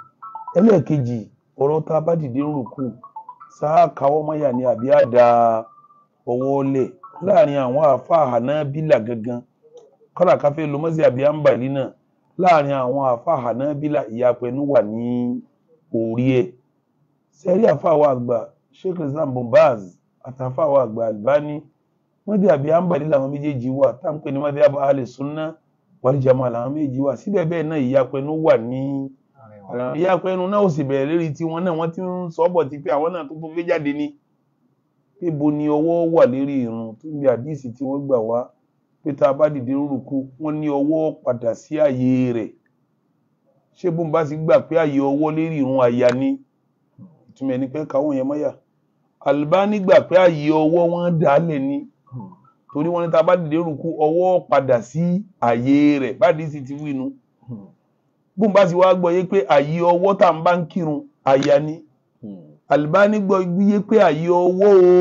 fọwọ́ lẹ̀ láàrin àwọn àáfàá Hanabila gangan kọ́dà káfẹ́ lomọ́sí àbí àǹbàlí náà láàrin àwọn àáfàá Hanabila ìyapẹ̀nu wà ní orí ẹ̀ sẹ́rí àáfàá wa àgbà Sheikh Islam Bombaz àtàáfàá wa àgbà Albani mọ́dí àbí àǹbàlí làwọn méjèèjì wà táǹpẹ́ ní mọ́dí àbá alẹ́ súnná wàlìjàmọ́ làwọn méjì wà síbẹ̀ bẹ́ẹ̀ náà ìyapẹ̀nu wà ní ìyapẹ̀nu náà ò sì bẹ̀rẹ̀ lérí tiwọn náà wọ́n ti ń sọ́bọ̀ ti pé àwọn náà tó tó gbé jáde ni níbo ni ọwọ́ wà lérí irun tó ń bí àdíìsì tí wọ́n gbà wá pé tá a bá dìde rúrùkú wọ́n ní ọwọ́ padà sí àyè rẹ̀ ṣé bó ń bá ti gbà pé àyè ọwọ́ lérí irun àyà ni ìtumọ̀ ẹni pé káwọn yẹn mọ́yà Albani gbà pé àyè ọwọ́ wọn dálẹ̀ ni torí wọ́n ní tá a bá dìde rúrùkú ọwọ́ padà sí àyè rẹ̀ bá ti wí bó ń bá ti wá gbọ́ yé pé àyè ọwọ́ tá à bá ń kírun àyà ni Albani gbọ́ igbíyé pé àyè ọwọ́ o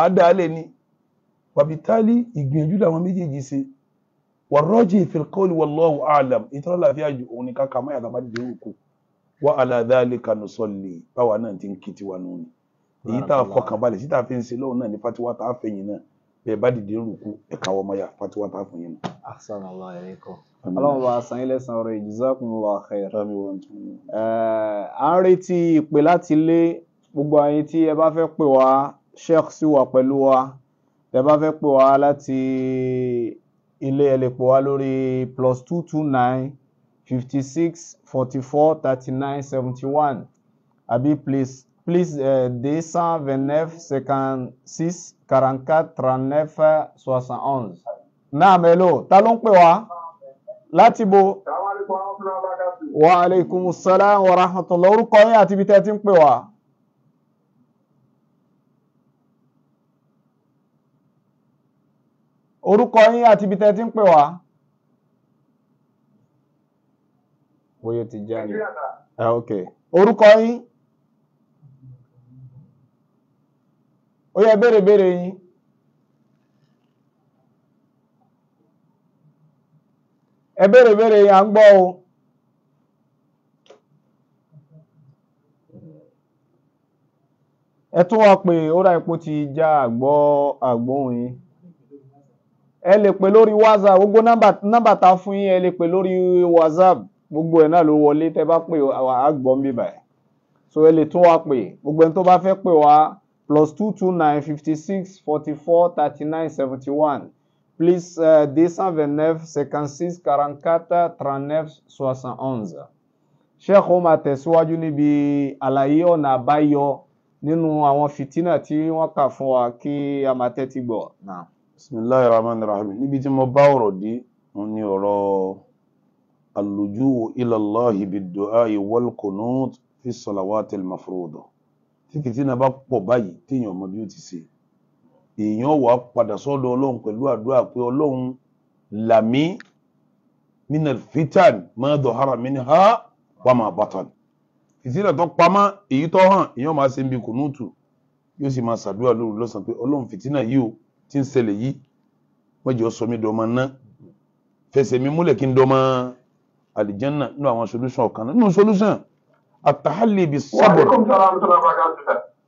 àádáálẹ̀ ni wàbítálí ìgbìyànjú làwọn méjèèjì ṣe wàrọ́jì ìfìlkọ́lì wallahu a'lam ìtọ́lá làáfíà jù òun ni káka máyà tàbá dìde òkú wa ala dhalika nusalli báwa náà ti ń kí tiwa nù ni èyí tá a fọkàn balẹ̀ sí fi ń ṣe lóhùn náà ní fatiwa tá a fẹ̀yìn náà bẹ́ẹ̀ bá dìde rúkú ẹ̀ka ọmọ yà pátí wá bá fún yín. asan allah aleykum ọlọ́run bá san ilé san ọ̀rọ̀ jazakumullahu khair. à ń retí ìpè láti lé gbogbo àyín tí ẹ bá fẹ́ pè wá sheikh sí wa pẹ̀lú wa ẹ bá fẹ́ pè wá láti ilé ẹ lè pè wá lórí plus two two nine fifty six forty four thirty nine seventy one àbí please plus euh, 229 56 44 39 71. Naam hello, ta ló ń pè wá? Láti bo. Wa aleykum salaam wa rahmatulah. Orúkọ yín activité ibi tẹ́ ti ń activité wá. Orúkọ yín àti ibi ti ń pè wá. Bóyá ti jáde. Ah, ok. Orúkọ Oye bere bere yin. E bere bere yin an pe ora epo ti ja agbo agbo yin. E le pe lori WhatsApp gbogbo number number ta fun yin le pe lori WhatsApp gbogbo e na lo wole te ba pe agbo nbi bayi. So e le tun pe gbogbo en to ba fe pe wa plus two two nine fifty six forty four thirty nine seventy one plus deux cent vingt neuf cinquante six quarante quatre trente neuf soixante onze. sheikh ó máa tẹ̀síwájú níbi àlàyé ọ̀nà àbáyọ nínú àwọn fìtínà tí wọ́n kà fún wa kí a máa tẹ́tí gbọ́. bisimilahi rahman rahim níbi tí mo bá ọ̀rọ̀ dé mo ní ọ̀rọ̀ alluju ilallahi bid du'a wal kunut fi salawatil mafruḍah tí fìtínà bá pọ̀ báyìí téèyàn ọmọ bí ó ti ṣe èèyàn wà padà sọ́dọ̀ ọlọ́run pẹ̀lú àdúrà pé ọlọ́run làmí minal fitan ma dohara minha wa ma batan fìtínà tó pamọ́ èyí tó hàn èèyàn máa ṣe ń bi kùnúùtù yóò sì máa ṣàdúrà lóru lọ́sàn-án pé ọlọ́run fìtínà yìí o ti ń ṣẹlẹ̀ yìí wọ́n jẹ́ sọ mí dọ́mọ ná fẹsẹ̀ mi múlẹ̀ kí n dọ́mọ àlìjánná nínú àwọn solution ọ̀kan nínú solution àtàlì bí sọ́bùrù.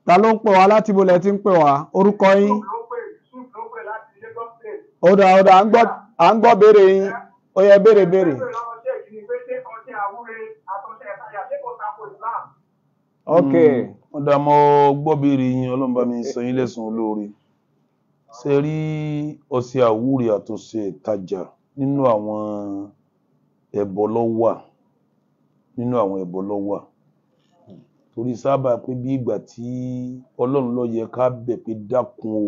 ta ló ń pè wá láti bolẹ̀ tí ń pè wá orúkọ yín. ó dà ó dà à ń gbọ́ béèrè yín ó yẹ béèrè béèrè. ok. Hmm. ó dà mo gbọ́ béèrè yín ọlọ́run bá mi sọ yín lẹ́sùn olóore ṣe rí ọṣẹ àwúrè àtọṣe ìtajà nínú àwọn ẹbọ ló wà nínú àwọn ẹbọ ló wà torí sábà pé bí ìgbà tí ọlọ́run ló yẹ ká bẹ̀ pé dákun o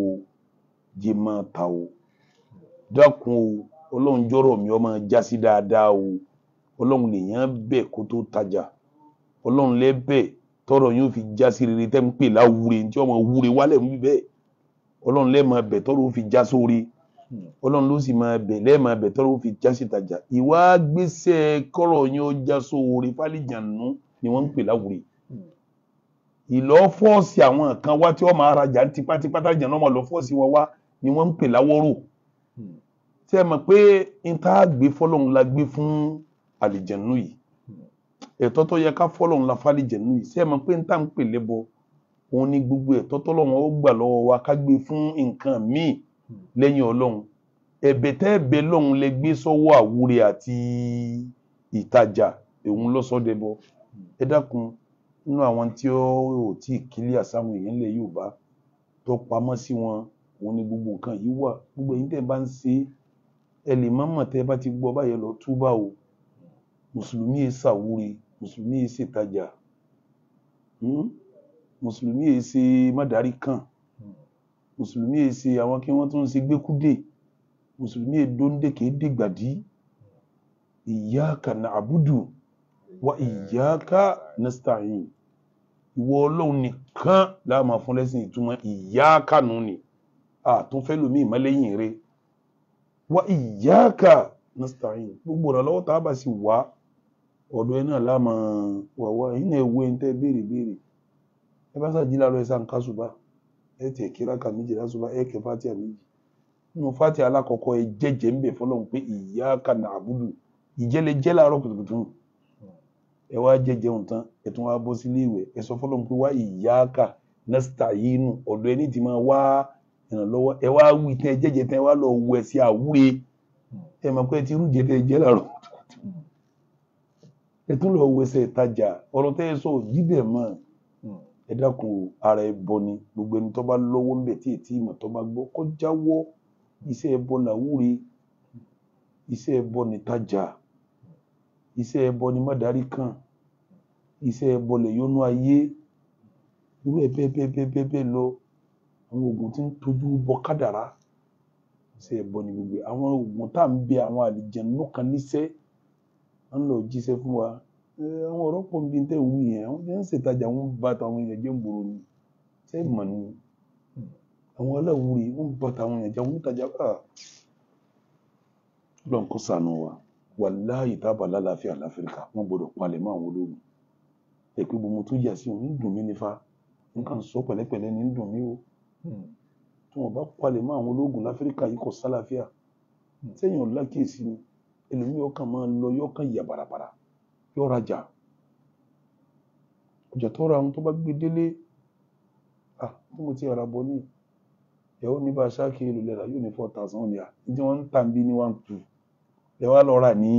jẹ máa ta o dákun o ọlọ́run jọ̀rọ̀ mi ó máa já sí dáadáa o ọlọ́run lèèyàn bẹ̀ kó tó tajà ọlọ́run lẹ́bẹ̀ tọrọ yóò fi já sí rere tẹ́ ń pè láwùre tí ọmọ wúre wálẹ̀ ń bí ọlọ́run lẹ́ẹ̀ bẹ̀ tọrọ ó fi já sóore ọlọ́run ló sì máa bẹ̀ lẹ́ẹ̀ bẹ̀ tọrọ ó fi já sí tajà ìwà gbèsè kọ́rọ̀ yóò já sóore fálíjà ni wọ́n ń pè láwùre ìlọ fọ́ọ̀sì àwọn nǹkan wá tí wọ́n máa rajà ní tipátipá tájà náà máa lọ fọ́ọ̀sì wọn wá ni wọ́n ń pè láwọ́rò tí ẹ mọ̀ pé n tá gbé fọ́lọ́hún la gbé fún àlìjẹ̀nú yìí ẹ̀tọ́ tó yẹ ká fọ́lọ́hún la fàlìjẹ̀nú yìí tí ẹ mọ̀ pé n tá à ń pè lẹ́bọ òun ni gbogbo ẹ̀tọ́ tọ́lọ́hún ó gbà lọ́wọ́ wa ká gbé fún nǹkan míì lẹ́yìn ọlọ́hun ẹ̀bẹ̀ tẹ́ ẹ̀bẹ̀ lọ́hún lẹ gbé sọ́wọ́ àwúre àti ìtajà òun lọ́sọ̀dẹ̀bọ ẹ dákun nínú àwọn tí ó ò tí ì kílíà sáwọn èèyàn ilẹ̀ Yorùbá tó pamọ́ sí wọn òun ni gbogbo nǹkan yìí wà gbogbo ẹ̀yin tẹ́ ẹ bá ń ṣe ẹ lè má mọ̀ tẹ́ ẹ bá ti gbọ́ báyẹn lọ túbà o mùsùlùmí yìí e ṣàwúre mùsùlùmí yìí e ṣètajà hmm? mùsùlùmí yìí e ṣe mádàrí kàn mùsùlùmí yìí ṣe àwọn kí wọ́n tún ṣe gbẹ́kúdè mùsùlùmí yìí dóńdè kìí dìgbàdí ìyáàkà na'budu wa ìyáàkà nasta'in. ìwọ ọlọ́run nìkan la máa fún lẹ́sìn ìtumọ̀ ìyá kànú ni lómi ìmọ̀lẹ́yìn rẹ wá ìyá kà nasta'in gbogbo tá a bá sì wá ọ̀dọ̀ ẹ náà wà wá yìí náà ewu ẹni tẹ́ béèrè béèrè ẹ bá sàjí lárọ ẹ sá nǹkan ṣùgbọ́n ẹ kí ráka méjì ẹ kẹ nínú alákọ̀ọ́kọ́ ẹ jẹ́jẹ́ ń bẹ̀ fọlọ́run pé ìyá kà ìjẹ́lẹ̀ jẹ́ láàárọ̀ kùtùkùtù ẹ wá jẹjẹ nǹkan ẹ tún wá bọ́ sílé ìwẹ̀ ẹ sọ fọlọ́n pé wá ìyáàkà nẹ́sítà yìí nù ọ̀dọ̀ ẹni tí máa wá ìrànlọ́wọ́ ẹ wá wí tẹ́ jẹjẹ tẹ́ wá lọ wẹ̀ sí àwúre ẹ mọ̀ pé ẹ ti rú jẹ tẹ́ jẹ́ làrọ̀ ẹ tún lọ wẹsẹ̀ ìtajà ọ̀rọ̀ tẹ́ ẹ sọ òjíbẹ̀ mọ́ ẹ dákun ara ẹ bọ ni gbogbo ẹni tó bá lọ́wọ́ ń bẹ̀ tí ètí ìmọ̀ tó bá gbọ́ kó jáwọ́ iṣẹ́ ẹbọ làwúre iṣẹ́ ẹbọ nìtajà iṣẹ́ ẹbọ ni mọ́dárí kan iṣẹ́ ẹbọ lè yónú ayé bẹ́ẹ̀ bẹ́ẹ̀ bẹ́ẹ̀ bẹ́ẹ̀ bẹ́ẹ̀ bẹ́ẹ̀ lọ àwọn oògùn tí ń tọ́jú bọ kádàrá iṣẹ́ ẹbọ ni gbogbo àwọn oògùn tá à ń bẹ àwọn àlìjẹ̀nú kan níṣẹ́ wọ́n lọ jíṣẹ́ fún wa àwọn ọ̀rọ̀ pọ̀ níbi tẹ́ wù yẹn àwọn jẹ́ ń ṣètajà wọn bá tàwọn èèyàn jẹ́ gbòòrò ni ṣé mọ̀ ni àwọn aláwùrè wọn bá tàwọn èèyàn jẹ́ wọn nítajà ah! lọ́nkọ́sànù wa wàláhì tábà lálàáfíà láfíríkà wọn gbọ́dọ̀ palẹ̀ mọ́ àwọn ológun èpè gbogbo tó yà sí òun ń dùn mí nífa nǹkan sọ pẹ̀lẹ́pẹ̀lẹ́ ní ń dùn mí o hmm. tí wọn bá palẹ̀ mọ́ àwọn ológun láfíríkà yìí kò sálàáfíà sẹ́yìn hmm. ọ̀la kíyèsí ni ẹlòmíì ọkàn máa ń lọ yọkàn yà bàràbàrà yọrajà ọjà tó ra ohun tó bá gbé délé ah bí mo ti ara bọ ní ìyàwó ní bá a ṣáà kiri lulẹ̀ rà yóò ní four thousand naira ìdí wọn ń tà ń bí ní one two lè wá lọ ní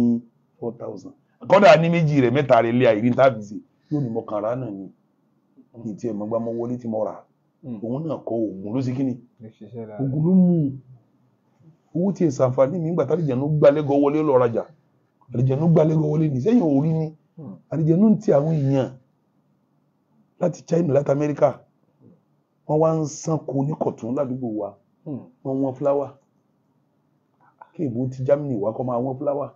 four thousand kọ́dà ní méjì rẹ̀ mẹ́ta rẹ̀ lé àìrí níta fi yóò ní mo kàn rà náà ni ní tiẹ̀ mo gbá mo wọlé tí mo rà hmm. òun náà kọ oògùn ló ṣe kí ni oògùn ló mú owó tí ìsànfàní mi gbà tálíjẹ̀nú gbalẹ́gọ́ wọlé lọ rajà gbalẹ́gọ́ wọlé ní sẹ́yìn orí ni hmm. àlìjẹ̀nú ti àwọn èèyàn láti China láti Amẹ́ríkà wọ́n wá ń sanko ní kọ̀tún ládùúgbò wa hmm. wọ́n wọ́n fúláwà kí èbó ti Germany wá kọ́ máa wọ́n fúláwà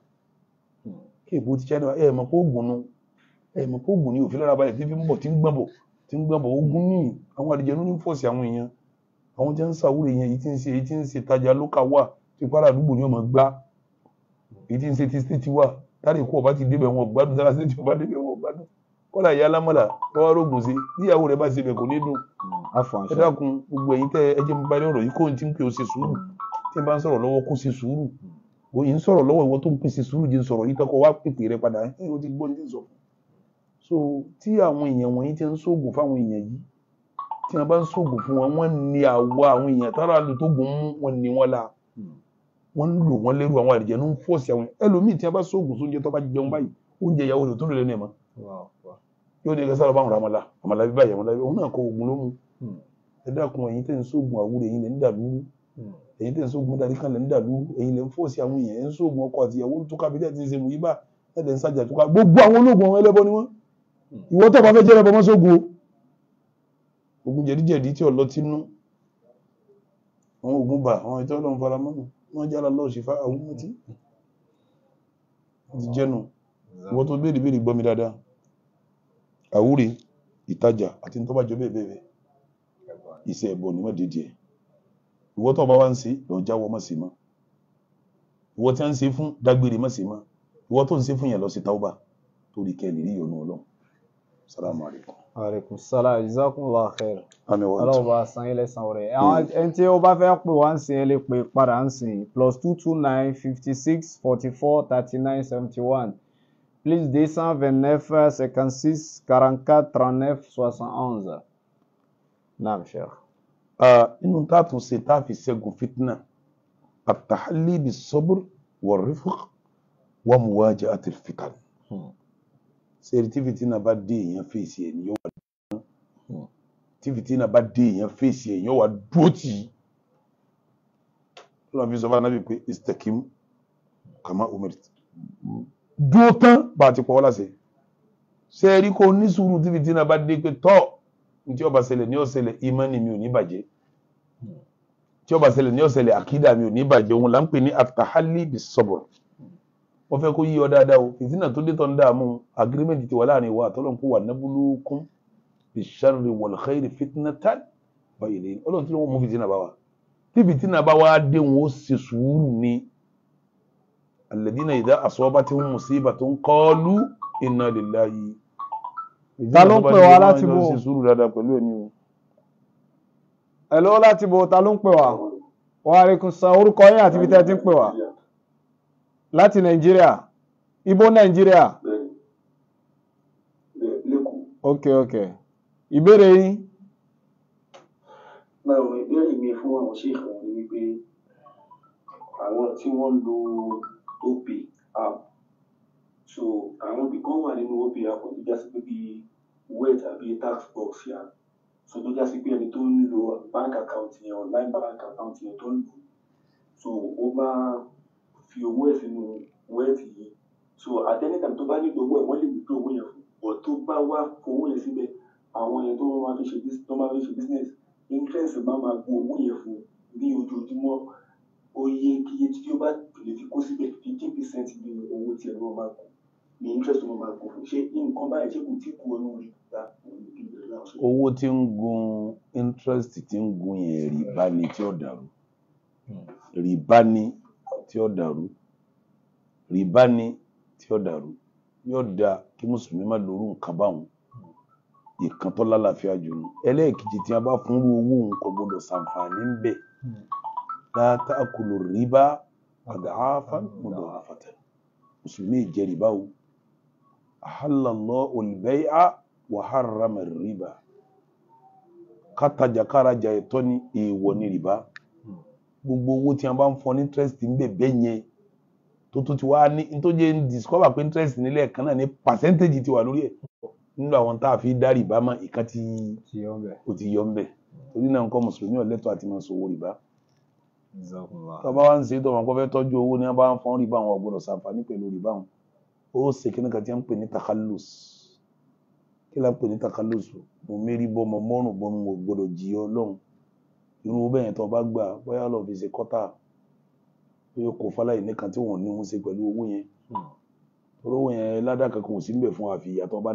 kí èbó ti China ẹ̀ mọ̀ pé oògùn nu ẹ̀ mọ̀ pé oògùn ni òfin lára balẹ̀ tí fi ń bọ̀ tí ń gbọ̀n bọ̀ tí ń gbọ̀n bọ̀ oògùn ní àwọn àdìjẹnú ní fọ̀ọ̀sì àwọn èèyàn àwọn jẹ́ ń sàwúrò èèyàn èyí tí ń ṣe èyí tí ń ṣe tajà lókà wà tí kwara àdúgbò ni ọmọ gbá èyí tí ń ṣe ti state wà tárí kú ọba ti débẹ̀ wọn gbádùn tára state ọba débẹ̀ wọn gbádùn kọ́lá ìyá alámọ̀là tọ́wá rògùn sí níyàwó rẹ̀ bá ṣe bẹ̀ kò ní dùn ẹ dákun gbogbo ẹ̀yin tẹ́ ẹ jẹ́ mi parí ọ̀rọ̀ yìí kóhun tí ń pè ó ṣe sùúrù tí ẹ bá ń sọ̀rọ̀ lọ́wọ́ kó ṣe sùúrù òyìn ń sọ̀rọ̀ lọ́wọ́ ìwọ tó ń pèsè sùúrù jí ń sọ̀rọ̀ yìí tọkọ wá pèpè rẹ padà ẹ o ti gbọ́ ní sọ so tí àwọn èèyàn wọ̀nyí ti ń ṣoògùn fáwọn èèyàn yìí tí wọn bá ń ṣoògùn fún wọn wọn ní àwọ àwọn èèyàn tára lu tó gùn mú wọn ní wọn la wọn ń lò wọn lérò àwọn àlìjẹnu ń fọ́ọ̀sì àwọn ẹlòmíì tí wọn bá ṣoògùn sóúnjẹ tó bá ẹ̀yin tẹ̀ ń sógun darí kan lẹ̀ ń dàlú ẹ̀yin lẹ̀ ń fọ́ọ̀sì àwọn èèyàn ń sógun ọkọ àti ìyàwó túká bí tẹ̀ ti ń ṣe wùyí bá tẹ̀ lẹ̀ ń sàjà túká gbogbo àwọn ológun àwọn ẹlẹ́bọ ni wọ́n ìwọ tó bá fẹ́ jẹ́ ẹlẹ́bọ mọ́sógun o ogun jẹ̀díjẹ̀dí tí ọ̀lọ́ ti nú àwọn ogun bà àwọn ìtọ́ ọlọ́run fara mọ́nù wọ́n jára lọ́ọ̀ ṣèfà àwọn ọmọ tí ti jẹ́nu ìwọ tó béèrè béèrè gbọ́ mi dáadáa àwúre ìtajà àti ntọ́bàjọ́ bẹ́ẹ̀ bẹ́ẹ̀ ìṣẹ́ ẹ̀bọ̀ ni wọ́n dédìí ẹ̀ ìwọ tó bá wá ń ṣe lọ jáwọ́ má ṣe mọ́ ìwọ tí wọ́n ń ṣe fún dágbére má ṣe mọ́ ìwọ tó ń ṣe fún yẹn lọ sí tauba torí kẹ́ lè rí ìyọnu ọlọ́run salamu alaykum. aleykum salaam jazakumullahu khair. ami wa ala wa san ilẹ̀ san ọ̀rẹ́. àwọn ẹni tí bá fẹ́ pè wá ń sìn ẹ lè pè padà ń sìn plus two two nine fifty six forty four thirty nine seventy one plus deux cent vingt neuf cinquante six quarante quatre trente neuf soixante onze. naam sheikh nínú táàtún ṣe táàfi ṣẹ́gun fitna àtàlí bí sọ́bùr wà rífùk wà mú wájà àti fitan. Hmm. ṣe tí fitina bá dé èèyàn fèsì èèyàn wà dúró hmm. tí fitina bá dé èèyàn fèsì èèyàn wà dúró tì í. lọ́nà fi sọ fún anábì istakim kama umirt dúró tán bá a ti pọ̀ wọ́n láṣẹ. ṣe rí ní sùúrù tí fitina dé pé tọ́ ntí ó bá ṣẹlẹ̀ ní ó ṣẹlẹ̀ ìmánì mi ò ní bàjẹ́ tí ó bá ṣẹlẹ̀ ní ó ṣẹlẹ̀ àkídà mi ò ní bàjẹ́ òun là ń pè ní àtàhálì bí sọ̀bọ̀ wọ́n fẹ́ kó yí ọ dáadáa o ìsìnà tó dé tó ń dààmú agirímẹ́ǹtì ti wà láàrin wa àtọ́lọ́n kó wà nábúlókún bí sáré wọ̀lẹ́kẹ́rì fitinatan báyìí lẹ́yìn ọlọ́run tí wọ́n mú fìtínà bá wa tí fìtínà bá wa dé wọn ó ṣe sùúrù ni alladhina idha asabatihum musibatun qalu inna lillahi. ta ló pè wá láti bò ó Hello láti bo ta ló ń pè wá wa alaikum salaam orúkọ yín àti ibi tẹ́ ti ń pè wá láti nàìjíríà ibo nàìjíríà ok ok ìbéèrè yín. báwo ìbéèrè mi fún àwọn ṣèkà ni wípé àwọn tí wọ́n ń lo opay app so àwọn ibìkan wà nínú opay app tó já sí pé bíi wet àbí tax box yàrá so tó já sí pé ẹni tó ń bank account yẹn online bank account yẹn tó ń lò so ó máa fi owó ẹ̀ sínú wẹ́ẹ̀tì yìí so at any time tó bá nílò owó ẹ̀ wọ́n lè withdraw owó yẹn fún but tó bá wá fowó yẹn síbẹ̀ àwọn yẹn tó máa fi ṣe tó máa fi ṣe business interest máa máa gun owó yẹn fún ní ojoojúmọ́ oye iye tí ó bá lè fi kó síbẹ̀ fifteen percent ní owó tí ẹ̀ máa kó ní interest ló máa kó fún ṣé nǹkan báyìí ṣé kò tí kú ọ lórí ìgbà òní. owó tí ń gun interest tí ń gun yẹn rìbá ni tí ó dàrú rìbá ni tí ó dàrú rìbá ni tí ó dàrú yóò da kí mùsùlùmí má lóru nǹkan báwọn ìkan tó lálàáfíà jù ní ẹlẹ́ẹ̀kejì tí a bá fún irú owó òun gbọdọ̀ ń bẹ̀ láta rìbá àdáhàfà mọ̀dọ̀ àfàtà mùsùlùmí rìbá o wa harrama riba kátajà kárajà ẹ̀tọ́ ní èèwọ̀ ní rìbá gbogbo owó tí a bá ń fọ ní interest ń bẹ̀bẹ̀ yẹn tó tó ti wá ní nítorí ń discover pé interest nílẹ̀ kan náà ní percentage ti wà lórí ẹ̀ nínú àwọn tá a fi dá rìbá mọ́ ìkan tí o ti yọ ń bẹ̀ torí náà nǹkan mùsùlùmí ọ̀lẹ́tọ̀ àti máa sọ owó rìbá tọ́ba wá ń ṣe tọ́ba kọ́ fẹ́ tọ́jú owó ní a bá ń fọ́n rìbá àwọn ọ̀gbọ́dọ̀ ṣàǹfààní pẹ̀lú rìbá wọn ó ṣèkínní kan tí wọ́n ń pè ní takalus kí la pè ní takaloso mo mérí bọmọ mọrùn bọmọ mo gbọ́dọ̀ jìyà Ọlọ́run irú bẹyẹn tó bá gbà bóyá lọ fi ṣe kọta pé kò fáláyé nìkan tí wọn ní wọn ṣe pẹ̀lú owó yẹn hmm. owó yẹn ládàá kankan ò sí níbẹ̀ fún àfi ìyàtọ̀ bá.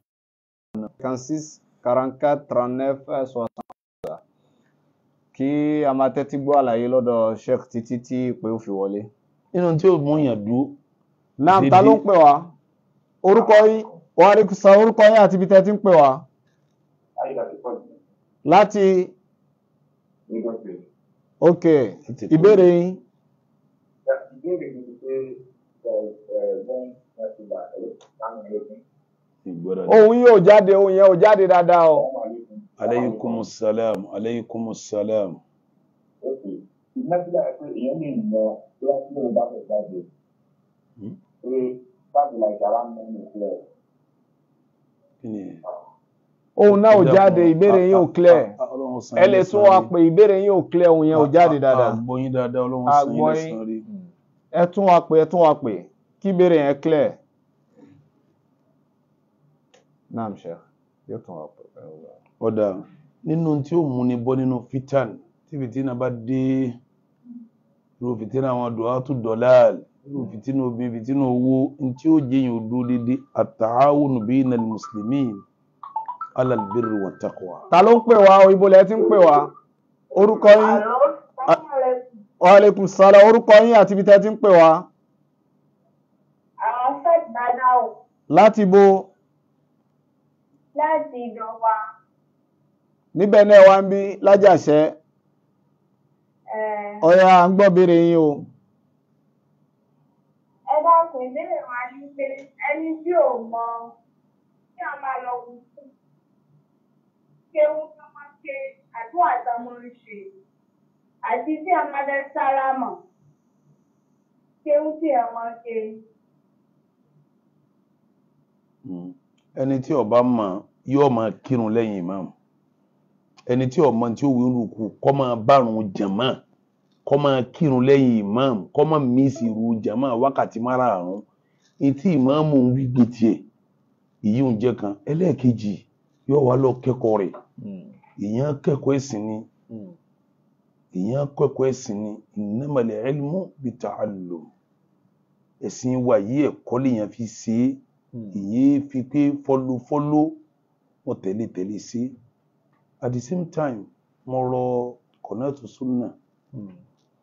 kan six quarante-quatre trente kí a máa tẹ́tí gbọ́ àlàyé lọ́dọ̀ Sheikh títí tí ìpè ó fi wọlé. nínú tí ó mú yàn dúró. náà ta ló ń pè wá orúkọ yìí wọ́n rí san orúkọ yín àti ibi tẹ́ ti ń pè wá. láti. ok ìbéèrè yín. ìbéèrè mi ni pé lẹ́yìn láti gbà ẹ̀rọ táwọn ẹlẹ́gbẹ́. ohun yóò jáde ohun yẹn ò jáde dáadáa o. aleykumus salam aleykumus salam. ok ìmọ̀sílẹ̀ pé èèyàn lè mọ bí wọ́n ti lè bá fẹ̀ jáde. Hmm? pé báàgì làjà wa ń mú mi sílẹ̀ ohun náà ò jáde ìbéèrè yín ò clear ẹ lè tún wa pé ìbéèrè yín ò clear ohun yẹn ò jáde dáadáa àgbọyìn dáadáa Ọlọ́run sí yín lẹ́san rí ẹ tún wa pé ẹ tún wa pé kí ìbéèrè yẹn clear. naam sheikh yóò tún wa pé. ọ̀dà nínú tí ó mú ni bọ́ nínú fitan tí fìtínà bá dé irú fìtínà àwọn dùn á tún dọ̀láàlì irú fìtínà obìnrin fìtínà owó tí ó jẹyìn odó dédé àtàáwùnù bíi nà mùsùlùmí alàlùbírì wà taqwa. ta ló ń pè wá ibo lẹ ti ń pè wá orúkọ yín wa alaikum orúkọ yín àti ibi tẹ ti ń pè wá. àwọn fẹ́ẹ̀ dáná o. láti bo. láti ìjọba. níbẹ̀ náà wá ń bí lájàṣẹ́. ọ̀ya à ń gbọ́ béèrè yín o ọkùnrin délé wá ní pé ẹni tí ò mọ kí a máa lọ wù kú kéwú ká máa ṣe àdúrà àtàmọ́rin ṣe àti tí a máa fẹ́ sára mọ̀ kéwú tí a máa ṣe. Hmm. ẹni tí ọba mọ yóò máa kírun lẹ́yìn ìmáàmù ẹni tí ọmọ tí ó wí ń rúkú kọ́ máa bárun jàmáà kó máa kírun lẹ́yìn imam kó máa mísì ru jama wákàtí márààrún etí ìmáàmù ń wígbè tiẹ̀ èyí ń jẹ́ kan ẹlẹ́ẹ̀kejì yóò wá lọ kẹ́kọ̀ọ́ rẹ̀ èèyàn kẹ́kọ̀ọ́ ẹ̀sìn ni èèyàn kẹ́kọ̀ọ́ ẹ̀sìn ni innamal ilmu bitaallum ẹ̀sìn wa yìí ẹ̀kọ́ lèèyàn fi ṣe é èyí fi pé fọlúfọlú wọn tẹ̀lé tẹ̀lé ṣe at the same time mo rọ kọ̀nẹ́tù súnà. Mm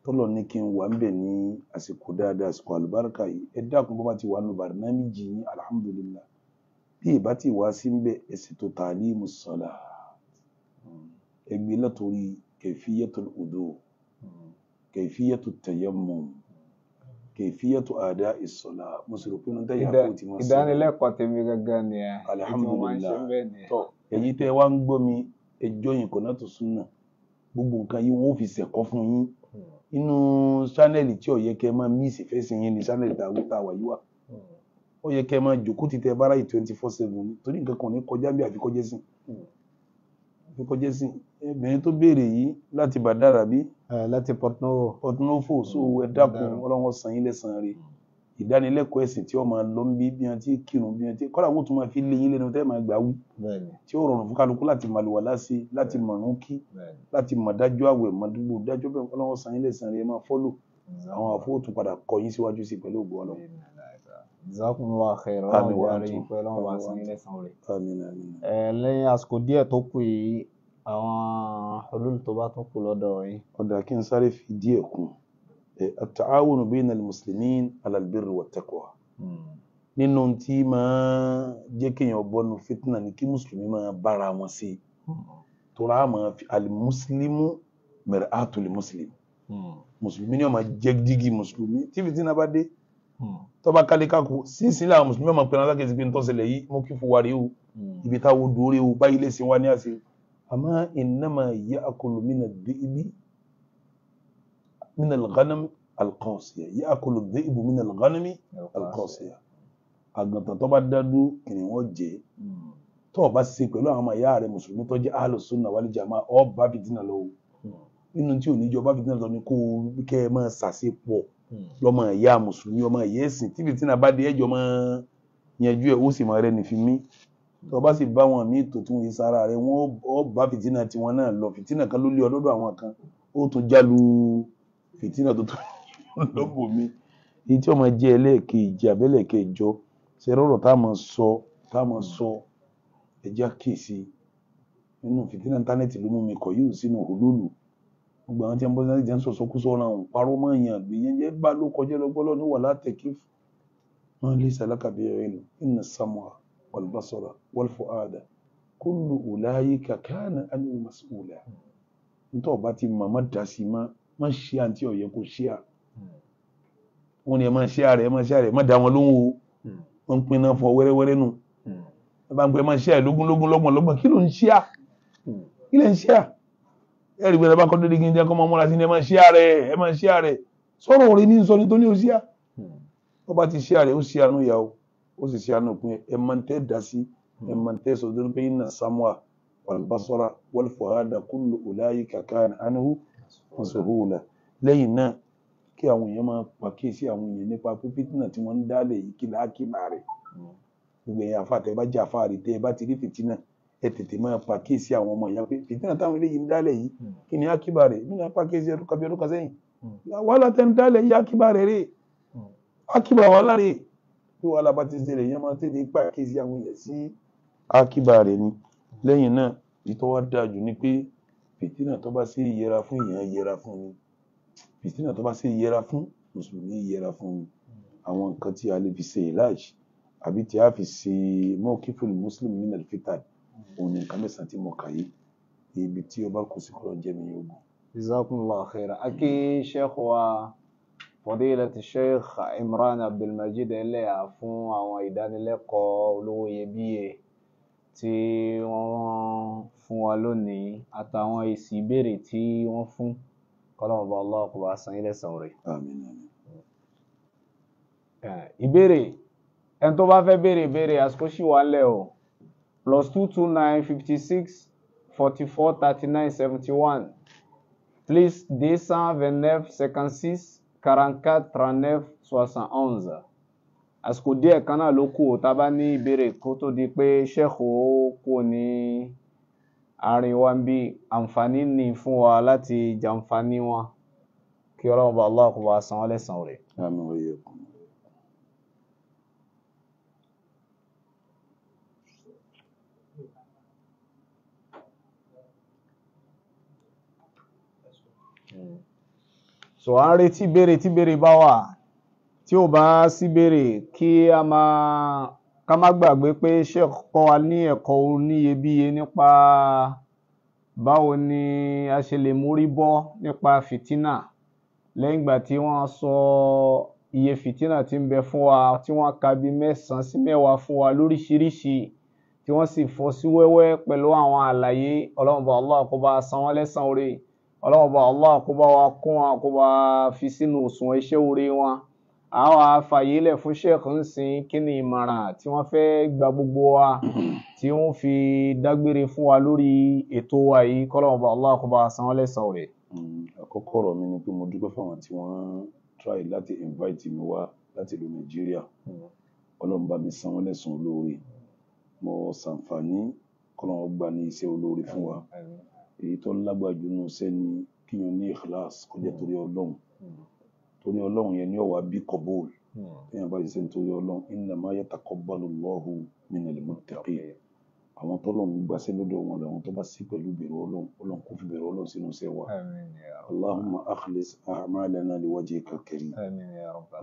tọ́lọ̀ ní kí n wà ń bẹ̀ ní àsìkò dáadáa àsìkò àlùbáríkà yìí ẹ dákun bó bá ti wà nù bàrìnámìjì yín alhamdulillah bí ìbá ti wá sí ń bẹ̀ ẹ ṣètò tàlímù sọ̀là ẹgbẹ́ látòrí kẹfíyẹ́tò òdò kẹfíyẹ́tò tayammum kẹfíyẹ́tò àdá ìsọ̀là mùsùlùmí ní dáyà kó ti máa sọ. ìdánilẹ́kọ̀ọ́ tèmi gangan ni ẹ alhamdulillah tọ èyí tẹ wá ń gbọ́ mi ẹjọ́ yìí kò náà tó súnà gbogbo nǹkan yìí wọ́n fi ṣẹ̀kọ́ fún yín inú ṣánẹ́lì tí ó yẹ kẹ́ máa mí ìsìnfẹ́ sí yín ní ṣánẹ́lì tá a wà yí wà ó yẹ kẹ́ máa jòkó ti tẹ bára yìí twenty four seven torí nǹkan kan ní kọjá bí àfikọ́jẹ́ sí àfikọ́jẹ́ sí obìnrin tó béèrè yìí láti Badarabi. láti Porto Novo. Porto Novo so ẹ dákun ọlọ́wọ́ sàn yín lẹ́sàn-án rẹ̀ ìdánilẹ́kọ̀ọ́ ẹ̀sìn tí wọ́n máa lọ ń bí bí wọ́n ti kírun bí wọ́n ti kọ́ra wọ́n tún máa fi lé yín lẹ́nu tẹ́ máa gbà wí tí ó rọrùn fún kálukú láti máa lùwà láṣẹ láti mọ̀rún kí láti mọ̀ dájọ́ àwẹ̀ mọ̀ dúgbò dájọ́ bẹ́ẹ̀ ọlọ́wọ́ san ilé san rẹ̀ ẹ máa fọ́lò àwọn àfọwọ́tún padà kọ yín síwájú sí pẹ̀lú ògbó ọlọ́ eh, lẹ́yìn àsìkò díẹ̀ tó at-ta'awunu bayna al-muslimin ala al-birri wat-taqwa nínú tí máa jẹ́ kéèyàn bọ́nu fitna ni kí mùsùlùmí máa bára wọn sí i tora máa fi al-muslimu mir'atu li-muslim mùsùlùmí ni ó máa jẹ́ dígí mùsùlùmí tí fìtínà bá dé tọ́ba kálíkàkù sínsìn làwọn mùsùlùmí máa pẹ̀lú alákẹ́sí pé ń tọ́sẹ̀lẹ̀ yìí mú kí fúwarì o ibi táwọn dòórè o báyìí lè sin wá ní àṣẹ àmọ́ innama ya'kulu mina ad-di'bi من الغنم القاسية يأكل الذئب من الغنم القاسية àgùntàn tó bá dádú kìnìún ó jẹ tó o bá ṣe pẹ̀lú àwọn ọmọ ìyá rẹ mùsùlùmí tó jẹ́ alùsùnà wal jàmá ọ bá fìtínà lọ o nínú tí ò ní jọ bá fìtínà lọ ni kó o kẹ́ ẹ máa ṣàṣepọ̀ lọ́mọ ìyá mùsùlùmí ọmọ ìyá ẹ̀sìn tí fìtínà bá dé ẹjọ́ máa yanjú ẹ̀ ó sì máa rẹ nìfin mí tó o bá sì bá wọn mí tó tún yìí sára rẹ wọn ó bá fìtínà tiwọn náà lọ fìtínà kan ló lé ọdọdọ àwọn kan ó tún jálu fìtínà tó tó lọ́bù *laughs* mi èyí tí ọmọ jẹ́ ẹlẹ́ẹ̀kejì abẹ́lẹ̀kẹjọ ṣe rọrọ̀ tá a máa sọ tá a máa hmm. sọ ẹja kìsì nínú fìtínà íńtánẹ́ẹ̀tì ló mú mi kọ̀ yóò sínú òlòlù gbogbo àwọn tí wọn bọ́ sí láti jẹ́ ń sọ̀sọ́ kú sọ́ra òun parọ́ mọ́ èèyàn àgbéyẹn bá ló kọjá lọ́gbọ́lọ́ ní wàhálà tẹ̀kí wọn lè sàlákàbí rẹ̀ nù inna sam'a wal basara wal fu'ada kullu ulaika kana anhu mas'ula hmm. nítorí ọba ti màmá dá sí máa má ṣe àǹtí ọ̀yẹ́ kò ṣe à wọn ni ẹ máa ṣe àrẹ ẹ máa ṣe àrẹ ẹ má dá wọn lóhùn o hmm. wọn ń pin náà fún ọ wẹ́rẹ́wẹ́rẹ́ nù hmm. ẹ bá ń pẹ́ máa ṣe àrẹ lógún lógún lọ́gbọ̀n lọ́gbọ̀n kí ló ń ṣe à hmm. kí ló ń ṣe à ẹ rí i pé ẹ bá kọ́ dédé kí n jẹ́ kọ́ máa múra sí ni ẹ máa ṣe àrẹ ẹ máa ṣe àrẹ sọ̀rọ̀ òre ní sọ nítorí ó ṣe à wọ́n bá ti ṣe àrẹ ó ṣe àánú ìyàwó ó sì ṣe àánú òpin ẹ máa ń tẹ́ dá sí ẹ máa ń tẹ́ sọ̀dọ́ pé iná samuel wàlbasọ́ra wàlfọ̀hádà kúlù wàsùhùlà lẹ́yìn náà kí àwọn èèyàn máa pàkíyèsí àwọn èèyàn nípa pé fìtínà tí wọ́n ń dálẹ̀ yìí kí láàkìlà rẹ̀ hmm. gbogbo ẹ̀yìn àfa tẹ́ bá jẹ́ àfa rè tẹ́ bá ti rí fìtínà ẹ tètè máa pàkíyèsí àwọn ọmọ ìyá pé fìtínà táwọn eléyìí ń dálẹ̀ yìí hmm. kí ni ákíbà rẹ̀ nínú apákíyèsí ẹ̀rọ kàbí ọdún kan sẹ́yìn hmm. wàhálà tẹ́ ń dálẹ̀ yìí ákíbà rẹ̀ rè ákíbà wàhálà rè bí wàhálà bá ti ṣẹlẹ̀ yẹn máa tètè pàkíyèsí àwọn èèyàn sí ákíbà rẹ̀ ni lẹ́yìn náà ìtọ́wá dáa jù ni pé fìtínà tó bá sì yẹra fún èèyàn yẹra fún ni fìtínà tó bá sì yẹra fún mùsùlùmí yẹra fún ni àwọn nǹkan tí a lè fi ṣe ìlàjì àbí tí a fi ṣe mọ́kífù mùsùlùmí nínú fitan òun ni nǹkan mẹ́sàn-án tí mo kà yìí ibi tí o bá kù sí kúrò jẹ́ mi yóò gùn. jazakumullahu khairan akí sheikh wa fadilati sheikh imran abdulmajid eleha fún àwọn ìdánilẹ́kọ̀ọ́ olówó iyebíye tí wọ́n fún wa lónìí àtàwọn èsì ìbéèrè tí wọ́n fún kọ́lọ́mù bá Allah kó bá san yín lẹ́san rẹ̀. ìbéèrè ẹni tó bá fẹ́ béèrè ìbéèrè àsìkò ṣì wà ńlẹ̀ o plus two two nine fifty six forty four thirty nine seventy one plus deux cent vingt neuf cinquante six quarante quatre trente neuf soixante onze àsìkò díẹ̀ kan náà ló kù tá a bá ní ìbéèrè kó tó di pé ṣẹ́ẹ̀kù ó ní àárín wa ń bí àǹfààní ní fún wa láti jàǹfààní wọn kí ọlọ́run bá Allah kó san wọ́n lẹ́sàn-án rẹ̀. so à ń retí béèrè tí béèrè bá wà tí ò bá sí béèrè kí a máa ká má gbàgbé pé sheikh kọ́ wa ní ẹ̀kọ́ oníyebíye nípa báwo ni a ṣe lè mórí bọ́ nípa fìtínà lẹ́yìn ìgbà tí wọ́n sọ iye fìtínà tí ń bẹ fún wa tí wọ́n ka bí mẹ́sàn-án sí mẹ́wàá fún wa lóríṣiríṣi tí wọ́n sì fọ́ sí wẹ́wẹ́ pẹ̀lú àwọn àlàyé ọlọ́run bá allah kó bá san wọ́n lẹ́san oore ọlọ́run bá allah kó bá wa kún wọn kó bá fi sínú òṣùwọ̀n iṣẹ́ oore wọn àwọn afàyèlẹ̀ fún sheikh ń sin kí ni ìmọ̀ràn tí wọ́n fẹ́ gba gbogbo wa *coughs* tí wọ́n fi dágbére fún wa lórí ètò wa yìí kọ́lọ́mù bá Allah kó bá a san wọ́n rẹ̀. àkọ́kọ́ ọ̀rọ̀ mi ni pé mo dúpẹ́ fáwọn tí wọ́n try láti invite mi wá láti ìlú nàìjíríà ọlọ́run bá mi san wọ́n olóore mo ṣàǹfààní kọ́lọ́mù gba ní iṣẹ́ olóore fún wa èyí tó lágbàjú nù sẹ́ni kíyan ní ikhlas kó torí ọlọ́run torí ọlọ́run yẹn ní ọ̀wá bí kọ̀bọ́ọ̀l hmm. téèyàn bá ṣiṣẹ́ nítorí ọlọ́run innama yataqabbalu Allahu minal muttaqin àwọn tọ́lọ́run gbaṣẹ́ lọ́dọ̀ wọn làwọn tó bá sí pẹ̀lú bẹ̀rù ọlọ́run ọlọ́run kò fi bẹ̀rù ọlọ́run sínú iṣẹ́ wa allahumma akhlis a'malana liwajhikal karim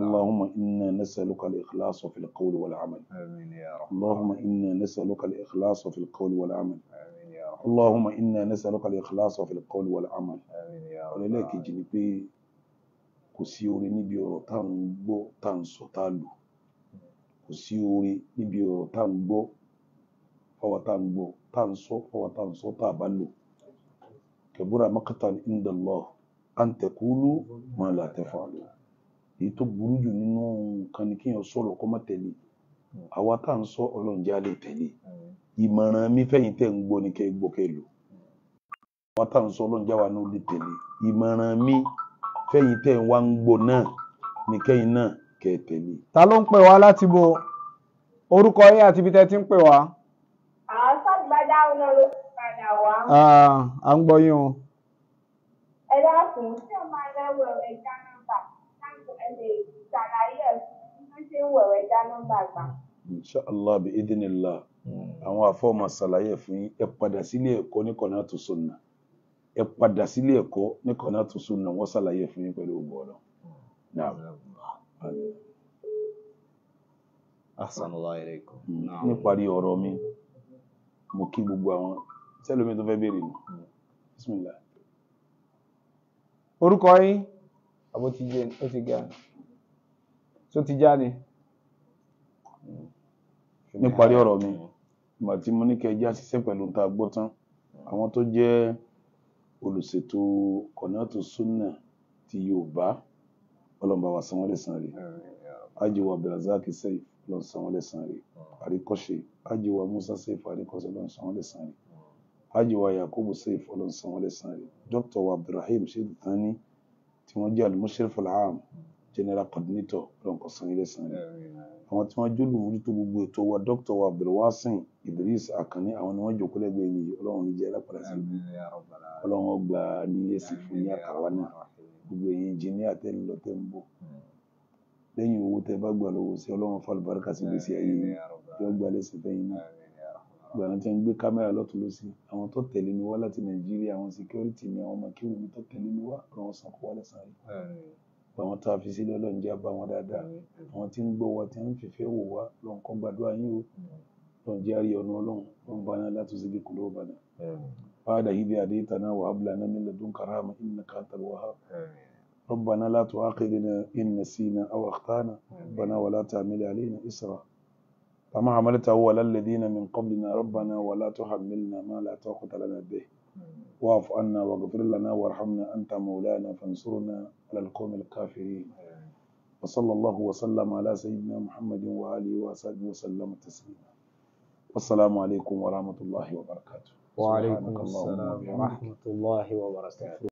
allahumma inna nas'aluka al-ikhlasa fil qawli wal amal allahumma inna nas'aluka al-ikhlasa fil qawli wal amal allahumma inna nas'aluka al-ikhlasa fil qawli wal amal ọlẹ́lẹ́kejì ni pé kò sí oore níbi ọ̀rọ̀ tá à ń gbọ́ tá à ń sọ tá à lò kò sí oore níbi ọ̀rọ̀ tá à ń gbọ́ fáwa tá à ń gbọ́ tá à ń sọ fáwa tá à ń sọ tá à bá lò kabura maqtan inda Allah an taqulu ma la taf'alu èyí tó burú jù nínú nǹkan ni kéèyàn sọ̀rọ̀ kó má tẹ̀lé àwa tá à ń sọ ọlọ́njẹ́ á lè tẹ̀lé ìmọ̀ràn mi fẹ́yìn tẹ̀ ń gbọ́ ni kẹ́ gbọ́ kẹ́ lò àwa tá à ń sọ ọlọ́njẹ́ àwa náà lè tẹ̀lé ìmọ̀ràn mi kẹ́yìn tẹ̀ ń wá ń gbò náà ní kẹ́yìn náà kẹ́ tẹ̀lé. ta ló ń pè wá láti bo orúkọ yín àti ibi tẹ́ ti ń pè wá. àwọn sàgbàdá ọ̀nà ló ti padà wá. à ń gbọ́ yín o. ẹ dákun tí ó máa lẹ́wọ̀ ẹ̀dá nọ́mbà láti ẹ lè ṣàlàyé ẹ̀ bí wọ́n ń wẹ̀wẹ̀ ẹ̀dá nọ́mbà gbà. inshallah bi idinillah hmm. àwọn àfọwọ́mọ ṣàlàyé fún yín ẹ padà sílé ẹ̀kọ́ ní kọ́nà tó sọ̀nà ẹ padà sílé ẹ̀kọ́ ní kọ́nà tó sùn náà wọ́n ṣàlàyé fún yín pẹ̀lú ògbó ọ̀nà. níparí ọ̀rọ̀ mi mo kí gbogbo àwọn sẹ́lómi tó fẹ́ béèrè ni bismillah. orúkọ yín àbó ti jẹ ó ti ga tó ti já ni níparí ọ̀rọ̀ mi ìgbà tí mo ní kẹ́ ẹ já ta gbọ́ àwọn tó jẹ́. Je olùṣètò kọ̀nàtò súnà ti yorùbá ọlọ́mọba wa sanwó lẹ́sàn rẹ̀ ajiwa abdulrasaq sẹ́yìn lọ́n sanwó lẹ́sàn rẹ̀ àríkọ́ṣe ajiwa musa sẹ́yìn àríkọ́ṣe lọ́n sanwó lẹ́sàn rẹ̀ ajiwa yakubu sẹ́yìn lọ́n sanwó lẹ́sàn rẹ̀ dókítà wa abdulrahim ṣètò tani tí wọ́n jẹ́ alimusherif alham general coordinator lọ́n kọ́ sanwó lẹ́sàn rẹ̀ àwọn tí wọ́n jólù mójútó gbogbo ètò wa dókítà wa abdulwasin idris akànni àwọn ni wọ́n jókòó lẹ́gbẹ̀ẹ́ mi ọlọ́run ní jẹ́ lápàdà sí ibi ọlọ́run ọgbà ní èsì fún ní àtàwa náà gbogbo èyí ìjìnìyà tẹ́ ń lọ tẹ́ ń bọ̀ hmm. lẹ́yìn owó tẹ́ bá gbà lọ́wọ́ sí ọlọ́run fàlùbáríkà sí gbèsè ayé mi tí wọ́n gbà lẹ́sìn fẹ́yìn náà gbà wọn ti ń gbé kámẹ́rà lọ́tún lọ́sí àwọn tó tẹ̀lé mi wá láti nàìjíríà àwọn security mi àwọn ọmọ kéwù mi tó tẹ̀lé mi wá ọlọ́run àwọn tá a fi sílẹ̀ Ọlọ́run jẹ́ bá wọn dáadáa àwọn tí ń gbọ́ wa tí ń fìfẹ́ wò wá lọ́n kọ́ gbàdúrà yín o lọ́n jẹ́ àrí ọ̀nà Ọlọ́run lọ́n bá yín láti síbi kúló bàdà. Báàdà yìí bí adé tàná wà á bìlà náà mi lè dún kàrá àmọ́ ìnà kan tàbí wà á. ربنا لا تؤاخذنا إن نسينا أو أخطأنا ربنا ولا تعمل علينا إسرا كما عملته على الذين من قبلنا ربنا ولا تحملنا ما لا طاقة لنا به واعف عنا واغفر لنا وارحمنا أنت مولانا فانصرنا على القوم الكافرين وصلى الله وسلم على سيدنا محمد وآله وصحبه وسلم تسليما والسلام عليكم ورحمة الله وبركاته وعليكم السلام ورحمة الله وبركاته